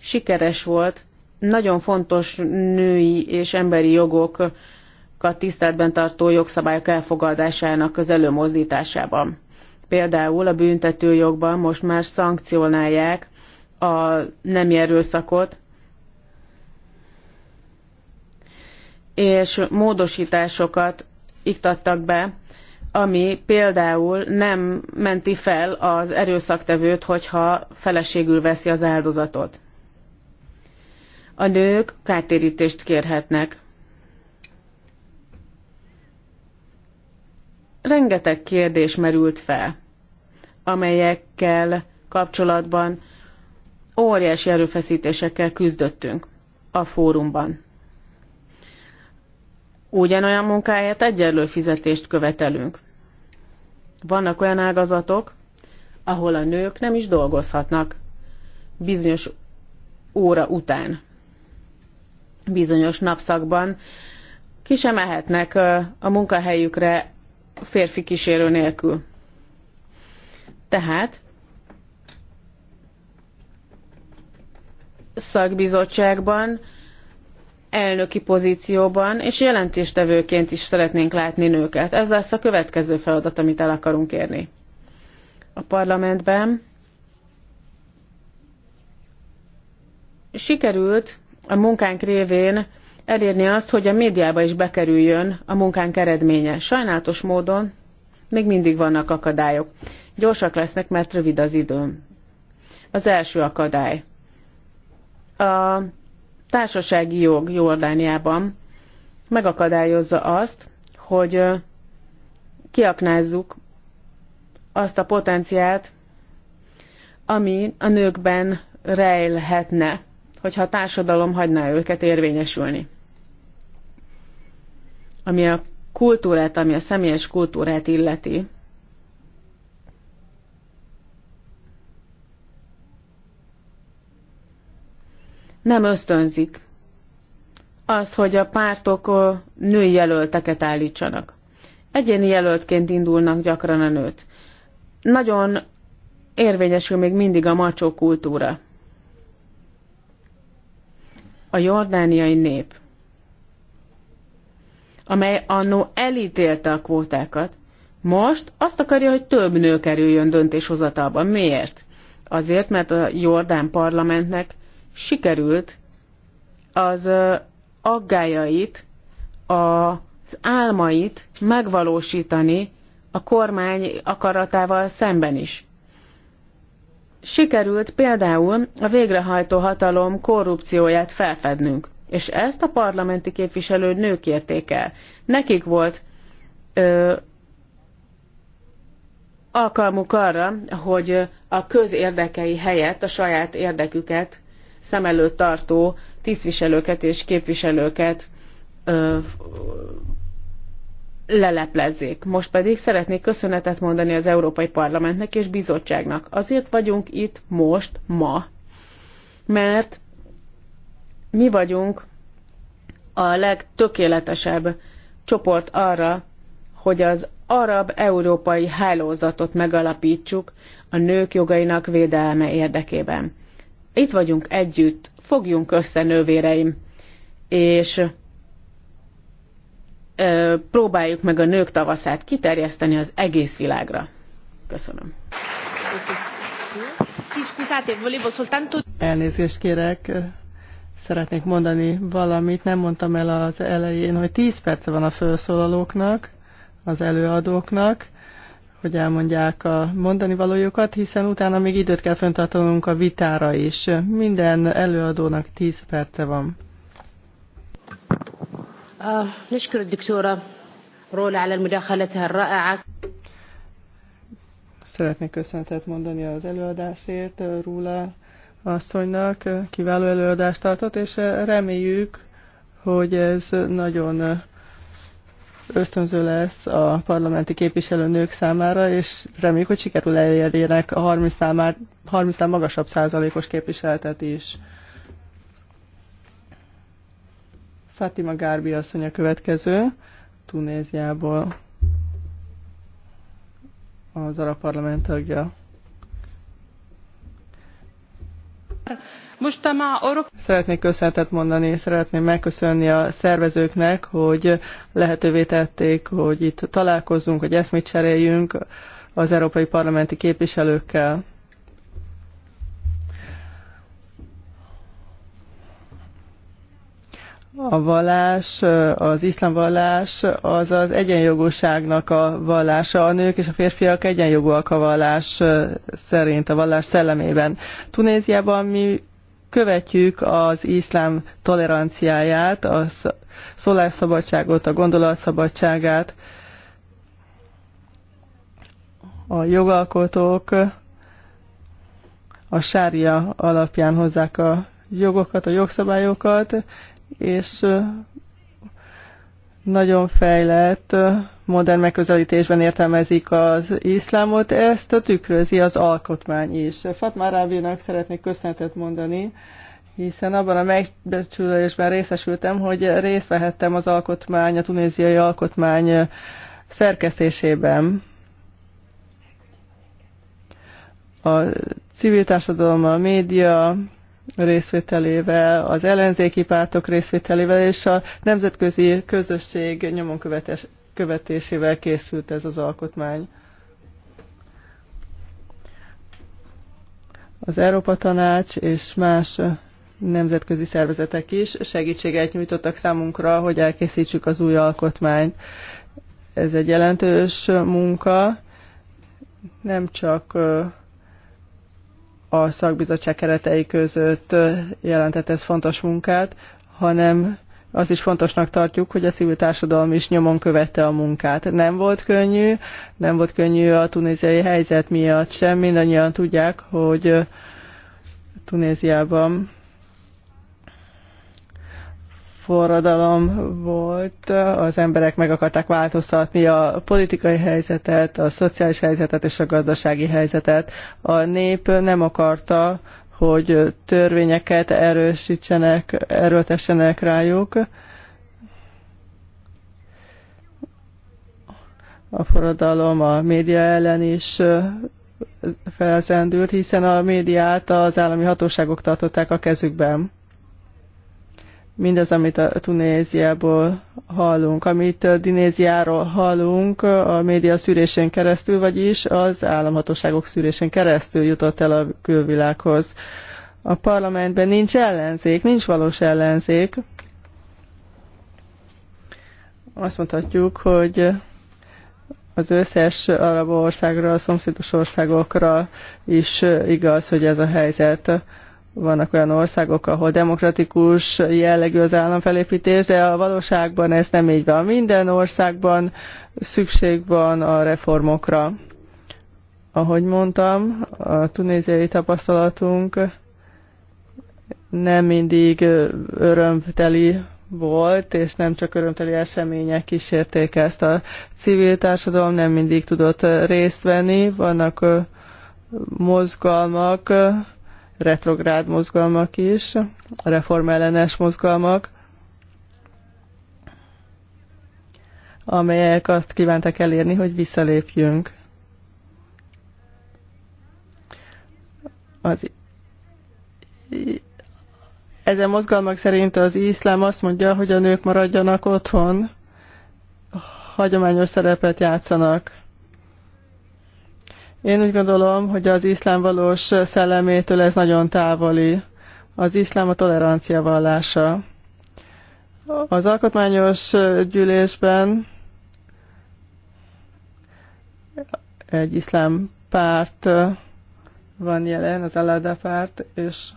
B: sikeres volt nagyon fontos női és emberi jogokat tiszteletben tartó jogszabályok elfogadásának az előmozdításában. Például a büntetőjogban most már szankcionálják a nem erőszakot, és módosításokat iktattak be, ami például nem menti fel az erőszaktevőt, hogyha feleségül veszi az áldozatot a nők kártérítést kérhetnek. Rengeteg kérdés merült fel, amelyekkel kapcsolatban óriási erőfeszítésekkel küzdöttünk a fórumban. Ugyanolyan munkáért egyenlő fizetést követelünk. Vannak olyan ágazatok, ahol a nők nem is dolgozhatnak bizonyos óra után bizonyos napszakban ki sem mehetnek a munkahelyükre férfi kísérő nélkül. Tehát szakbizottságban, elnöki pozícióban és jelentéstevőként is szeretnénk látni nőket. Ez lesz a következő feladat, amit el akarunk érni. A parlamentben sikerült a munkánk révén elérni azt, hogy a médiába is bekerüljön a munkánk eredménye. Sajnálatos módon még mindig vannak akadályok. Gyorsak lesznek, mert rövid az időm. Az első akadály. A társasági jog Jordániában megakadályozza azt, hogy kiaknázzuk azt a potenciált, ami a nőkben rejlhetne hogyha a társadalom hagyná őket érvényesülni. Ami a kultúrát, ami a személyes kultúrát illeti, nem ösztönzik Az, hogy a pártok női jelölteket állítsanak. Egyéni jelöltként indulnak gyakran a nőt. Nagyon érvényesül még mindig a macsó kultúra a jordániai nép, amely annó elítélte a kvótákat, most azt akarja, hogy több nő kerüljön döntéshozatalba. Miért? Azért, mert a Jordán parlamentnek sikerült az aggájait, az álmait megvalósítani a kormány akaratával szemben is sikerült például a végrehajtó hatalom korrupcióját felfednünk, és ezt a parlamenti képviselő nők érték el. Nekik volt ö, alkalmuk arra, hogy a közérdekei helyett a saját érdeküket szem előtt tartó tisztviselőket és képviselőket ö, leleplezzék. Most pedig szeretnék köszönetet mondani az Európai Parlamentnek és bizottságnak. Azért vagyunk itt most, ma, mert mi vagyunk a legtökéletesebb csoport arra, hogy az arab-európai hálózatot megalapítsuk a nők jogainak védelme érdekében. Itt vagyunk együtt, fogjunk össze nővéreim, és próbáljuk meg a nők tavaszát kiterjeszteni az egész világra. Köszönöm.
C: Elnézést kérek, szeretnék mondani valamit, nem mondtam el az elején, hogy 10 perc van a felszólalóknak, az előadóknak, hogy elmondják a mondani valójukat, hiszen utána még időt kell föntartanunk a vitára is. Minden előadónak 10 perce van.
B: نشكر الدكتورة رولا على مداخلتها الرائعة
C: Szeretnék köszönetet mondani az előadásért Rula asszonynak. Kiváló előadást tartott, és eh, reméljük, hogy ez nagyon eh, ösztönző lesz a parlamenti képviselőnők számára, és reméljük, hogy sikerül elérjenek a 30-nál, már, 30 magasabb százalékos képviseletet is. Fatima Gárbi asszony a következő, Tunéziából az arab parlament tagja. Szeretnék köszönetet mondani, szeretném megköszönni a szervezőknek, hogy lehetővé tették, hogy itt találkozzunk, hogy eszmét cseréljünk az európai parlamenti képviselőkkel. a vallás, az iszlám vallás, az az egyenjogúságnak a vallása. A nők és a férfiak egyenjogúak a vallás szerint, a vallás szellemében. Tunéziában mi követjük az iszlám toleranciáját, a szólásszabadságot, a gondolatszabadságát. A jogalkotók a sárja alapján hozzák a jogokat, a jogszabályokat, és nagyon fejlett, modern megközelítésben értelmezik az iszlámot, ezt tükrözi az alkotmány is. Fatma Rábinak szeretnék köszönetet mondani, hiszen abban a megbecsülésben részesültem, hogy részt vehettem az alkotmány, a tunéziai alkotmány szerkesztésében. A civil társadalom, a média, részvételével, az ellenzéki pártok részvételével és a nemzetközi közösség nyomon követés, követésével készült ez az alkotmány. Az Európa Tanács és más nemzetközi szervezetek is segítséget nyújtottak számunkra, hogy elkészítsük az új alkotmányt. Ez egy jelentős munka, nem csak a szakbizottság keretei között jelentett ez fontos munkát, hanem az is fontosnak tartjuk, hogy a civil társadalom is nyomon követte a munkát. Nem volt könnyű, nem volt könnyű a tunéziai helyzet miatt sem. Mindannyian tudják, hogy Tunéziában forradalom volt, az emberek meg akarták változtatni a politikai helyzetet, a szociális helyzetet és a gazdasági helyzetet. A nép nem akarta, hogy törvényeket erősítsenek, erőltessenek rájuk. A forradalom a média ellen is felzendült, hiszen a médiát az állami hatóságok tartották a kezükben mindez, amit a Tunéziából hallunk, amit Dinéziáról hallunk a média szűrésén keresztül, vagyis az államhatóságok szűrésén keresztül jutott el a külvilághoz. A parlamentben nincs ellenzék, nincs valós ellenzék. Azt mondhatjuk, hogy az összes arab országra, a szomszédos országokra is igaz, hogy ez a helyzet vannak olyan országok, ahol demokratikus jellegű az államfelépítés, de a valóságban ez nem így van. Minden országban szükség van a reformokra. Ahogy mondtam, a tunéziai tapasztalatunk nem mindig örömteli volt, és nem csak örömteli események kísérték ezt. A civil társadalom nem mindig tudott részt venni, vannak mozgalmak, retrográd mozgalmak is, reformellenes mozgalmak, amelyek azt kívántak elérni, hogy visszalépjünk. Az ezen mozgalmak szerint az iszlám azt mondja, hogy a nők maradjanak otthon, hagyományos szerepet játszanak. Én úgy gondolom, hogy az iszlám valós szellemétől ez nagyon távoli. Az iszlám a tolerancia vallása. Az alkotmányos gyűlésben egy iszlám párt van jelen, az Alada párt, és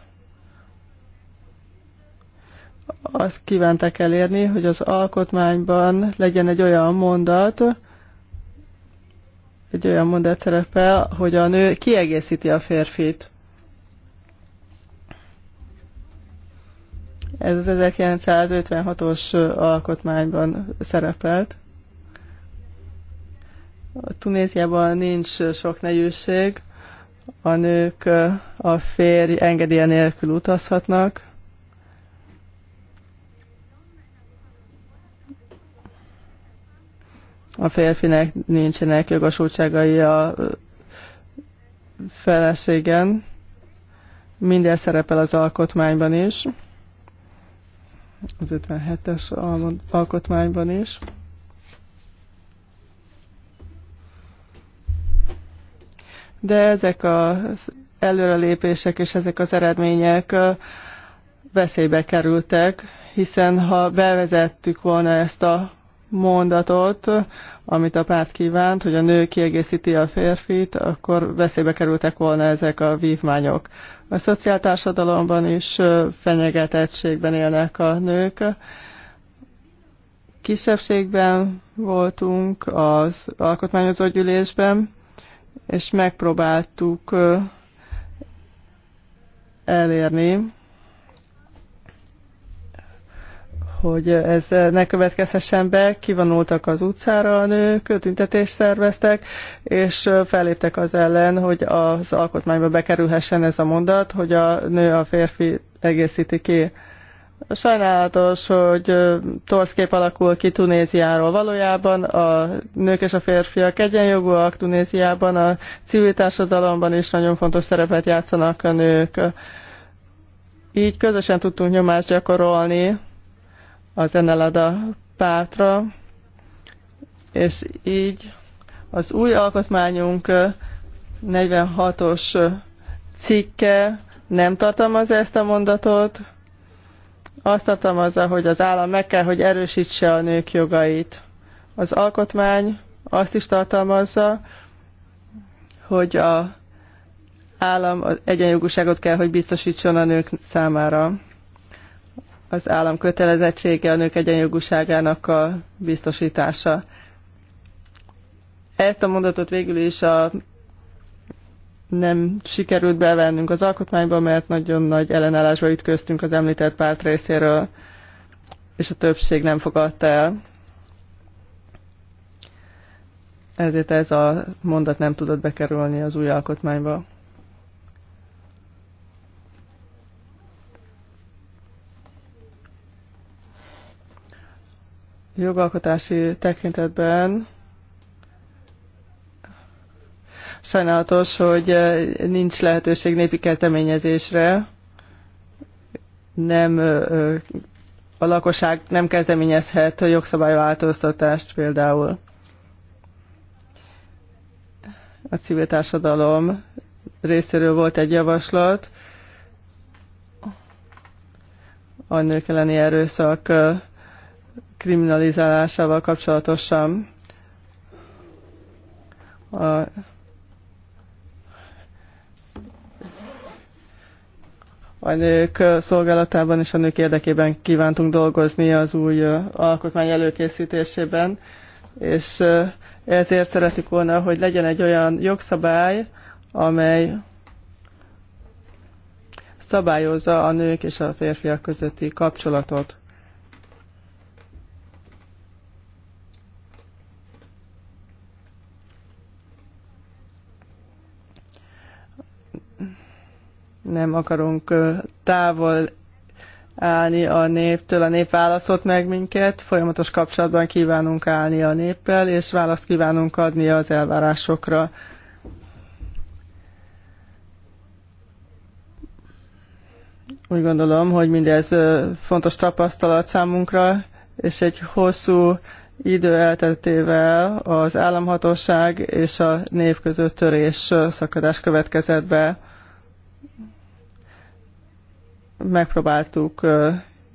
C: azt kívántak elérni, hogy az alkotmányban legyen egy olyan mondat, egy olyan mondat szerepel, hogy a nő kiegészíti a férfit. Ez az 1956-os alkotmányban szerepelt. A Tunéziában nincs sok nejűség, a nők a férj engedélye nélkül utazhatnak, a férfinek nincsenek jogosultságai a feleségen. Minden szerepel az alkotmányban is, az 57-es alkotmányban is. De ezek az előrelépések és ezek az eredmények veszélybe kerültek, hiszen ha bevezettük volna ezt a mondatot, amit a párt kívánt, hogy a nő kiegészíti a férfit, akkor veszélybe kerültek volna ezek a vívmányok. A szociáltársadalomban is fenyegetettségben élnek a nők. Kisebbségben voltunk az alkotmányozó gyűlésben, és megpróbáltuk elérni, hogy ez ne következhessen be, kivonultak az utcára a nők, tüntetést szerveztek, és felléptek az ellen, hogy az alkotmányba bekerülhessen ez a mondat, hogy a nő a férfi egészíti ki. Sajnálatos, hogy torszkép alakul ki Tunéziáról. Valójában a nők és a férfiak egyenjogúak Tunéziában, a civil társadalomban is nagyon fontos szerepet játszanak a nők. Így közösen tudtunk nyomást gyakorolni az NLADA pártra, és így az új alkotmányunk 46-os cikke nem tartalmazza ezt a mondatot, azt tartalmazza, hogy az állam meg kell, hogy erősítse a nők jogait. Az alkotmány azt is tartalmazza, hogy a állam egyenjogúságot kell, hogy biztosítson a nők számára az állam kötelezettsége a nők egyenjogúságának a biztosítása. Ezt a mondatot végül is a nem sikerült bevennünk az alkotmányba, mert nagyon nagy ellenállásba ütköztünk az említett párt részéről, és a többség nem fogadta el. Ezért ez a mondat nem tudott bekerülni az új alkotmányba. jogalkotási tekintetben sajnálatos, hogy eh, nincs lehetőség népi kezdeményezésre. Nem, a lakosság nem kezdeményezhet jogszabályváltoztatást például. A civil társadalom részéről volt egy javaslat a nők elleni erőszak kriminalizálásával kapcsolatosan. A a nők szolgálatában és a nők érdekében kívántunk dolgozni az új alkotmány előkészítésében, és ezért szeretük volna, hogy legyen egy olyan jogszabály, amely szabályozza a nők és a férfiak közötti kapcsolatot. nem akarunk távol állni a néptől, a nép választott meg minket, folyamatos kapcsolatban kívánunk állni a néppel, és választ kívánunk adni az elvárásokra. Úgy gondolom, hogy mindez fontos tapasztalat számunkra, és egy hosszú idő elteltével az államhatóság és a név között törés szakadás következett be megpróbáltuk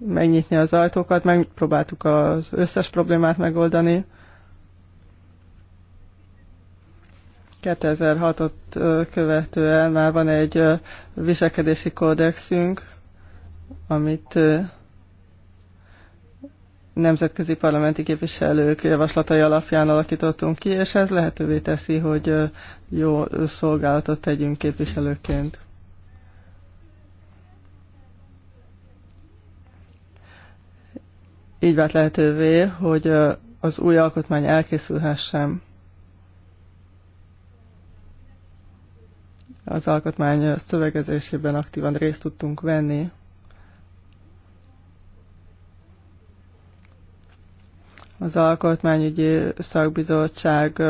C: megnyitni az ajtókat, megpróbáltuk az összes problémát megoldani. 2006-ot követően már van egy viselkedési kódexünk, amit nemzetközi parlamenti képviselők javaslatai alapján alakítottunk ki, és ez lehetővé teszi, hogy jó szolgálatot tegyünk képviselőként. így vált lehetővé, hogy az új alkotmány elkészülhessen. Az alkotmány szövegezésében aktívan részt tudtunk venni. Az alkotmányügyi szakbizottság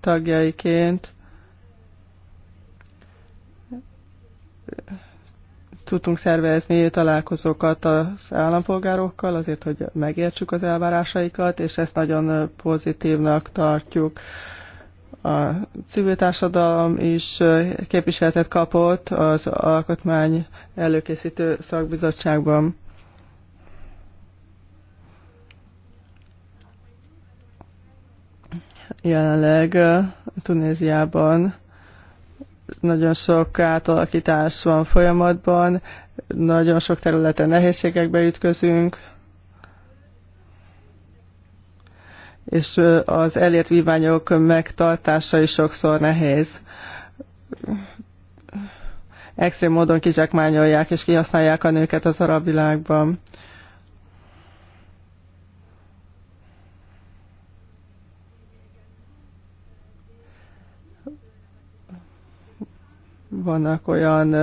C: tagjaiként Tudtunk szervezni találkozókat az állampolgárokkal, azért, hogy megértsük az elvárásaikat, és ezt nagyon pozitívnak tartjuk. A civil társadalom is képviseletet kapott az alkotmány előkészítő szakbizottságban. jelenleg Tunéziában nagyon sok átalakítás van folyamatban, nagyon sok területen nehézségekbe ütközünk, és az elért vívmányok megtartása is sokszor nehéz. Extrém módon kizsákmányolják és kihasználják a nőket az arab világban. Vannak olyan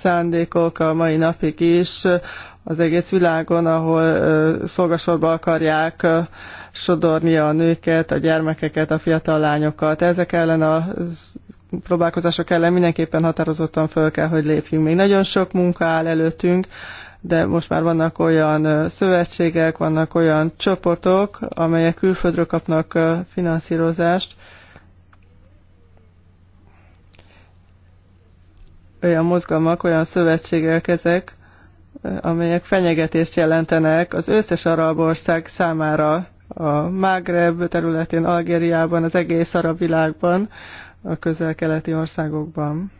C: szándékok a mai napig is az egész világon, ahol szolgasorba akarják sodorni a nőket, a gyermekeket, a fiatal lányokat. Ezek ellen a próbálkozások ellen mindenképpen határozottan föl kell, hogy lépjünk. Még nagyon sok munka áll előttünk, de most már vannak olyan szövetségek, vannak olyan csoportok, amelyek külföldről kapnak finanszírozást, olyan mozgalmak, olyan szövetségek ezek, amelyek fenyegetést jelentenek az összes arab ország számára, a Mágreb területén, Algériában, az egész arab világban, a közel-keleti országokban.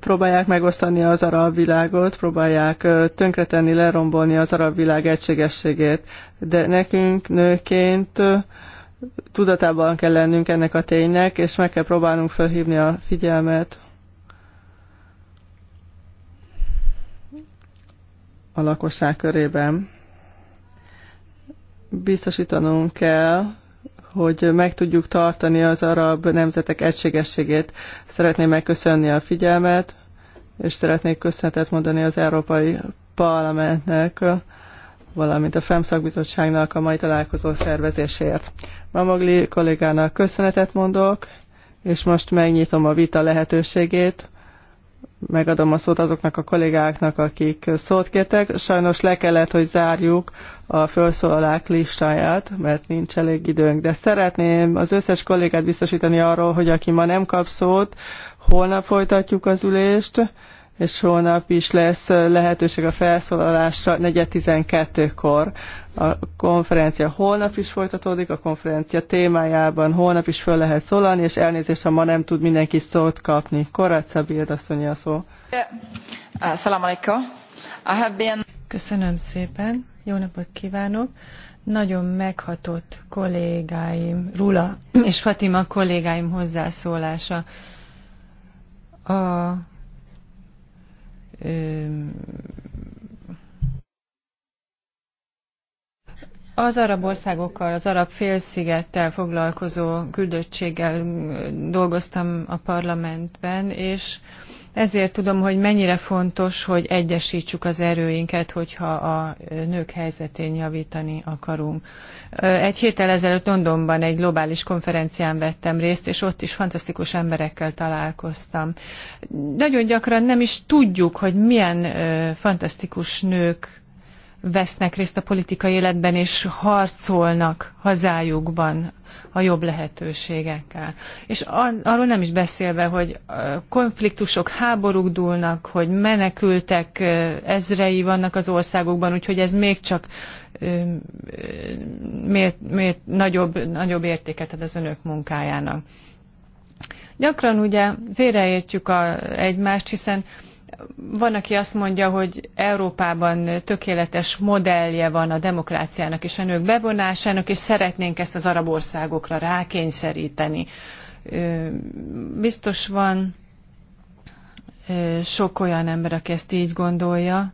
C: Próbálják megosztani az arab világot, próbálják tönkretenni, lerombolni az arab világ egységességét, de nekünk nőként tudatában kell lennünk ennek a ténynek, és meg kell próbálnunk felhívni a figyelmet a lakosság körében. Biztosítanunk kell, hogy meg tudjuk tartani az arab nemzetek egységességét. Szeretném megköszönni a figyelmet, és szeretnék köszönetet mondani az Európai Parlamentnek, valamint a Femszakbizottságnak a mai találkozó szervezésért. Mamogli kollégának köszönetet mondok, és most megnyitom a vita lehetőségét. Megadom a szót azoknak a kollégáknak, akik szót kértek. Sajnos le kellett, hogy zárjuk a felszólalák listáját, mert nincs elég időnk. De szeretném az összes kollégát biztosítani arról, hogy aki ma nem kap szót, holnap folytatjuk az ülést és holnap is lesz lehetőség a felszólalásra 4.12-kor. A konferencia holnap is folytatódik, a konferencia témájában holnap is föl lehet szólalni, és elnézést, ha ma nem tud mindenki szót kapni. Koratsa Bildasszonyi a szó.
A: Eh, eh, Köszönöm szépen, jó napot kívánok! Nagyon meghatott kollégáim, Rula és Fatima kollégáim hozzászólása. A az arab országokkal, az arab félszigettel foglalkozó küldöttséggel mm, dolgoztam a parlamentben, és ezért tudom, hogy mennyire fontos, hogy egyesítsük az erőinket, hogyha a nők helyzetén javítani akarunk. Egy héttel ezelőtt Londonban egy globális konferencián vettem részt, és ott is fantasztikus emberekkel találkoztam. Nagyon gyakran nem is tudjuk, hogy milyen fantasztikus nők vesznek részt a politikai életben, és harcolnak hazájukban a jobb lehetőségekkel. És arról nem is beszélve, hogy konfliktusok, háborúk dúlnak, hogy menekültek, ezrei vannak az országokban, úgyhogy ez még csak miért, miért nagyobb, nagyobb értéket ad az önök munkájának. Gyakran ugye félreértjük a, egymást, hiszen van, aki azt mondja, hogy Európában tökéletes modellje van a demokráciának és a nők bevonásának, és szeretnénk ezt az arab országokra rákényszeríteni. Biztos van sok olyan ember, aki ezt így gondolja.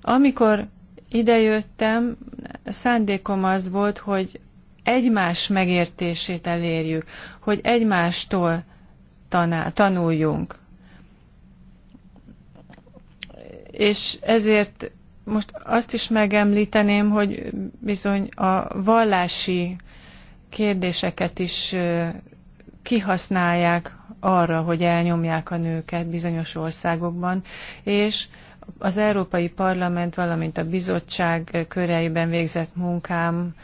A: Amikor idejöttem, szándékom az volt, hogy egymás megértését elérjük, hogy egymástól tanuljunk és ezért most azt is megemlíteném, hogy bizony a vallási kérdéseket is kihasználják arra, hogy elnyomják a nőket bizonyos országokban, és az Európai Parlament, valamint a bizottság köreiben végzett munkám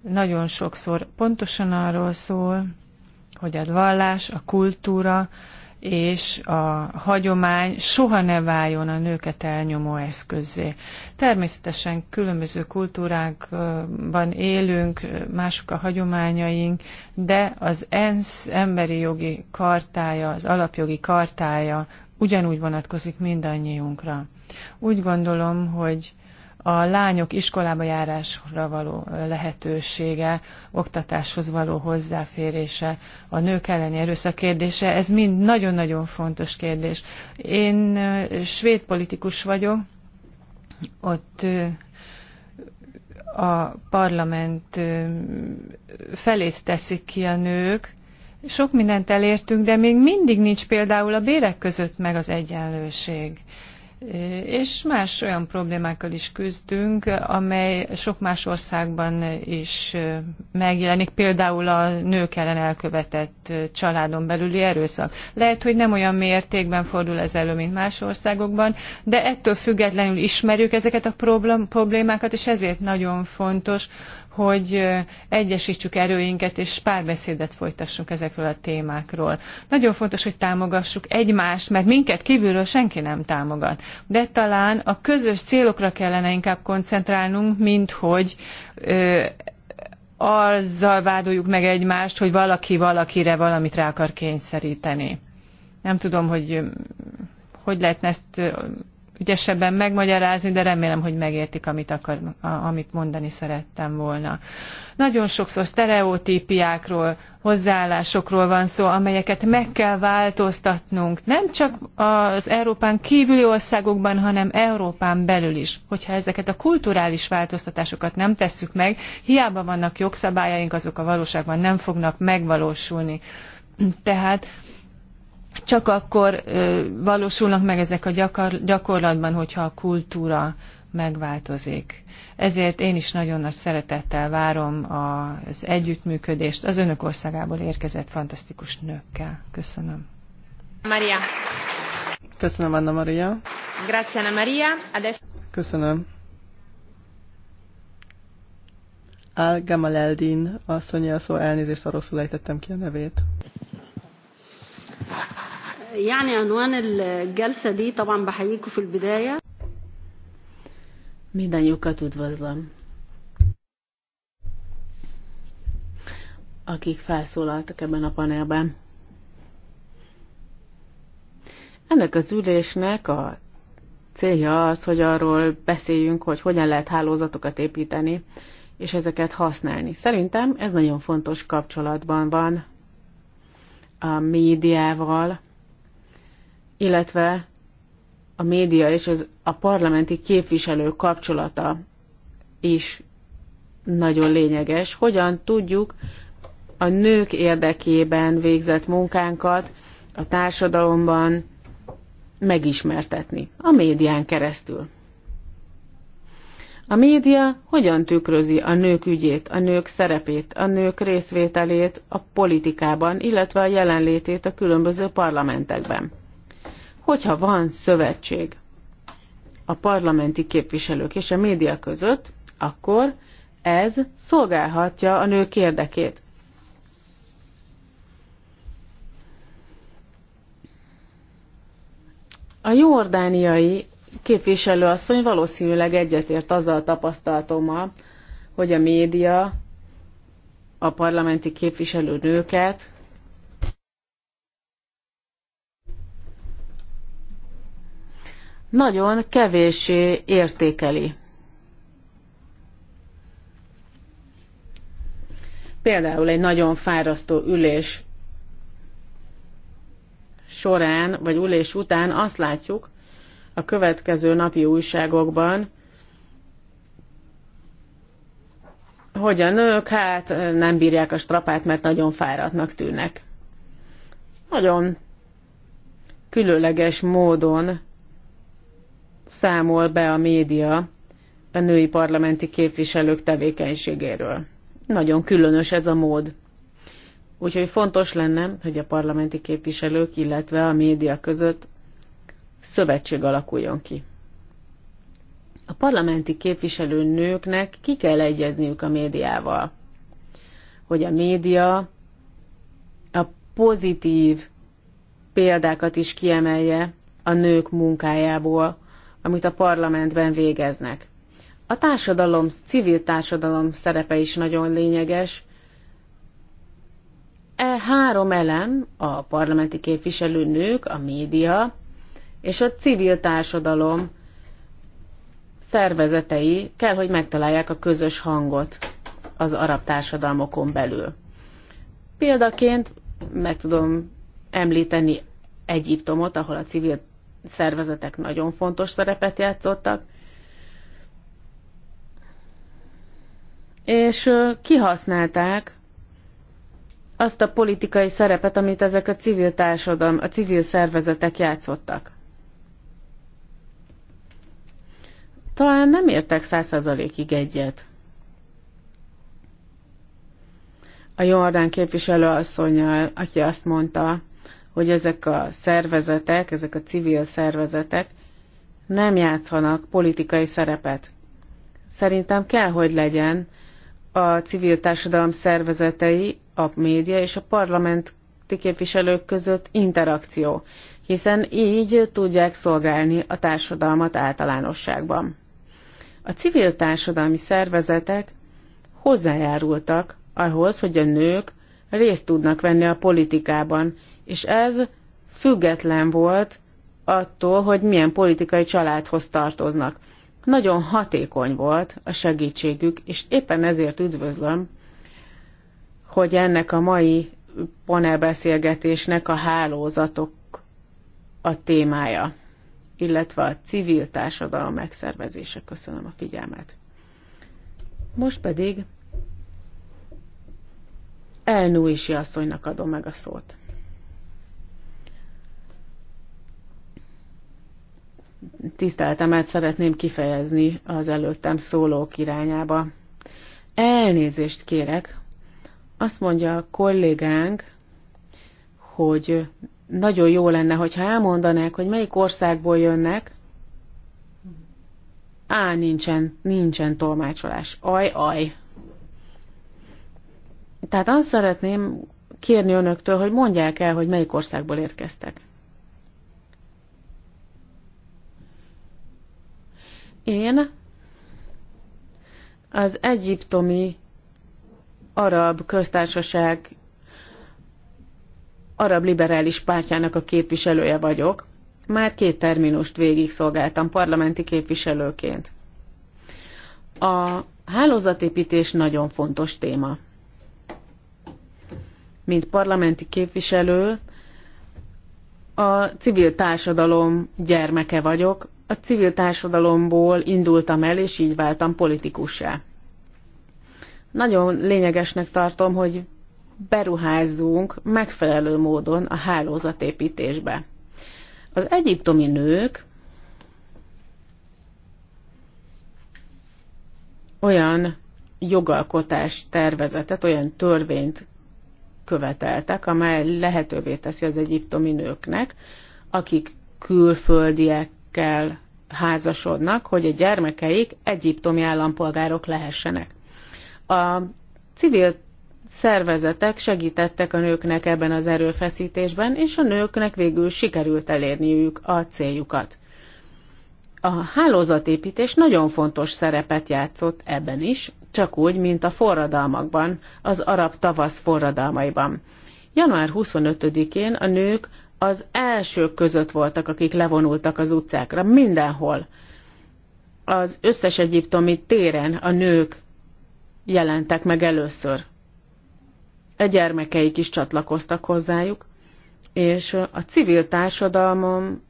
A: nagyon sokszor pontosan arról szól, hogy a vallás, a kultúra, és a hagyomány soha ne váljon a nőket elnyomó eszközé. Természetesen különböző kultúrákban élünk, mások a hagyományaink, de az ENSZ emberi jogi kartája, az alapjogi kartája ugyanúgy vonatkozik mindannyiunkra. Úgy gondolom, hogy a lányok iskolába járásra való lehetősége, oktatáshoz való hozzáférése, a nők elleni erőszak kérdése, ez mind nagyon-nagyon fontos kérdés. Én svéd politikus vagyok, ott a parlament felét teszik ki a nők, sok mindent elértünk, de még mindig nincs például a bérek között meg az egyenlőség és más olyan problémákkal is küzdünk, amely sok más országban is megjelenik, például a nők ellen elkövetett családon belüli erőszak. Lehet, hogy nem olyan mértékben fordul ez elő, mint más országokban, de ettől függetlenül ismerjük ezeket a problémákat, és ezért nagyon fontos, hogy egyesítsük erőinket és párbeszédet folytassunk ezekről a témákról. Nagyon fontos, hogy támogassuk egymást, mert minket kívülről senki nem támogat. De talán a közös célokra kellene inkább koncentrálnunk, mint hogy ö, azzal vádoljuk meg egymást, hogy valaki valakire valamit rá akar kényszeríteni. Nem tudom, hogy hogy lehetne ezt ügyesebben megmagyarázni, de remélem, hogy megértik, amit, akar, a, amit mondani szerettem volna. Nagyon sokszor sztereotípiákról, hozzáállásokról van szó, amelyeket meg kell változtatnunk, nem csak az Európán kívüli országokban, hanem Európán belül is. Hogyha ezeket a kulturális változtatásokat nem tesszük meg, hiába vannak jogszabályaink, azok a valóságban nem fognak megvalósulni. Tehát csak akkor valósulnak meg ezek a gyakorlatban, hogyha a kultúra megváltozik. Ezért én is nagyon nagy szeretettel várom az együttműködést az önök országából érkezett fantasztikus nőkkel. Köszönöm.
B: Maria.
C: Köszönöm, Anna Maria.
B: Grazie, Anna Maria. Adesso...
C: Köszönöm. Al Gamaleldin asszonyja szó elnézést, a rosszul szóval ejtettem ki a nevét.
B: يعني عنوان الجلسة دي طبعا بحييكم في البداية Mindannyiukat üdvözlöm. Akik felszólaltak ebben a panelben. Ennek az ülésnek a célja az, hogy arról beszéljünk, hogy hogyan lehet hálózatokat építeni, és ezeket használni. Szerintem ez nagyon fontos kapcsolatban van a médiával, illetve a média és az, a parlamenti képviselő kapcsolata is nagyon lényeges. Hogyan tudjuk a nők érdekében végzett munkánkat a társadalomban megismertetni a médián keresztül. A média hogyan tükrözi a nők ügyét, a nők szerepét, a nők részvételét a politikában, illetve a jelenlétét a különböző parlamentekben? hogyha van szövetség a parlamenti képviselők és a média között, akkor ez szolgálhatja a nők érdekét. A jordániai képviselőasszony valószínűleg egyetért azzal a tapasztalatommal, hogy a média a parlamenti képviselő nőket nagyon kevéssé értékeli. Például egy nagyon fárasztó ülés során, vagy ülés után azt látjuk a következő napi újságokban, hogy a nők hát nem bírják a strapát, mert nagyon fáradtnak tűnnek. Nagyon különleges módon számol be a média a női parlamenti képviselők tevékenységéről. Nagyon különös ez a mód. Úgyhogy fontos lenne, hogy a parlamenti képviselők, illetve a média között szövetség alakuljon ki. A parlamenti képviselő nőknek ki kell egyezniük a médiával, hogy a média a pozitív példákat is kiemelje a nők munkájából, amit a parlamentben végeznek. A társadalom, civil társadalom szerepe is nagyon lényeges. E három elem, a parlamenti képviselőnők, a média és a civil társadalom szervezetei kell, hogy megtalálják a közös hangot az arab társadalmokon belül. Példaként meg tudom említeni Egyiptomot, ahol a civil szervezetek nagyon fontos szerepet játszottak, és kihasználták azt a politikai szerepet, amit ezek a civil társadalom, a civil szervezetek játszottak. Talán nem értek százszerzalékig egyet. A Jordán képviselő asszonyjal, aki azt mondta, hogy ezek a szervezetek, ezek a civil szervezetek nem játszanak politikai szerepet. Szerintem kell, hogy legyen a civil társadalom szervezetei, a média és a parlament képviselők között interakció, hiszen így tudják szolgálni a társadalmat általánosságban. A civil társadalmi szervezetek hozzájárultak ahhoz, hogy a nők részt tudnak venni a politikában, és ez független volt attól, hogy milyen politikai családhoz tartoznak. Nagyon hatékony volt a segítségük, és éppen ezért üdvözlöm, hogy ennek a mai panelbeszélgetésnek a hálózatok a témája, illetve a civil társadalom megszervezése. Köszönöm a figyelmet. Most pedig Elnúisi asszonynak adom meg a szót. tiszteletemet szeretném kifejezni az előttem szólók irányába. Elnézést kérek. Azt mondja a kollégánk, hogy nagyon jó lenne, hogyha elmondanák, hogy melyik országból jönnek. Á, nincsen, nincsen tolmácsolás. Aj, aj. Tehát azt szeretném kérni önöktől, hogy mondják el, hogy melyik országból érkeztek. Én az egyiptomi arab köztársaság arab liberális pártjának a képviselője vagyok. Már két terminust végig szolgáltam parlamenti képviselőként. A hálózatépítés nagyon fontos téma. Mint parlamenti képviselő, a civil társadalom gyermeke vagyok, a civil társadalomból indultam el, és így váltam politikussá. Nagyon lényegesnek tartom, hogy beruházzunk megfelelő módon a hálózatépítésbe. Az egyiptomi nők olyan jogalkotás tervezetet, olyan törvényt követeltek, amely lehetővé teszi az egyiptomi nőknek, akik külföldiek nőkkel házasodnak, hogy a gyermekeik egyiptomi állampolgárok lehessenek. A civil szervezetek segítettek a nőknek ebben az erőfeszítésben, és a nőknek végül sikerült elérniük a céljukat. A hálózatépítés nagyon fontos szerepet játszott ebben is, csak úgy, mint a forradalmakban, az arab tavasz forradalmaiban. Január 25-én a nők az elsők között voltak, akik levonultak az utcákra, mindenhol. Az összes egyiptomi téren a nők jelentek meg először. A gyermekeik is csatlakoztak hozzájuk, és a civil társadalmom,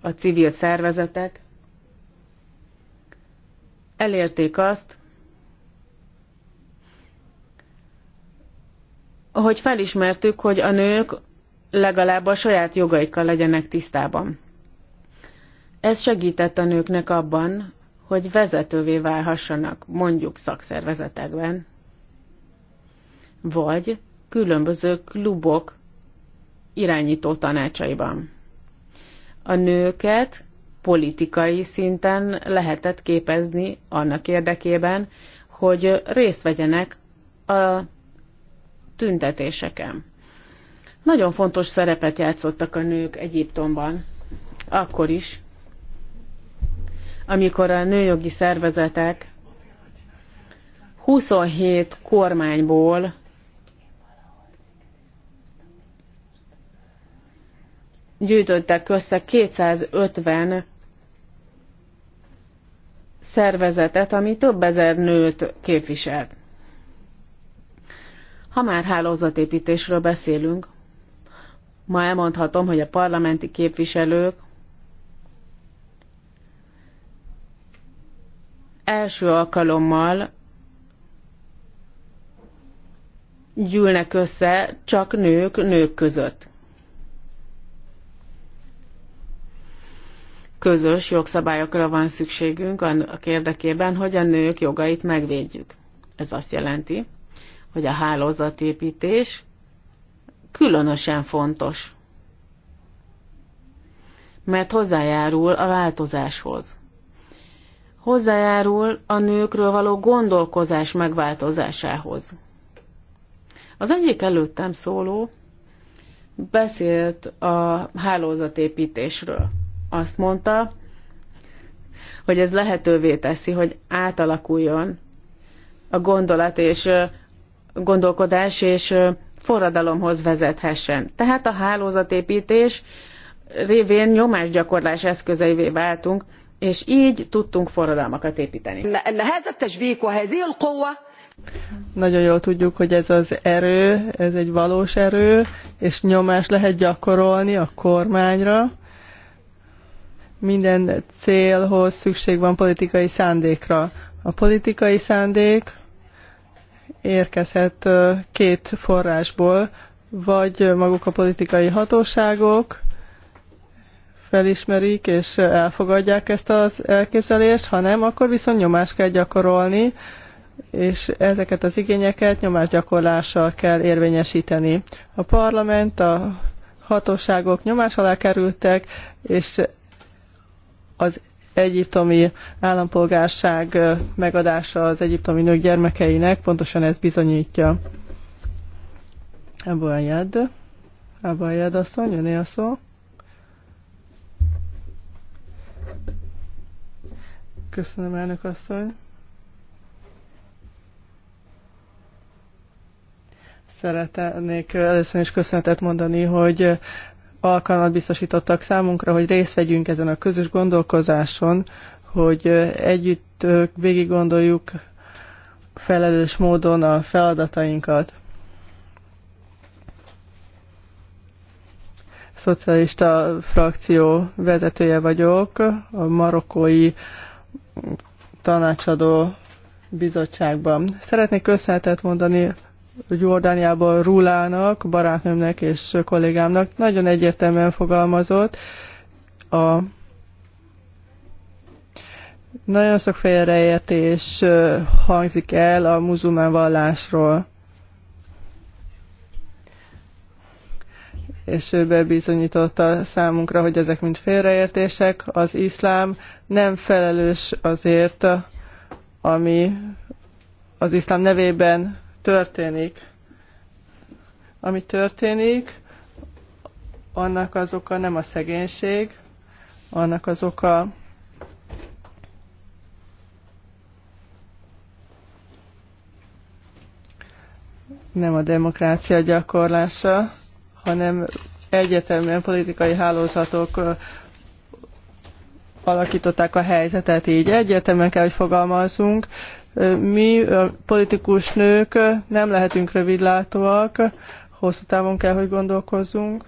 B: a civil szervezetek elérték azt, hogy felismertük, hogy a nők legalább a saját jogaikkal legyenek tisztában. Ez segített a nőknek abban, hogy vezetővé válhassanak mondjuk szakszervezetekben, vagy különböző klubok irányító tanácsaiban. A nőket politikai szinten lehetett képezni annak érdekében, hogy részt vegyenek a tüntetéseken. Nagyon fontos szerepet játszottak a nők Egyiptomban, akkor is, amikor a nőjogi szervezetek 27 kormányból gyűjtöttek össze 250 szervezetet, ami több ezer nőt képviselt. Ha már hálózatépítésről beszélünk, Ma elmondhatom, hogy a parlamenti képviselők első alkalommal gyűlnek össze csak nők nők között. Közös jogszabályokra van szükségünk a érdekében, hogy a nők jogait megvédjük. Ez azt jelenti, hogy a hálózatépítés különösen fontos, mert hozzájárul a változáshoz. Hozzájárul a nőkről való gondolkozás megváltozásához. Az egyik előttem szóló beszélt a hálózatépítésről. Azt mondta, hogy ez lehetővé teszi, hogy átalakuljon a gondolat és gondolkodás és forradalomhoz vezethessen. Tehát a hálózatépítés révén nyomásgyakorlás eszközeivé váltunk, és így tudtunk forradalmakat
C: építeni. Nagyon jól tudjuk, hogy ez az erő, ez egy valós erő, és nyomást lehet gyakorolni a kormányra. Minden célhoz szükség van politikai szándékra. A politikai szándék érkezhet két forrásból, vagy maguk a politikai hatóságok felismerik és elfogadják ezt az elképzelést, ha nem, akkor viszont nyomást kell gyakorolni, és ezeket az igényeket nyomásgyakorlással kell érvényesíteni. A parlament, a hatóságok nyomás alá kerültek, és az egyiptomi állampolgárság megadása az egyiptomi nők gyermekeinek, pontosan ez bizonyítja. Ebből a jed. Ebből a jed asszony, jönné a szó. Köszönöm, elnök asszony. Szeretnék először is köszönetet mondani, hogy alkalmat biztosítottak számunkra, hogy részt vegyünk ezen a közös gondolkozáson, hogy együtt végig gondoljuk felelős módon a feladatainkat. Szocialista frakció vezetője vagyok, a marokkói tanácsadó bizottságban. Szeretnék köszönetet mondani Jordániában Rulának, barátnőmnek és kollégámnak nagyon egyértelműen fogalmazott. A nagyon sok félreértés hangzik el a muzulmán vallásról. és ő bebizonyította számunkra, hogy ezek mind félreértések. Az iszlám nem felelős azért, ami az iszlám nevében történik. Ami történik, annak az oka nem a szegénység, annak az oka nem a demokrácia gyakorlása, hanem egyetemben politikai hálózatok alakították a helyzetet így. Egyértelműen kell, hogy fogalmazunk, mi, a politikus nők nem lehetünk rövidlátóak, hosszú távon kell, hogy gondolkozzunk.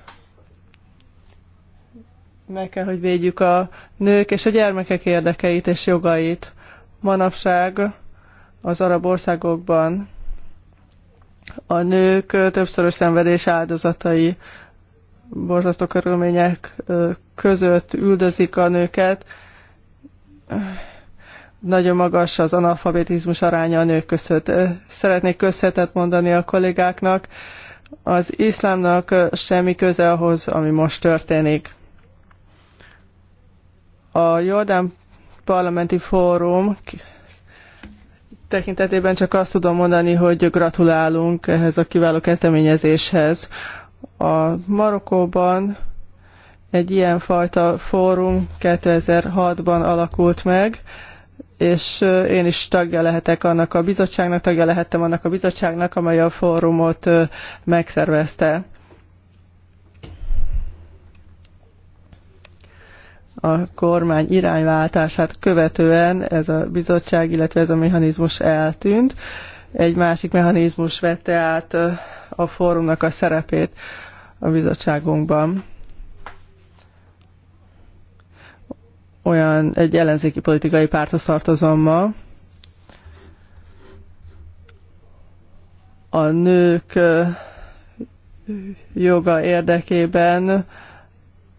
C: Meg kell, hogy védjük a nők és a gyermekek érdekeit és jogait. Manapság az arab országokban a nők többszörös szenvedés áldozatai borzasztó körülmények között üldözik a nőket, nagyon magas az analfabetizmus aránya a nők között. Szeretnék köszönetet mondani a kollégáknak. Az iszlámnak semmi köze ahhoz, ami most történik. A Jordán Parlamenti Fórum tekintetében csak azt tudom mondani, hogy gratulálunk ehhez a kiváló kezdeményezéshez. A Marokkóban egy ilyenfajta fórum 2006-ban alakult meg, és én is tagja lehetek annak a bizottságnak, tagja lehettem annak a bizottságnak, amely a fórumot megszervezte. A kormány irányváltását követően ez a bizottság, illetve ez a mechanizmus eltűnt. Egy másik mechanizmus vette át a fórumnak a szerepét a bizottságunkban. olyan egy ellenzéki politikai párthoz tartozom ma. A nők joga érdekében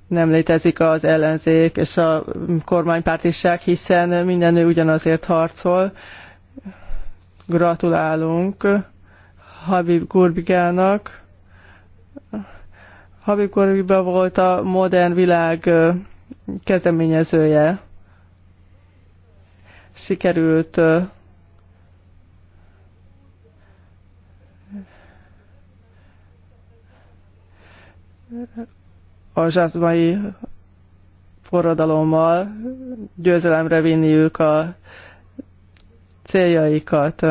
C: nem létezik az ellenzék és a kormánypártiság, hiszen minden nő ugyanazért harcol. Gratulálunk Habib Gurbigának. Habib Gurbiga volt a modern világ kezdeményezője. Sikerült a zsazmai forradalommal győzelemre vinniük a céljaikat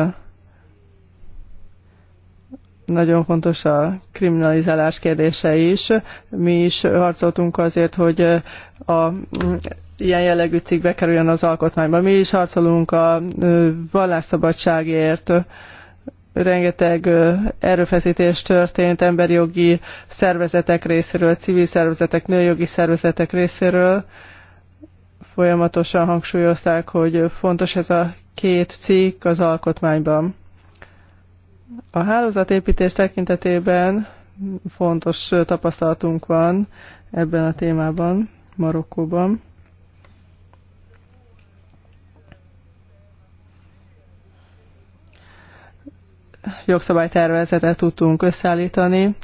C: nagyon fontos a kriminalizálás kérdése is. Mi is harcoltunk azért, hogy a mm, ilyen jellegű cikk bekerüljön az alkotmányba. Mi is harcolunk a vallásszabadságért, rengeteg erőfeszítés történt emberi jogi szervezetek részéről, civil szervezetek, nőjogi szervezetek részéről. Folyamatosan hangsúlyozták, hogy fontos ez a két cikk az alkotmányban. A hálózatépítés tekintetében fontos tapasztalatunk van ebben a témában, Marokkóban. Jogszabálytervezetet tudtunk összeállítani.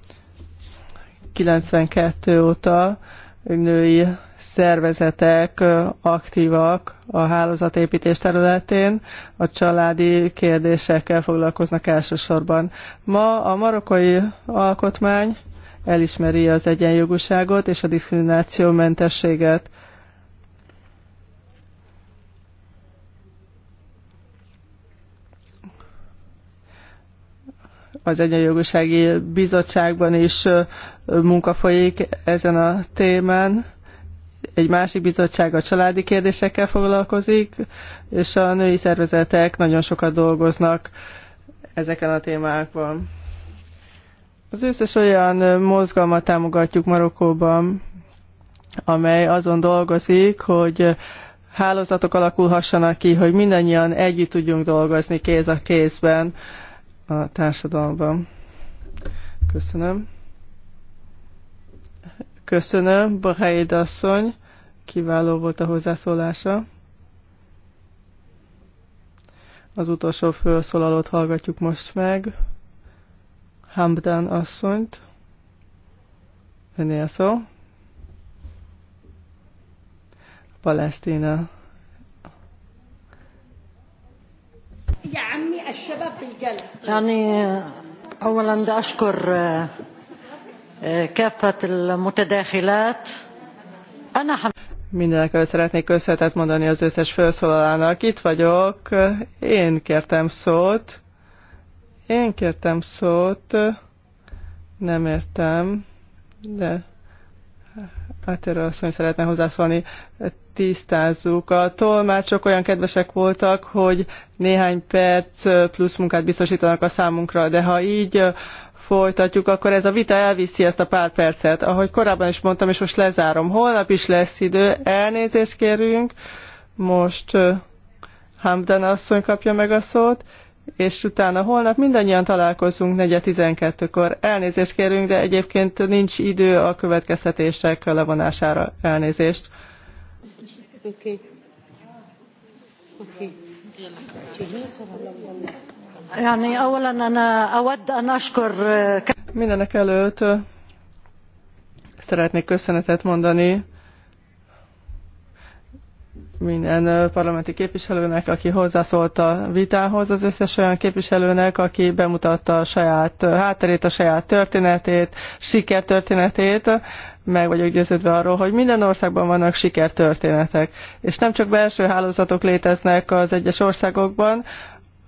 C: 92 óta női szervezetek aktívak a hálózatépítés területén, a családi kérdésekkel foglalkoznak elsősorban. Ma a marokkai alkotmány elismeri az egyenjogúságot és a diszkriminációmentességet. az Egyenjogúsági Bizottságban is munka folyik ezen a témán egy másik bizottság a családi kérdésekkel foglalkozik, és a női szervezetek nagyon sokat dolgoznak ezeken a témákban. Az összes olyan mozgalmat támogatjuk Marokkóban, amely azon dolgozik, hogy hálózatok alakulhassanak ki, hogy mindannyian együtt tudjunk dolgozni kéz a kézben a társadalomban. Köszönöm. Köszönöm, Bahaid asszony. Kiváló volt a hozzászólása. Az utolsó felszólalót hallgatjuk most meg. Hamdan asszonyt. Önél szó. Palesztina.
D: يا عمي الشباب بالقلب
C: يعني a بدي
D: اشكر كافه المتداخلات
C: انا Mindenek előtt szeretnék összetett mondani az összes felszólalának. Itt vagyok, én kértem szót. Én kértem szót. Nem értem, de hát azt mondja, szeretne hozzászólni. Tisztázzuk. A tolmácsok olyan kedvesek voltak, hogy néhány perc plusz munkát biztosítanak a számunkra, de ha így folytatjuk, akkor ez a vita elviszi ezt a pár percet. Ahogy korábban is mondtam, és most lezárom. Holnap is lesz idő, elnézést kérünk. Most Hamdan asszony kapja meg a szót, és utána holnap mindannyian találkozunk 4.12-kor. Elnézést kérünk, de egyébként nincs idő a következtetések levonására. Elnézést.
D: Okay. Okay. Okay.
C: Mindenek előtt szeretnék köszönetet mondani minden parlamenti képviselőnek, aki hozzászólt a vitához, az összes olyan képviselőnek, aki bemutatta a saját hátterét, a saját történetét, sikertörténetét. Meg vagyok győződve arról, hogy minden országban vannak sikertörténetek. És nem csak belső hálózatok léteznek az egyes országokban,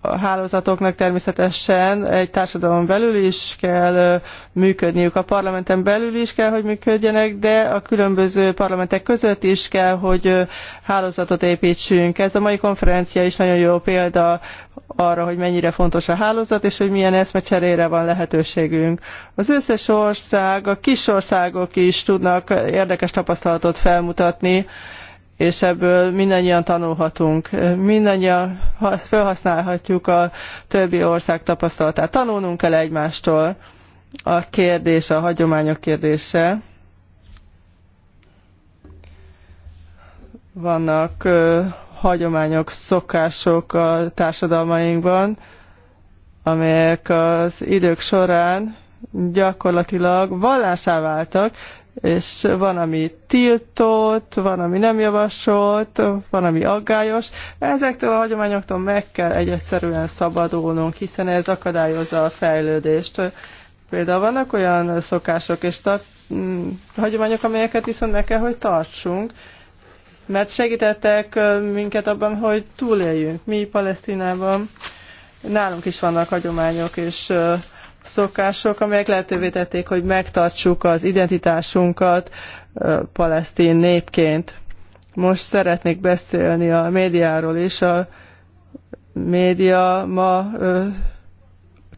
C: a hálózatoknak természetesen egy társadalom belül is kell működniük, a parlamenten belül is kell, hogy működjenek, de a különböző parlamentek között is kell, hogy hálózatot építsünk. Ez a mai konferencia is nagyon jó példa arra, hogy mennyire fontos a hálózat, és hogy milyen eszmecserére van lehetőségünk. Az összes ország, a kis országok is tudnak érdekes tapasztalatot felmutatni, és ebből mindannyian tanulhatunk, mindannyian felhasználhatjuk a többi ország tapasztalatát. Tanulnunk kell egymástól a kérdés, a hagyományok kérdése. Vannak ö, hagyományok, szokások a társadalmainkban, amelyek az idők során gyakorlatilag vallásá váltak, és van, ami tiltott, van, ami nem javasolt, van, ami aggályos. Ezektől a hagyományoktól meg kell egyszerűen szabadulnunk, hiszen ez akadályozza a fejlődést. Például vannak olyan szokások és tart, mm, hagyományok, amelyeket viszont meg kell, hogy tartsunk, mert segítettek minket abban, hogy túléljünk. Mi Palesztinában nálunk is vannak hagyományok és szokások, amelyek lehetővé tették, hogy megtartsuk az identitásunkat palesztin népként. Most szeretnék beszélni a médiáról is. A média ma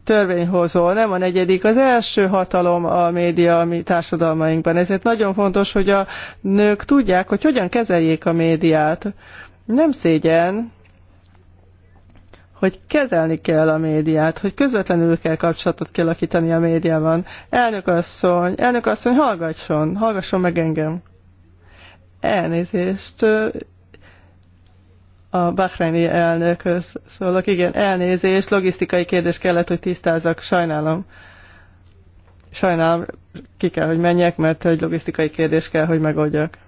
C: törvényhozó, nem a negyedik, az első hatalom a média a mi társadalmainkban. Ezért nagyon fontos, hogy a nők tudják, hogy hogyan kezeljék a médiát. Nem szégyen, hogy kezelni kell a médiát, hogy közvetlenül kell kapcsolatot kialakítani a médiában. Elnök asszony, elnök asszony, hallgasson, hallgasson meg engem. Elnézést. A Bahreini elnök szólok, igen, elnézést, logisztikai kérdés kellett, hogy tisztázzak, sajnálom. Sajnálom, ki kell, hogy menjek, mert egy logisztikai kérdés kell, hogy megoldjak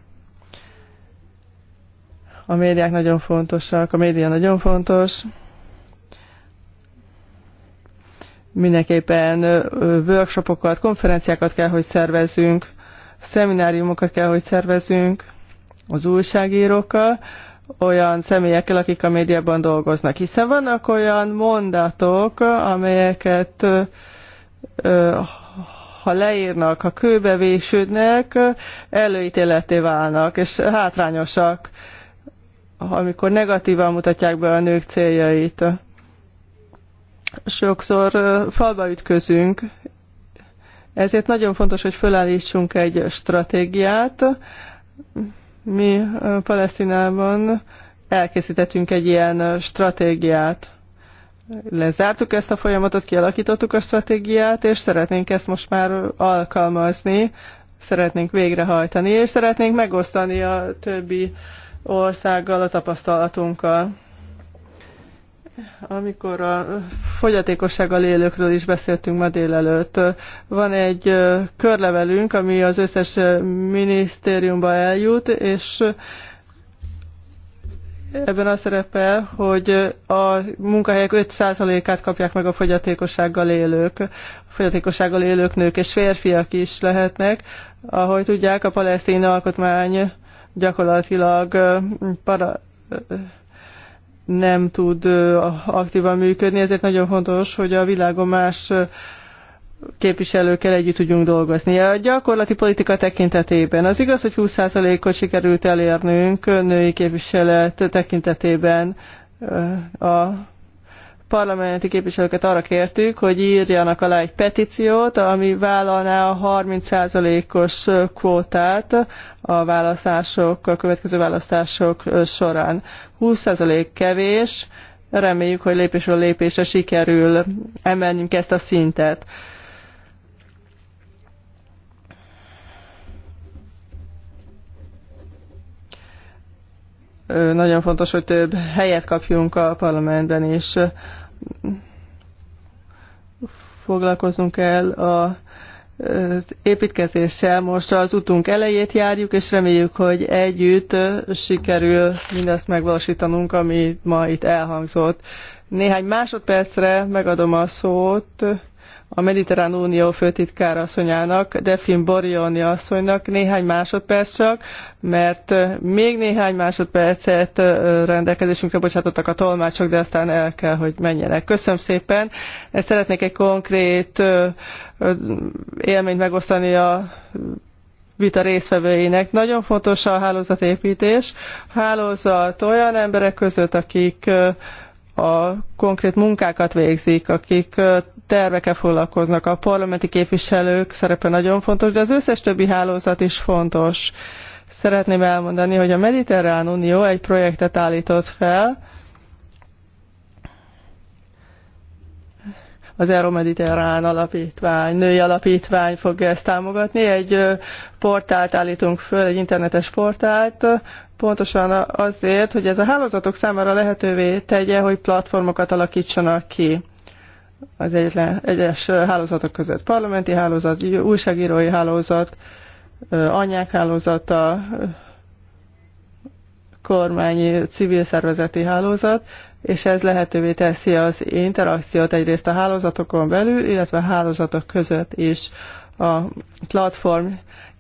C: a médiák nagyon fontosak, a média nagyon fontos. Mindenképpen workshopokat, konferenciákat kell, hogy szervezünk, szemináriumokat kell, hogy szervezünk az újságírókkal, olyan személyekkel, akik a médiában dolgoznak. Hiszen vannak olyan mondatok, amelyeket ha leírnak, ha kőbe vésődnek, előítéleté válnak, és hátrányosak, amikor negatívan mutatják be a nők céljait sokszor falba ütközünk, ezért nagyon fontos, hogy felállítsunk egy stratégiát. Mi Palesztinában elkészítettünk egy ilyen stratégiát. Lezártuk ezt a folyamatot, kialakítottuk a stratégiát, és szeretnénk ezt most már alkalmazni, szeretnénk végrehajtani, és szeretnénk megosztani a többi országgal a tapasztalatunkkal. Amikor a fogyatékossággal élőkről is beszéltünk ma délelőtt, van egy körlevelünk, ami az összes minisztériumba eljut, és ebben az szerepel, hogy a munkahelyek 5%-át kapják meg a fogyatékossággal élők. A fogyatékossággal élők nők és férfiak is lehetnek. Ahogy tudják, a palesztin alkotmány gyakorlatilag para, nem tud aktívan működni, ezért nagyon fontos, hogy a világon más képviselőkkel együtt tudjunk dolgozni. A gyakorlati politika tekintetében az igaz, hogy 20%-ot sikerült elérnünk női képviselet tekintetében a parlamenti képviselőket arra kértük, hogy írjanak alá egy petíciót, ami vállalná a 30%-os kvótát a választások, a következő választások során. 20% kevés, reméljük, hogy lépésről lépésre sikerül emelnünk ezt a szintet. nagyon fontos, hogy több helyet kapjunk a parlamentben, és foglalkoznunk kell a építkezéssel. Most az utunk elejét járjuk, és reméljük, hogy együtt sikerül mindezt megvalósítanunk, ami ma itt elhangzott. Néhány másodpercre megadom a szót a Mediterrán Unió főtitkár asszonyának, Defin Borioni asszonynak néhány másodperc csak, mert még néhány másodpercet rendelkezésünkre bocsátottak a tolmácsok, de aztán el kell, hogy menjenek. Köszönöm szépen. Szeretnék egy konkrét élményt megosztani a vita résztvevőinek. Nagyon fontos a hálózatépítés. Hálózat olyan emberek között, akik a konkrét munkákat végzik, akik tervekkel foglalkoznak. A parlamenti képviselők szerepe nagyon fontos, de az összes többi hálózat is fontos. Szeretném elmondani, hogy a Mediterrán Unió egy projektet állított fel, az Euromediterrán alapítvány, női alapítvány fogja ezt támogatni. Egy portált állítunk föl, egy internetes portált, pontosan azért, hogy ez a hálózatok számára lehetővé tegye, hogy platformokat alakítsanak ki az egyetlen, egyes hálózatok között. Parlamenti hálózat, újságírói hálózat, anyák hálózata, kormányi civil szervezeti hálózat, és ez lehetővé teszi az interakciót egyrészt a hálózatokon belül, illetve a hálózatok között is. A platform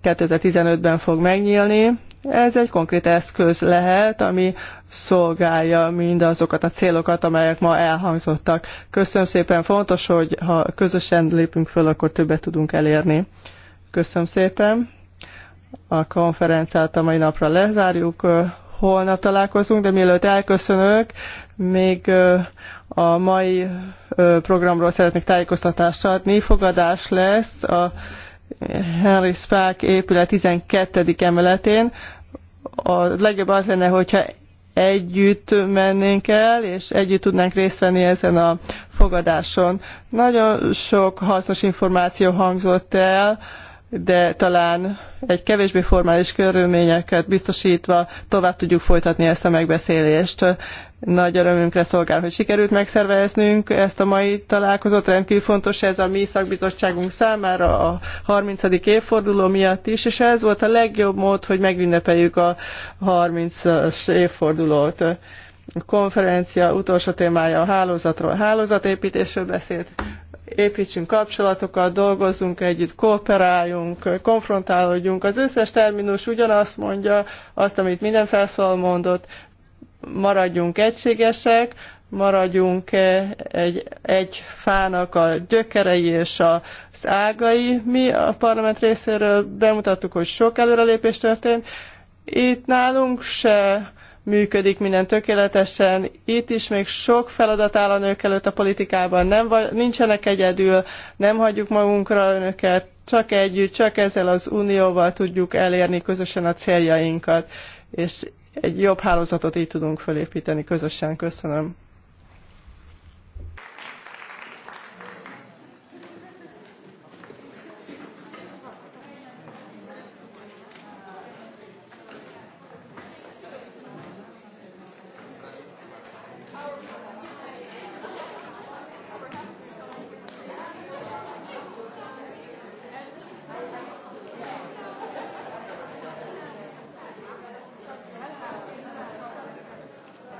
C: 2015-ben fog megnyílni. Ez egy konkrét eszköz lehet, ami szolgálja mindazokat a célokat, amelyek ma elhangzottak. Köszönöm szépen, fontos, hogy ha közösen lépünk föl, akkor többet tudunk elérni. Köszönöm szépen. A konferenciát a mai napra lezárjuk holnap találkozunk, de mielőtt elköszönök, még a mai programról szeretnék tájékoztatást adni. Fogadás lesz a Henry Spark épület 12. emeletén. A legjobb az lenne, hogyha együtt mennénk el, és együtt tudnánk részt venni ezen a fogadáson. Nagyon sok hasznos információ hangzott el, de talán egy kevésbé formális körülményeket biztosítva tovább tudjuk folytatni ezt a megbeszélést. Nagy örömünkre szolgál, hogy sikerült megszerveznünk ezt a mai találkozót. Rendkívül fontos ez a mi szakbizottságunk számára a 30. évforduló miatt is, és ez volt a legjobb mód, hogy megünnepeljük a 30-as évfordulót. A konferencia utolsó témája a hálózatról, a hálózatépítésről beszélt. Építsünk kapcsolatokat, dolgozzunk együtt, kooperáljunk, konfrontálódjunk. Az összes terminus ugyanazt mondja, azt, amit minden felszól mondott, maradjunk egységesek, maradjunk eh, egy, egy fának a gyökerei és az ágai. Mi a parlament részéről bemutattuk, hogy sok előrelépés történt. Itt nálunk se működik minden tökéletesen. Itt is még sok feladat áll a nők előtt a politikában. Nem, nincsenek egyedül, nem hagyjuk magunkra önöket, csak együtt, csak ezzel az unióval tudjuk elérni közösen a céljainkat. És egy jobb hálózatot így tudunk fölépíteni közösen. Köszönöm.